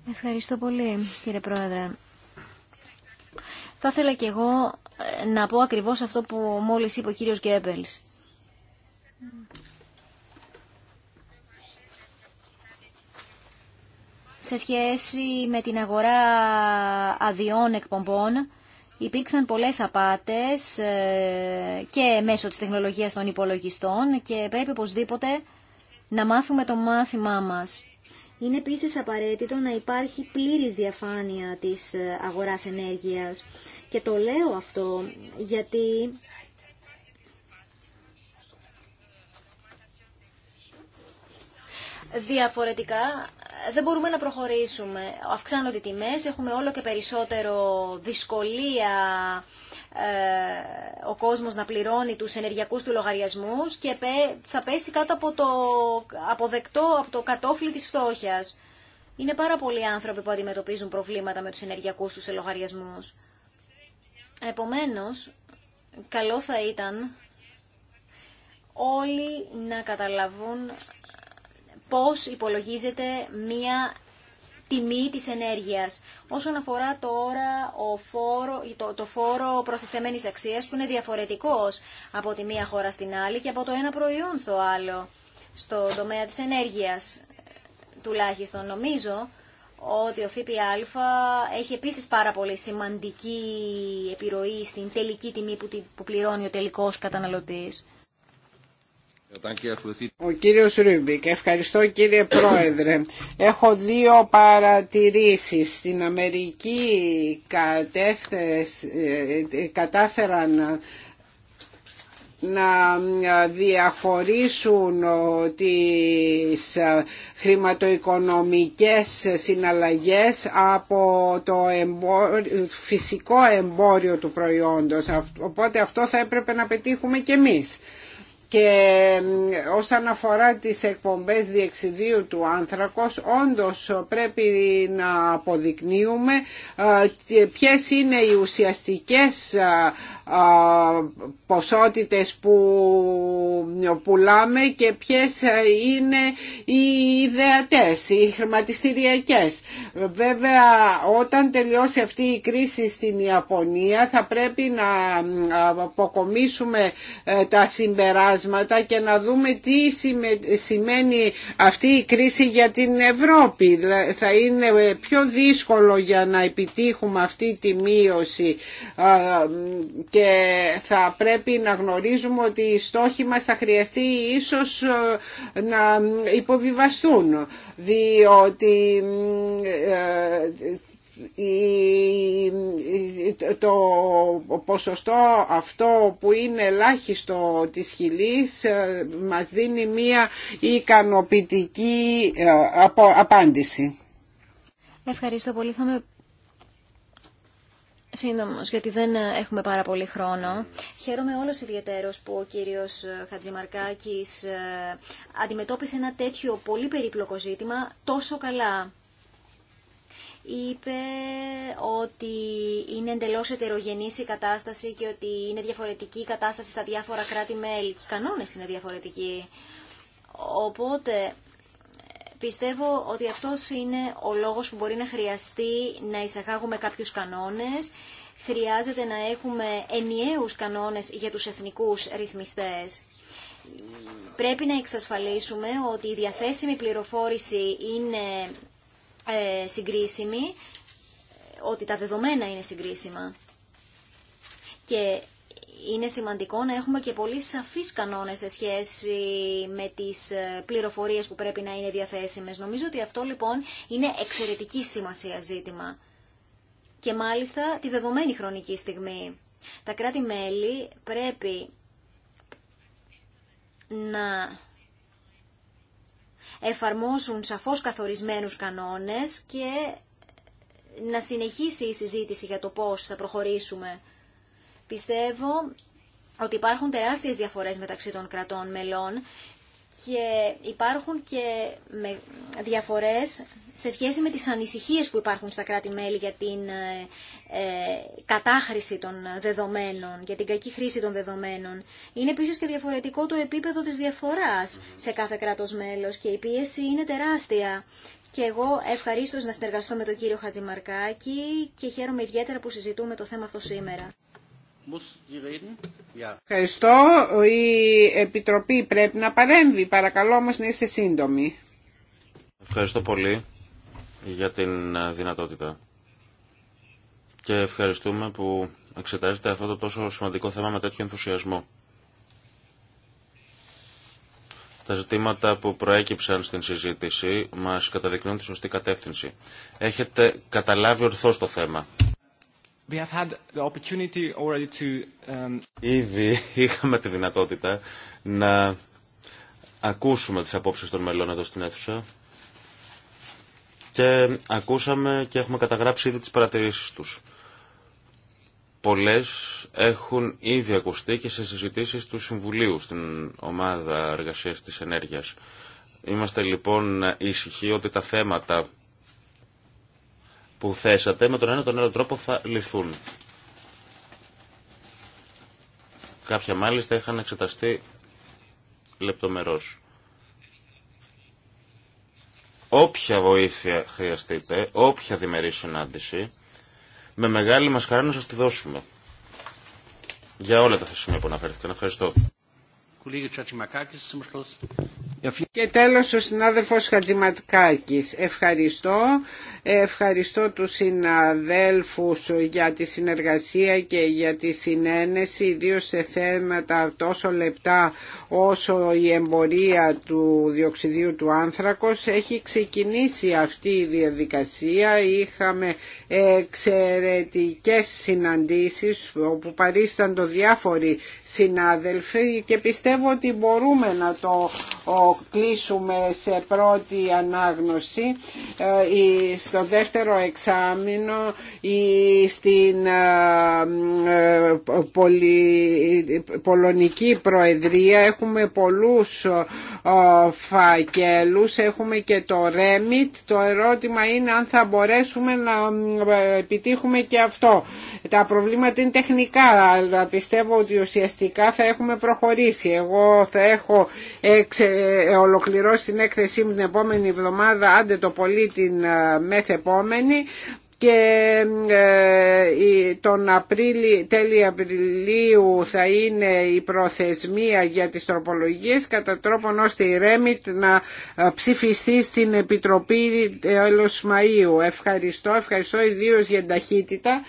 Speaker 2: Ευχαριστώ πολύ κύριε Πρόεδρε. Θα ήθελα και εγώ να πω ακριβώς αυτό που μόλις είπε ο κύριος Γκέμπελς. σε σχέση με την αγορά αδειών εκπομπών. Υπήρξαν πολλές απάτες ε, και μέσω της τεχνολογίας των υπολογιστών και πρέπει οπωσδήποτε να μάθουμε το μάθημά μας. Είναι επίσης απαραίτητο να υπάρχει πλήρης διαφάνεια της ε, αγοράς ενέργειας. Και το λέω αυτό γιατί διαφορετικά δεν μπορούμε να προχωρήσουμε. Αυξάνονται οι τιμές, έχουμε όλο και περισσότερο δυσκολία ε, ο κόσμος να πληρώνει τους ενεργειακούς του λογαριασμούς και θα πέσει κάτω από το αποδεκτό, από το κατόφλι της φτώχειας. Είναι πάρα πολλοί άνθρωποι που αντιμετωπίζουν προβλήματα με τους ενεργειακούς τους λογαριασμούς. Επομένως, καλό θα ήταν όλοι να καταλαβούν πώς υπολογίζεται μία τιμή της ενέργειας. Όσον αφορά τώρα ο φόρο, το, το φόρο προστιθέμενης αξίας που είναι διαφορετικός από τη μία χώρα στην άλλη και από το ένα προϊόν στο άλλο, στο τομέα της ενέργειας τουλάχιστον νομίζω ότι ο ΦΠΑ έχει επίσης πάρα πολύ σημαντική επιρροή στην τελική τιμή που πληρώνει ο τελικός καταναλωτής.
Speaker 1: Ο κύριος Ρούμπικ, ευχαριστώ κύριε Πρόεδρε. Έχω δύο παρατηρήσεις. Στην Αμερική ε, κατάφεραν να διαφορήσουν τις χρηματοοικονομικές συναλλαγές από το φυσικό εμπόριο του προϊόντος. Οπότε αυτό θα έπρεπε να πετύχουμε και εμείς και όσον αφορά τις εκπομπές διεξιδίου του άνθρακος όντως πρέπει να αποδεικνύουμε ποιες είναι οι ουσιαστικές ποσότητες που πουλάμε και ποιες είναι οι ιδεατές, οι χρηματιστηριακές. Βέβαια όταν τελειώσει αυτή η κρίση στην Ιαπωνία θα πρέπει να αποκομίσουμε ε, τα συμπεράσματα και να δούμε τι σημαίνει αυτή η κρίση για την Ευρώπη. Θα είναι ε, πιο δύσκολο για να επιτύχουμε αυτή τη μείωση και θα πρέπει να γνωρίζουμε ότι οι στόχοι μας θα χρειαστεί ίσως ε, να υποβιβαστούν διότι ε, το ποσοστό αυτό που είναι ελάχιστο της χιλής ε, μας δίνει μία ικανοποιητική ε, απάντηση. Ευχαριστώ πολύ. Θα με
Speaker 2: σύντομο, γιατί δεν έχουμε πάρα πολύ χρόνο. Χαίρομαι όλο ιδιαίτερο που ο κύριο Χατζημαρκάκη ε, αντιμετώπισε ένα τέτοιο πολύ περίπλοκο ζήτημα τόσο καλά είπε ότι είναι εντελώ ετερογενής η κατάσταση και ότι είναι διαφορετική η κατάσταση στα διάφορα κράτη-μέλη οι κανόνες είναι διαφορετικοί. Οπότε πιστεύω ότι αυτός είναι ο λόγος που μπορεί να χρειαστεί να εισαγάγουμε κάποιους κανόνες. Χρειάζεται να έχουμε ενιαίους κανόνες για τους εθνικούς ρυθμιστές. Πρέπει να εξασφαλίσουμε ότι η διαθέσιμη πληροφόρηση είναι ε, συγκρίσιμη, ότι τα δεδομένα είναι συγκρίσιμα. Και είναι σημαντικό να έχουμε και πολύ σαφείς κανόνες σε σχέση με τις ε, πληροφορίες που πρέπει να είναι διαθέσιμες. Νομίζω ότι αυτό λοιπόν είναι εξαιρετική σημασία ζήτημα. Και μάλιστα τη δεδομένη χρονική στιγμή. Τα κράτη-μέλη πρέπει να εφαρμόσουν σαφώς καθορισμένους κανόνες και να συνεχίσει η συζήτηση για το πώς θα προχωρήσουμε. Πιστεύω ότι υπάρχουν τεράστιες διαφορές μεταξύ των κρατών μελών και υπάρχουν και με διαφορές σε σχέση με τις ανησυχίες που υπάρχουν στα κράτη-μέλη για την ε, ε, κατάχρηση των δεδομένων, για την κακή χρήση των δεδομένων. Είναι επίσης και διαφορετικό το επίπεδο της διαφθοράς σε κάθε κράτος μέλος και η πίεση είναι τεράστια. Και εγώ ευχαρίστως να συνεργαστώ με τον κύριο Χατζημαρκάκη και χαίρομαι ιδιαίτερα που συζητούμε το θέμα αυτό σήμερα.
Speaker 1: Ευχαριστώ. Η Επιτροπή πρέπει να παρέμβει. Παρακαλώ όμως να είστε σύντομοι.
Speaker 3: Ευχαριστώ πολύ για την ε, δυνατότητα. Και ευχαριστούμε που εξετάζετε αυτό το τόσο σημαντικό θέμα με τέτοιο ενθουσιασμό. Τα ζητήματα που προέκυψαν στην συζήτηση μας καταδεικνύουν τη σωστή κατεύθυνση. Έχετε καταλάβει ορθώς το θέμα. Um, ήδη είχαμε τη δυνατότητα να ακούσουμε τις απόψεις των μελών εδώ στην αίθουσα και ακούσαμε και έχουμε καταγράψει ήδη τις παρατηρήσεις τους. Πολλές έχουν ήδη ακουστεί και σε συζητήσεις του Συμβουλίου στην ομάδα εργασίας της ενέργειας. Είμαστε λοιπόν ήσυχοι ότι τα θέματα που θέσατε με τον ένα τον άλλο τρόπο θα λυθούν. Κάποια μάλιστα είχαν εξεταστεί λεπτομερώς. Όποια βοήθεια χρειαστείτε, όποια διμερή συνάντηση, με μεγάλη μας χαρά να σας τη δώσουμε. Για όλα τα σημεία που αναφέρθηκαν. Ευχαριστώ.
Speaker 1: Και τέλος ο συνάδελφος Χατζηματικάκης Ευχαριστώ. Ευχαριστώ τους συναδέλφους για τη συνεργασία και για τη συνένεση, ιδίως σε θέματα τόσο λεπτά όσο η εμπορία του διοξιδίου του άνθρακος. Έχει ξεκινήσει αυτή η διαδικασία. Είχαμε εξαιρετικές συναντήσεις όπου παρίσταντο διάφοροι συνάδελφοι και πιστεύω ότι μπορούμε να το κλείσουμε σε πρώτη ανάγνωση ε, στο δεύτερο εξάμεινο ή στην ε, ε, Πολωνική Προεδρία έχουμε πολλούς φακέλους έχουμε και το REMIT το ερώτημα είναι αν θα μπορέσουμε να επιτύχουμε και αυτό τα προβλήματα είναι τεχνικά αλλά πιστεύω ότι ουσιαστικά θα έχουμε προχωρήσει εγώ θα έχω ολοκληρώσει την έκθεσή μου την επόμενη εβδομάδα, άντε το πολύ την ε, μεθεπόμενη και ε, τον τέλη Απριλίου θα είναι η προθεσμία για τις τροπολογίες κατά τρόπον ώστε η Ρέμιτ να ε, ψηφιστεί στην Επιτροπή τέλος Μαΐου. Ευχαριστώ, ευχαριστώ ιδίως για την ταχύτητα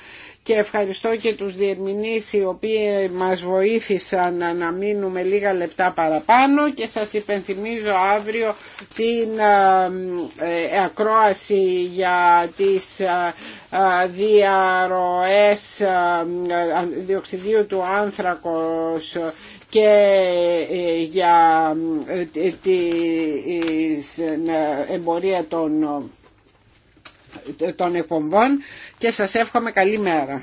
Speaker 1: και ευχαριστώ και τους διερμηνείς οι οποίοι μας βοήθησαν να μείνουμε λίγα λεπτά παραπάνω και σας υπενθυμίζω αύριο την ε, ε, ακρόαση για τις ε, διαρροές διοξιδίου του άνθρακος και για την εμπορία των, των εκπομπών και σας εύχομαι καλή μέρα.